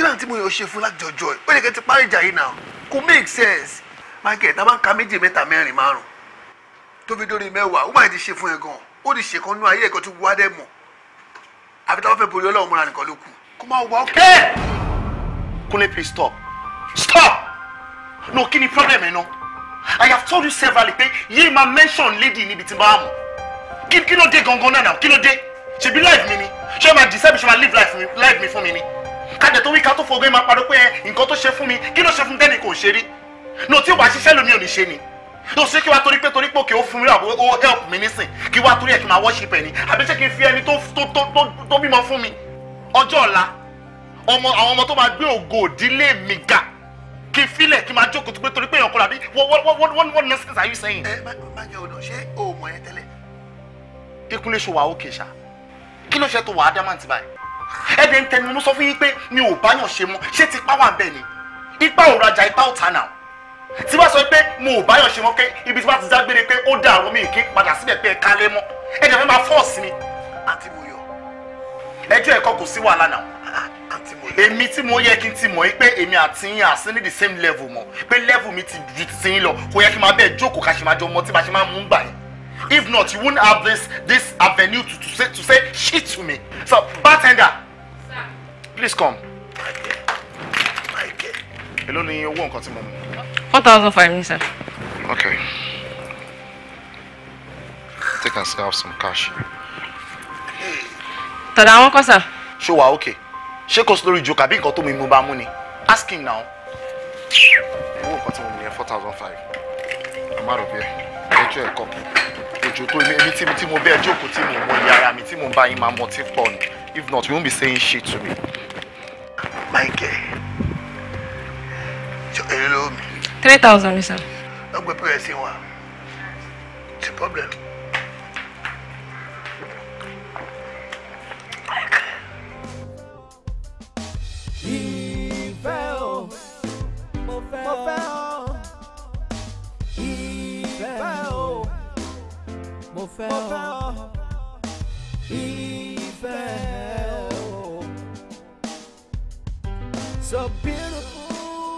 láǹtí eh, mo yàn ṣe fún láti jọjọ ẹ ó lè kẹ́ ti parí ìjà yìí náà kò make sense báńkì tá a bá ń ka méjì mẹ́ta mẹ́rin márùn tó fi dórí mẹ́wàá ó máa ti ṣe fún ẹ gan ó ti ṣèkan nínú ayé ẹ̀kọ́ tó wá dẹ́ mọ̀ àbí táwọn fẹ́ borí ọlọ́run múra nìkan ló kù kó máa wọ ọkẹ́. Kúnlé please stop stop no kini problem ẹ̀ náà i have told you several times. Ye ma mention lady níbi tí n bá wà mọ́ kí kí ló dé gangan náà náà kí ló dé ṣebí life mi ni ṣé máa decide ṣe máa live life mi life mi fún mi ni kájẹ tó wí ká tó fọgbọ́n ẹ máa parọ́ pé nǹkan tó ṣe fún mi kí ló ṣe fún tẹ́nì kò ṣe rí no tí ò bá ṣiṣẹ́ lómi ò ní ṣe ni tó ṣe kí wàá torí pé torí pé òkè ó fún mi rà ó help mi nísìn kí wàá torí ẹ̀ kí máa worship ẹ̀ ni àbí ṣé kí to to to to to tó bímọ fún mi ọjọ́ ọ̀la ọmọ to ọmọ tó máa gbé ògo òdílé mi ga kí n máa jókòó tó pé torí pé èèyàn kọ́ra bí what what what what nonsense are you saying. ẹ má má jẹ odò ṣé o mọ̀ yẹn tẹ́lẹ̀. ikunle ṣo wà ókè ṣá kí ló ṣe tó wà á dámàntì báyìí. ẹ̀dẹ̀ ń tẹnu mo sọ fún yín pé mi ò báyàn ṣe mọ́ ṣé ti pa wà ń bẹ̀ ni ipa ò rajà ipa ò ta nà tí wàá sọ pé mo ò báyàn ṣe mọ́ pé ibi tí wàá ti dágbére pé ó dàrú mi kí n padà síbẹ̀ pé ẹ kálẹ̀ mọ́ ẹ̀dẹ̀ fẹ́ máa èmi tí mo yẹ kí n ti mọ̀ yí pé èmi àti yín àsín ní the same level mọ̀ pé level mi ti ju ti yín lọ kò yẹ kí n máa bẹ́ẹ̀ jókòó ká ṣe máa jọ mọ tí bá ṣe máa mú gbà yín if not you won't have this this avenue to to say to say shit to me so bartender please come. èló ni owó nǹkan tí mo mú. one thousand five ní sir. okay take and have some cash. tọ̀dọ̀ àwọn kọ́ sà. ṣé wàá okay ṣé kò sí lórí ìjókòó àbí nǹkan tó mi mú bá mú ni ask him now. owó nǹkan tí mo mú four thousand five ọmọ rẹ bẹ́ẹ̀ ẹjọ́ ẹ̀kọ́ òjò tó èmi tí tí mo bẹ jókòó tí mo mọ iye ara mi tí mo bá yín máa mọ tí pọ̀ ni if not you won't be saying shit to me. Michael ṣe èrè lómi. three thousand ní sàn. lọ́gbẹ̀ẹ́ pẹ̀lú ẹ̀sìn wa it's a problem. Ìfẹ́ o, mo fẹ́ o. Ìfẹ́ o, mo fẹ́ o. Ìfẹ́ o. So beautiful,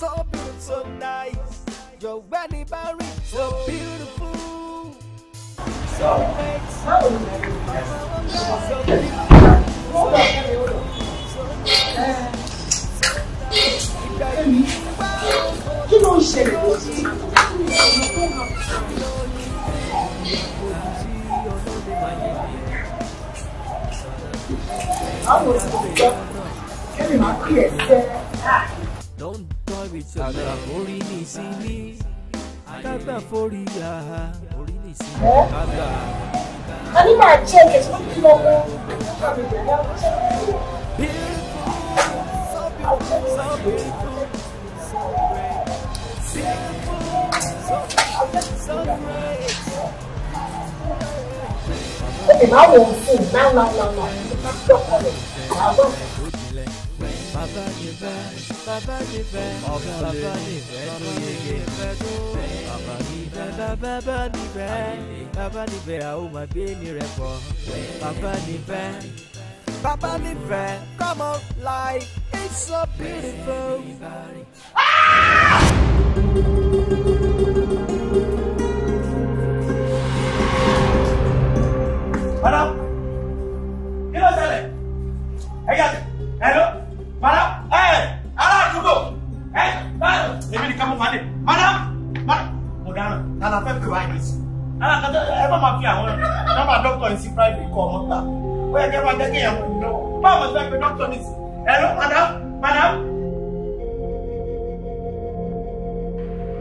so beautiful, so nice. Your wedding berry, so beautiful. So, how is So beautiful. kí Don't toy with your love, orí ní ìsinmi, kágbà forí ya, orí ní ìsinmi, kágbà. A ní máa jẹ́ ẹ̀jẹ̀ tí wọ́n ti lọ́wọ́, ó máa wò ó fún un náà náà náà náà nípa tí ọkọ rẹ̀ máa bọ̀. Bàbá ni bẹ́, bàbá ni bẹ́, bàbá ni bẹ́ tó yege bẹ́ tó. Bàbá ni bẹ́, bàbá ni bẹ́, bàbá ni bẹ́, a ó máa gbé ní rẹ̀ pọ̀. Bàbá ni bẹ́ bàbá mi fẹ́ come on like it's so beautiful. Ah! Madam, kí ló ṣẹlẹ̀? Ẹ yà tẹ̀, ẹ lọ, madam, ẹ aládùúgbò, ẹ báyọ̀, èmi nìkan mo máa lè, madam, madam, mo dáná, nana fẹ́ pè wá yìí sí. Nana kan tẹ́ ẹ bá máa fi àwọn nọ́mbà dọ́kítọ̀ yìí sí private kọ́ ọmọ gbà ó yẹ kí ẹ máa jẹ́ kí èèyàn kù lọ́wọ́ báwo ni wọ́n pe dókítà ní sí ẹ̀rọ madam madam.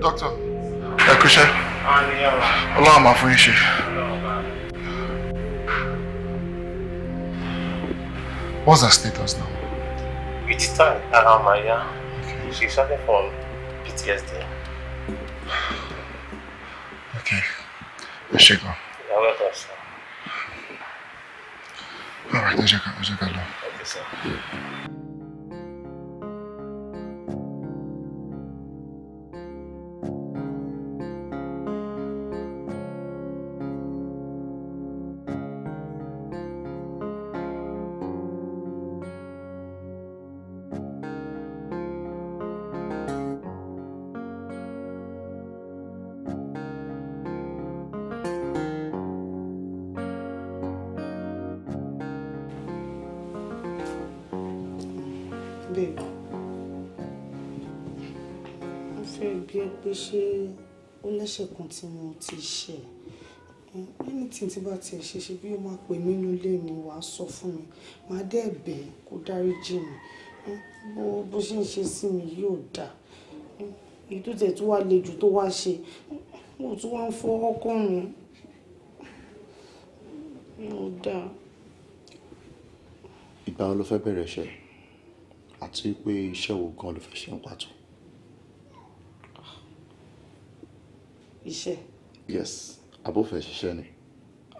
dókítà ẹ kú iṣẹ́ ọlọ́run What's her status now? It's time around my Okay. She's suffering from PTSD. Okay. I should go. You're welcome, sir. All right, no, yo, yo, yo, ṣẹ̀kùn tí mo ti ṣẹ̀ anything tí bá tiẹ̀ ṣe ṣe bí ó máa pè mí nínú ilé mi wàá sọ fún mi màá dẹ́ bẹ̀ kó dárí jì mí bó bó ṣe ń ṣe sí mi yóò dáa èyí tó tẹ̀ tó wá le jù tó wá ṣe mo tún wá ń fọ ọkùnrin yóò dáa. ìgbà wo ló fẹ́ bẹ̀rẹ̀ iṣẹ́ àti pé iṣẹ́ wo gan ló fẹ́ ṣe ń pàtó. iṣẹ́. yes abófẹ́ ṣiṣẹ́ ni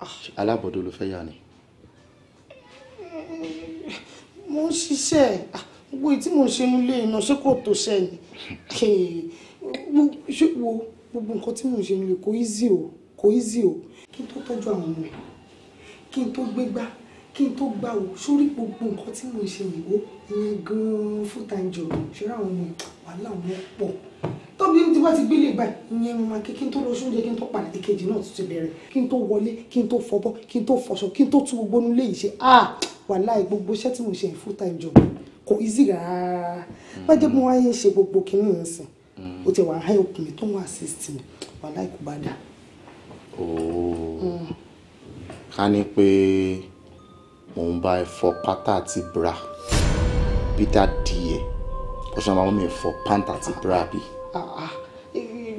ah. alábọ̀dọ̀ ló fẹ́ yà ni. mo ń ṣiṣẹ́ ah, gbogbo tí mo ṣe nílé iná ṣé kò tó ṣẹ́ ni ṣé wo gbogbo nǹkan tí mo ṣe nílé kò easy o kò easy o kí n tó tọ́jú àwọn ọmọ mi kí n tó gbégbá kí n tó gbà o, sórí gbogbo nǹkan tí mo ṣe yìí ó ìyẹn gan-an full time job ṣe ra àwọn ọmọ wàhálà wọn pọ̀ tọ́bi ní ti bá ti gbélé báyìí ìyẹn mo máa ké kí n tó lọ sóúnjẹ kí n tó padà ìkejì náà ti bẹ̀rẹ̀ kí n tó wọlé kí n tó fọbọ́ kí n tó fọṣọ kí n tó tún gbogbo nulẹ̀ yìí ṣe ah wàláì gbogbo iṣẹ́ tí mo ṣe full time job kò easy rárá bá jẹ́ mo wáyé ń ṣe gbogbo kinní yẹn sìn o mm. ti wà á hẹ́ ọkùnrin tó ń wà assist mi wàláì kò bá dà. Oh. Mm. ká ní pé òun bá ẹ pátá àti bra bí dá di ẹ bó ṣe máa mú mi fọ pátá àti bra bíi. Ah, ah. Eh,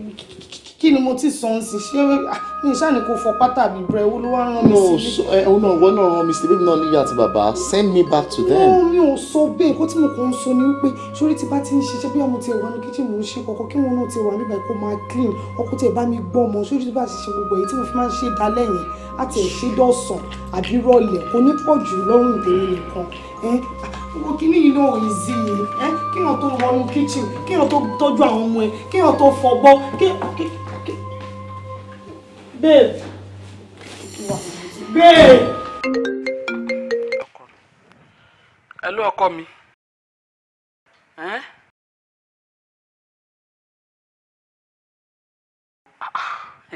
kí ni mo ti sàn sí ṣé ah, mi ṣáà ní kò fọ pátá àbí brẹ owó ló wá rán mi sí. ẹ ọ náà náà rán mi sí bébí náà níyà àti bàbá send me back to them. wọ́n mi ò sọ bẹ́ẹ̀ kó tí mo kàn ń sọ ni wípé sórí ti bá ti ń ṣiṣẹ́ bí ọmọ tiẹ̀ wà ní kíchìn mò ń ṣe kọ̀kọ́ kí wọn náà ti wà níbẹ̀ kó máa clean ọkọ tiẹ̀ bá mi gbọ́ ọmọ sórí ti bá ti ṣe gbogbo èyí tí mo fi máa ń ṣe dálẹ́yìn àti ẹ̀ṣẹ́dọ̀sán àbí rọlẹ̀ kò ní pọ̀ gbogbo kíní yìí náà easy ẹ kíyàn tó wọnú kitchen kíyàn tó tọ́jú àwọn ọmọ ẹ kíyàn tó fọgbọ́ kí kí kí babe babe. hello ọkọ mi. Eh?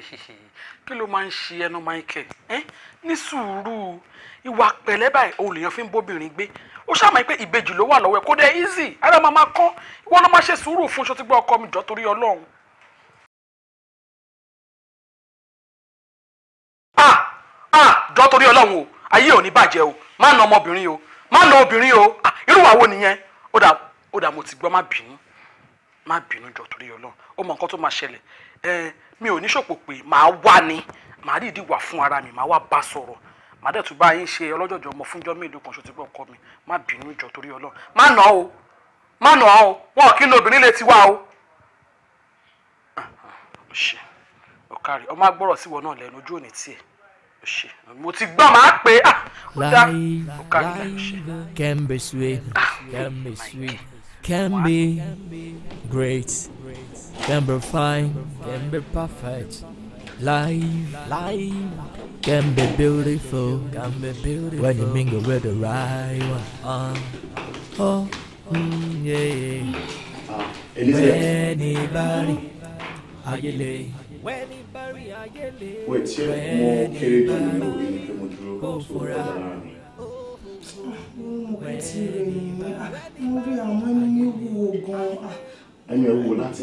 [LAUGHS] kí ló máa ń ṣe ẹnu Michael ní sùúrù ìwà pẹ̀lẹ́ báyìí òun lèèyàn fi ń bóbìnrin gbé ó ṣàmà pé ìbejì ló wà lọ́wọ́ ẹ̀ kó dé easy ara máa máa kán ìwọ ló máa ṣe sùúrù fún ṣó ti gbọ́ ọkọ mi jọ torí ọlọ́run. a a jọ torí ọlọ́run o ayé ò ní bàjẹ́ o má na ọmọbìnrin o má na obìnrin o irú wa wo nìyẹn ó dà ó dà mo ti gbọ́ má bínú má bínú jọ torí ọlọ́run ó mọ nǹkan tó máa ṣẹlẹ̀ ẹ mi ò ní ṣòpò pé màá wà ní màá rí ìdí wà fún ara mi màá wà bá sọ̀rọ̀ màá dẹ̀ tún bá yín ṣe ọlọ́jọ̀jọ̀ ọmọ fúnjọ́ mélòó kan ṣòtí pọ̀ kọ́ mi má bínú ìjọ torí ọlọ́run má nà o má nà o wọn kì í lo obìnrin lè ti wá o. ọmọ agbọ́rọ̀ sí ìwọ náà lẹ́nu ojú òní tiẹ̀ mo ti gbọ́ màá pé ah! ó dá ọ̀kàrí lẹ́nu ṣe. kẹ́ńbé suwe kẹ́ńbé great kẹ́ńbé fine kẹ́ńbé perfect. Life, life can be beautiful, can be beautiful when you mingle with the right one. Uh, oh, mm, yeah. Ah, Elizabeth. When you bury, are you late? When you know, are you late? Wait, ṣé mo kéré jù nínú òwe ni pé mo dúró tó lọ́dọ̀ lára mi? Mo kò tí ì rìn ní, mo rí àwọn ẹni ní wúwo gan-an. Ẹni ẹ wúwo láti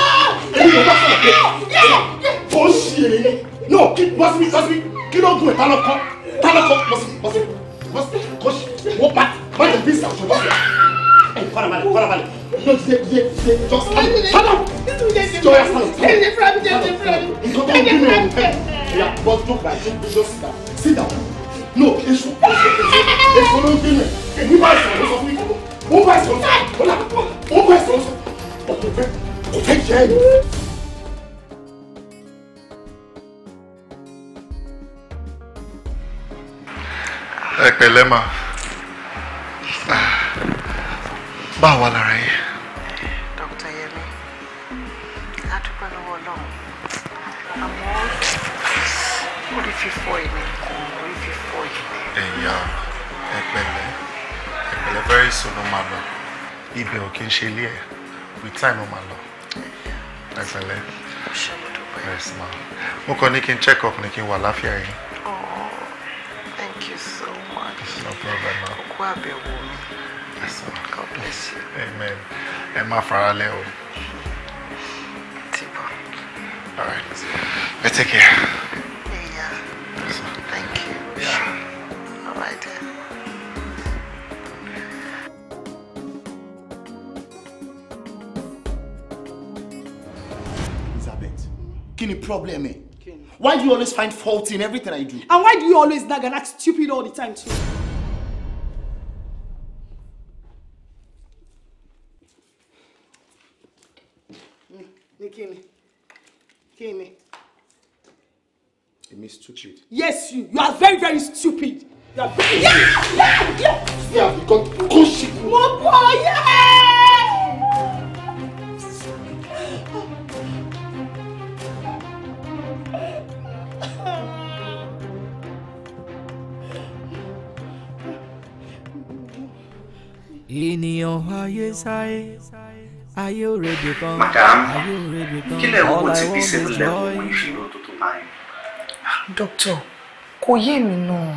kò bá sọ̀rọ̀ pé kò ń ṣe èrè ni náà kí bọ́ síbi bọ́ síbi kí ló gun ẹ̀ tá lọ́kọ́ tá lọ́kọ́ bọ́ síbi bọ́ síbi bọ́ síbi kò ṣe wọ́n pa má jẹ́ bí sàṣọ bọ́ síbi ẹ̀ farabalẹ̀ farabalẹ̀ yóò ṣe ṣe ṣe jọ sálọ sálọ jọ ya sálọ sálọ nǹkan tó ń gún mi ò fẹ́ ìyá bọ́ tó gbà tó gbé lọ síta síta no èso èso ló ń gún mi èmi bá ìsọ̀rọ̀ sọ fún mi ó bá ìsọ̀rọ̀ sọ ó bá ìsọ̀rọ̀ sọ ọkùnrin kò fẹ́ jẹ́ ẹ̀. ẹ pẹ̀lẹ́ ma báwa lára yẹn. dókítà Yẹmí adúpẹ́ lọ́wọ́ Ọlọ́run àmọ́ orí fífọ́ yìí ni orí fífọ́ yìí ẹ̀yà ẹ pẹ̀lẹ́ very soon ó máa lọ ibẹ̀ ò kí ń ṣe ilé ẹ̀ with time ó máa lọ ẹ pẹ̀lẹ́ yes ma mo kàn ní kí n check up ní kí n wà láfíà yìí. oh thank you so much. no problem ma. òkú àbẹ̀wò mi. yes God bless you. amen ẹ má faralẹ̀ o. tibọ. all right ẹ take care. Yeah. Yes, thank you. Yeah. All right. kí ni problem ẹ eh? why do you always find fault in everything i do. and why do you always nag and act stupid all the time too. ni kí ni kí ni. èmi stupid. yes you you are very very stupid. you are very. yáa yáa yáa. yáa bí kan kó ṣe. mo bọ̀ yáa. ènìyàn ayé sáyé ayé ò rebi kan ayé ò rebi kan ọ̀la ẹ̀wọ̀n mi jọ yìí. dókítà kò yé mi náà.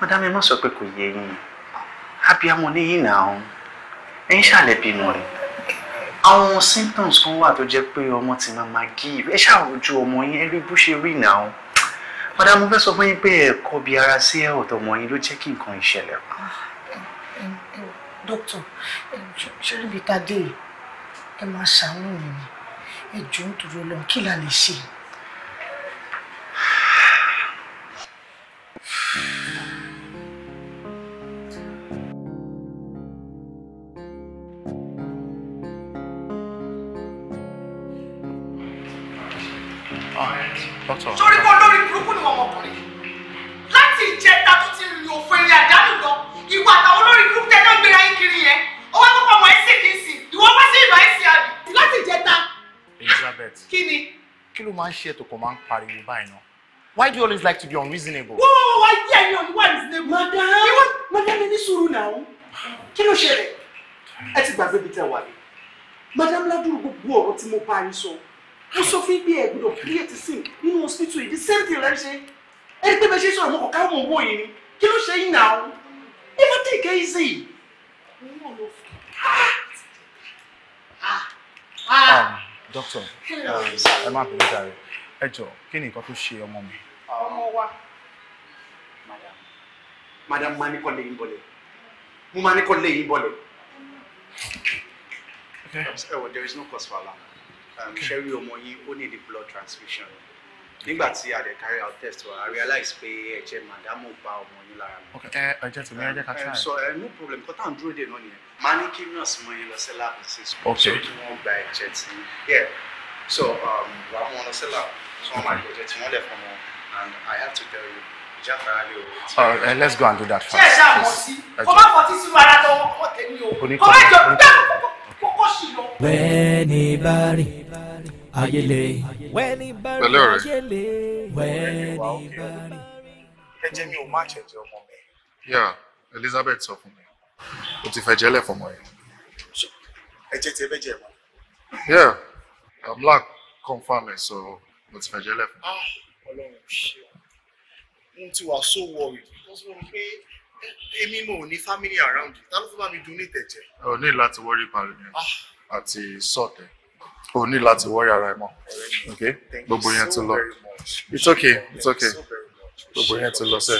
madame ẹ má sọ pé kò yé yín abiyamọ ní yín náà ẹ ń ṣàlẹ̀ bínú rẹ̀ àwọn symptoms kan wà tó jẹ́ pé ọmọ ti máa máa give ẹ ṣàròjù ọmọ yín ẹ rí bó ṣe rí náà madame mo fẹ́ sọ fún yín pé ẹ̀kọ́ bí ara sí ẹ̀họ̀ tọmọ yín ló jẹ́ kí nǹkan ìṣẹ̀lẹ̀ pa dókítà ṣé níbi tá a dé yìí ẹ máa ṣàánú mi ni ẹ jù ń dúró lọ kí la lè ṣe. sórí kó lórí burúkú ni wọn mọkùnrin láti ìjẹta tó ti rìn òfin ilé adé. respect. kí ni. kí ló máa ń ṣe ètò kò máa ń pariwo báyìí náà. why do you always like to be unreasonable. wọ́n wá yí ẹ̀yin ọ̀nù wá reasonable. madam ìwọ madam ní sùúrù náà kí ló ṣẹlẹ̀ ẹ ti gbàgbé bíi tẹ wà ní. madam ládùúgbò gbogbo ọ̀rọ̀ tí mo bá yín sọ mo sọ fún ibi ẹ̀gbọ́n create sin nínú hospital ìdí same thing lẹ́nu ṣe ẹni pé bẹ́ẹ̀ ṣe sọ̀rọ̀ mo kọ̀ káwọn òwò yìí ni kí ló ṣe yín náà even take easy. Ah! Ah! Ah! Um, dókítà um, ẹ má bínú jàre ẹ jọ kí ni nǹkan tó ṣe ọmọ mi. ọmọ wa madam madam máa ní kọ́ lẹ́yìn bọ́lẹ̀ mo máa ní kọ́ lẹ́yìn bọ́lẹ̀. ẹ wọ there is no cause for alarm um, ṣẹ́rí ọmọ yín ó ní the blood transfusion. Okay nígbà tí a dẹ̀ carry out test wa i realize pé ẹ̀jẹ̀ màdámù bá ọmọ yín lára mu. ok ẹ ẹ̀jẹ̀ tó ní ẹ̀jẹ̀ ká try. so ẹ no problem kọ́ tá à ń dúró dè náà nìyẹn máa ní kí lọ sí lab sí school so kí wọ́n gba ẹ̀jẹ̀ tí yẹ so wà á mú wọn lọ sí lab so wọ́n máa gba ẹ̀jẹ̀ tí wọ́n lẹ̀ fún wọn and i have to tell you ìjà o. let's go and do that first. ṣé ẹ ṣáà mọ̀ sí kọ́má fọtí sí wàrà tó wọ́n tẹ̀lé o kọ́má jọ dákúkú kókó sí lọ. bẹ́ẹ̀ ni bá rí ayele. pẹ̀lú ọ̀rẹ́. ẹ jẹ́ mi ò má ṣẹ̀jẹ̀ ọmọ mi. yà Elizabeth sọ fún mi o ti fẹ́ jẹ́lẹ̀ fọmọ yẹn. ẹ jẹ́ ti ẹ fẹ́ jẹ́ ẹ̀wọ̀n. yà amla confam ẹ̀ so mo ti fẹ́ jẹ́lẹ̀ fún mi. Ah, Ọlọ́run ṣe ohun tí wàá so worried because wọ́n pé eh, èmi mo ò family around you ta ló fẹ́ bá mi donate ẹ̀jẹ̀. o ní láti worry parí ni ah. àti sọ̀tẹ̀. So o ní láti wọ́ yàrá ẹ̀ mọ́ ok gbogbo yẹn ti lọ it's okay it's okay gbogbo yẹn ti lọ sẹ́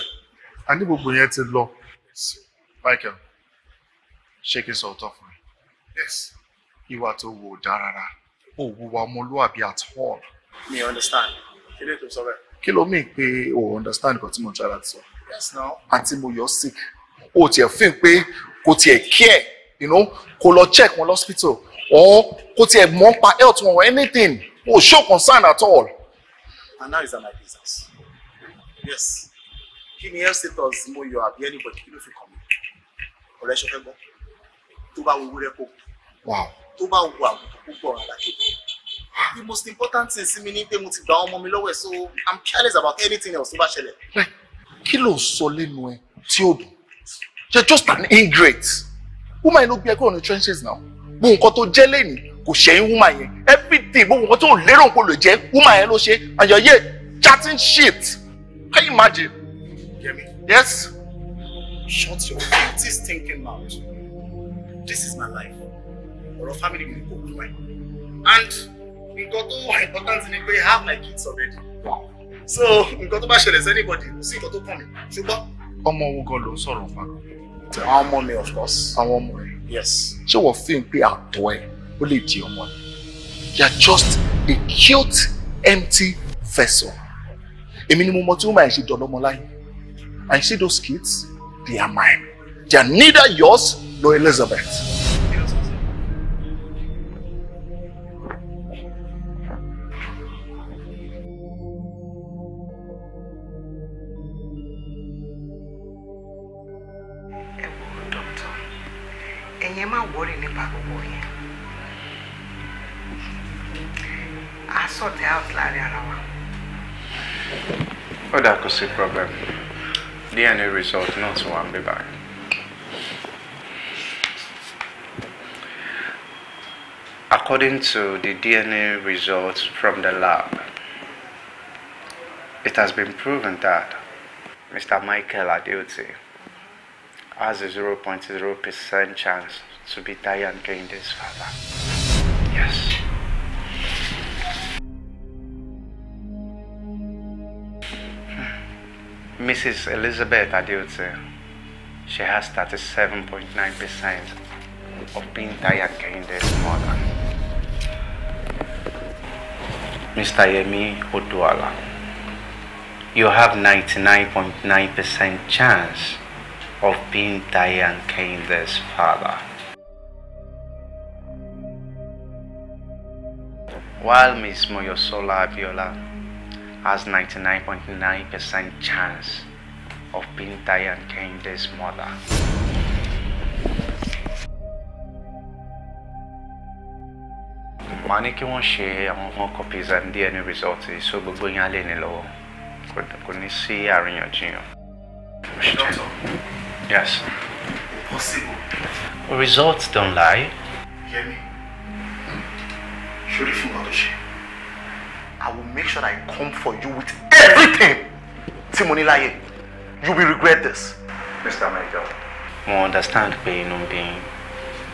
a ní gbogbo yẹn ti lọ Michael ṣé kí n sọ ọ̀tọ̀ fún mi ìwà tó wò ó dáa rárá ó wùwà ọmọlúwàbí at all. mi understand kí ló tó sọ bẹ́ẹ̀. kí ló mìíràn pé o understand nǹkan tí mo try láti sọ àti mo yọ sick o tiẹ̀ fín pé kò tiẹ̀ care you know kò lọ check wọn lọ́spítọ̀ or kò tiẹ̀ mọ́ pa health wọn or anything o show concern at all. and now is that my business yes kí ni health status mo yọ àbí anybody kí ló fi kàn mí ọ̀rẹ́ ṣe fẹ́ gbọ́ tó bá wo ewúrẹ́ kó tó bá wo àgùntàn kó gbọ́ the most important thing sí mi ní pé mo ti gba ọmọ mi lọ́wọ́ ẹ̀ so i'm careless about anything else tó bá ṣẹlẹ̀. kí ló sọ lẹ́nu ẹ tí ó dùn you're just an ingrate woman ló gbé ẹgbẹ́ ọ̀nà trenches now gbogbo nǹkan tó jẹ́ lẹ́nu kò ṣẹ́yìn wúmà yẹn everything gbogbo nǹkan tó ń lérò nǹkan lò jẹ́ wúmà yẹn ló ṣe and you're here chatting shit can you imagine. Yemi. yes. shut your empty stinking mouth this is my life ọ̀rọ̀ family mi kò kú ẹ̀ and nǹkan tó wà important ni pé I have my kids already so nǹkan tó bá ṣẹlẹ̀ sí anybody kò sí nǹkan tó kàn mí ṣùgbọ́n. ọmọ ogun ló ń sọ̀rọ̀ fún mi. àwọn ọmọ mi of course. àwọn ọmọ rẹ. Yes, wọ́n fi ń pé àtọ̀ Only ó lè di you are just a cute empty vessel èmi ni mo mọ tí wọ́n don't know dọ̀lọ́mọ láyé and see those kids they are mine they are neither yours nor Elizabeth. result not, so I'll be back. According to the DNA results from the lab, it has been proven that Mr. Michael Adeoti has a 0.0% chance to be Diane Kennedy's father. Yes. Mrs. Elizabeth Adeote, she has 37.9% of being tired carrying mother. Mr. Yemi Oduala, you have 99.9% percent 09 chance of being Diane Kinder's father. While Ms. Moyosola Abiola has 99.9% chance of being Diane Kennedy's mother. Màá ní kí wọ́n ṣe àwọn ọmọ copies and DNA results so gbogbo yín á lè ní lọ́wọ́. Kò ní sí àríyànjiyàn. Yes. Possible. Results don't lie. Yemi, ṣorí fún wa tó ṣe. I will make sure I come for you with everything. Timoni Laye, you will regret this. Mr. Michael. I understand pé inú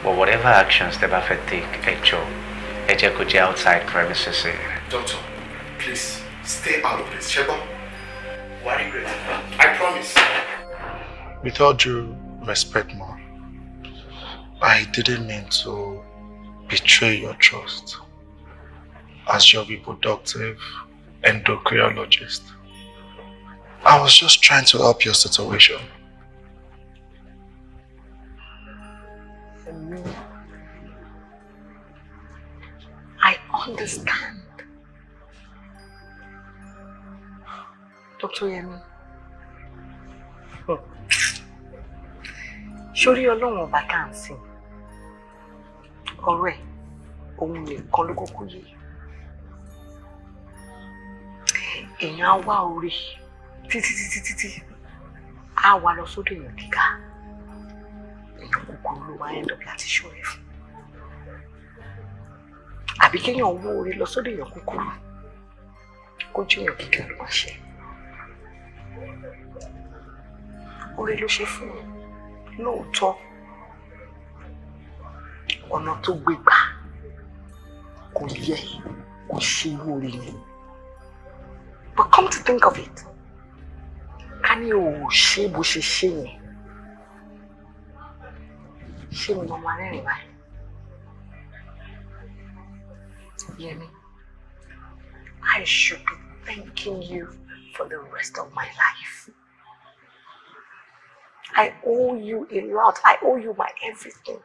But whatever actions the bá fẹ́ take, ẹ jọ̀ọ́, ẹ jẹ́ kó jẹ́ outside premises. Doctor, please, stay out of this, Sheba. Why regret it? I promise. With all due respect, Ma. I didn't mean to betray your trust as your reproductive endocrinologist. I was just trying to help your situation. I understand. Dr. Yemi. Ṣorí you ọba tá à ń sìn. Ọ̀rẹ́, call nìkan èèyàn á wá orí títí títí títí á wá lọ sódò èèyàn gíga èèyàn kúkúrú ló wá end up láti ṣòro fún àbí kéèyàn wó orí lọ sódò èèyàn kúkúrú kó jẹ́ èèyàn gíga ló máa ṣe orí ló ṣe fún un lóòótọ́ ọ̀nà tó gbégbá kò yẹ kò ṣe irú orí yẹn. But come to think of it, can you o ṣe she me, she no ṣé mi máa rẹ́rìn I should be thanking you for the rest of my life. I owe you a lot. I owe you my everything.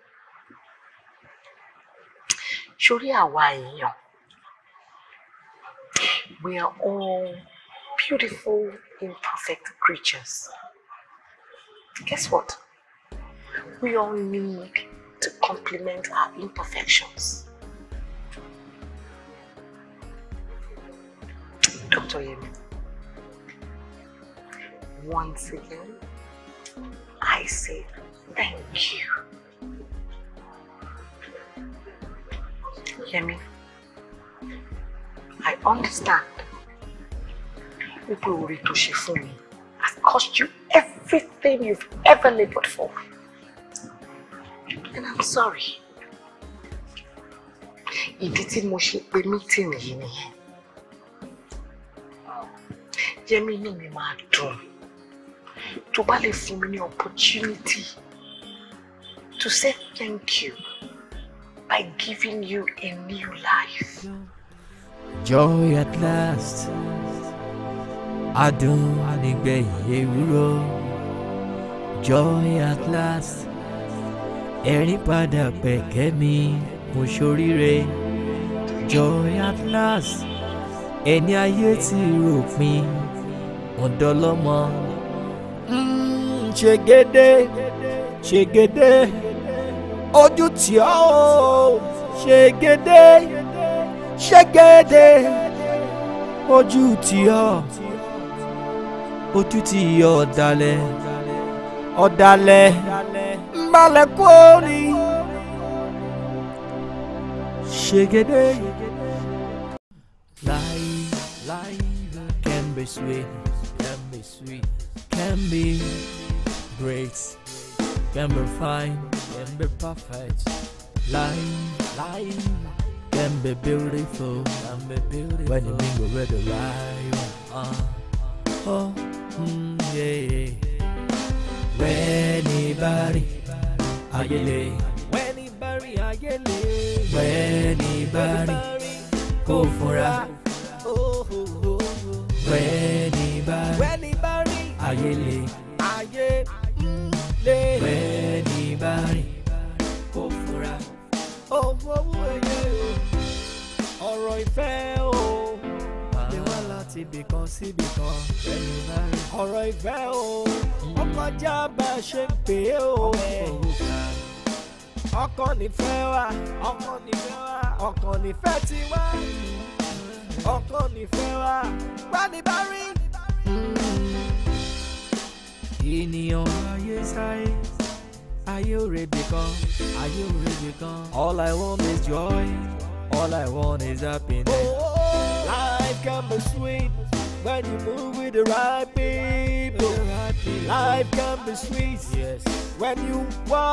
Surely I want you. We are all beautiful, imperfect creatures. Guess what? We all need to complement our imperfections. Dr. Yemi, once again, I say thank you. Yemi. I understand. People oore tó ṣe fún mi has cost you everything you've ever labored for. And I'm sorry. Ìdí tí mo ṣe pe mítìnì me nìyẹn. Yẹ́mi inú mi máa dùn. Tó bá lè fún mi opportunity to say thank you by giving you a new life. Yeah. Joy at last. Adùn nígbẹ̀yìn ewúro. Joy at last. Ẹ̀rín padà pẹ̀kẹ́ mi, mo ṣoríire. Joy at last. Ẹni ayé ti ròpin, ọ̀dọ́lọ́mọ. Hmm, ṣègede, ṣègede, ojú tí ó ṣègede ṣẹ́gẹ́dẹ́ ojú ti ọ ojú ti ọ ọ̀dàlẹ̀ ọ̀dàlẹ̀ mbalẹ̀ kórì ṣẹ́gẹ́dẹ́ láì láì can be sweet can be great can be fine can be perfect láì láì. Can be beautiful. Them be beautiful. When you mingle with the right one. Uh, oh, mm, yeah. When he bury, ayele. When he bury, ayele. When he bury, go for a. Oh, oh, oh, When he bury, when he bury, ayele. Ayele. When he bury, go for a. Oh, oh, oh ọ̀rọ̀ ìfẹ́ o. Gbé wá láti ibìkan sí ibìkan. Ọ̀rọ̀ ìfẹ́ o. Ó kọjá bá a ṣe pè é o. Ọkàn nífẹ́ wa. Ọkàn nífẹ́ wa. Ọkàn nífẹ́ ti wá. Ọkàn nífẹ́ wa. Gbani bá rí. Ènìyàn ayé sáyé. Ayé ò rebi kan. Ayé ò rebi kan. All I want is joy. All I want is happiness. Oh, oh, oh. life can be sweet when you move with the right people. Life can be sweet yes. when you walk.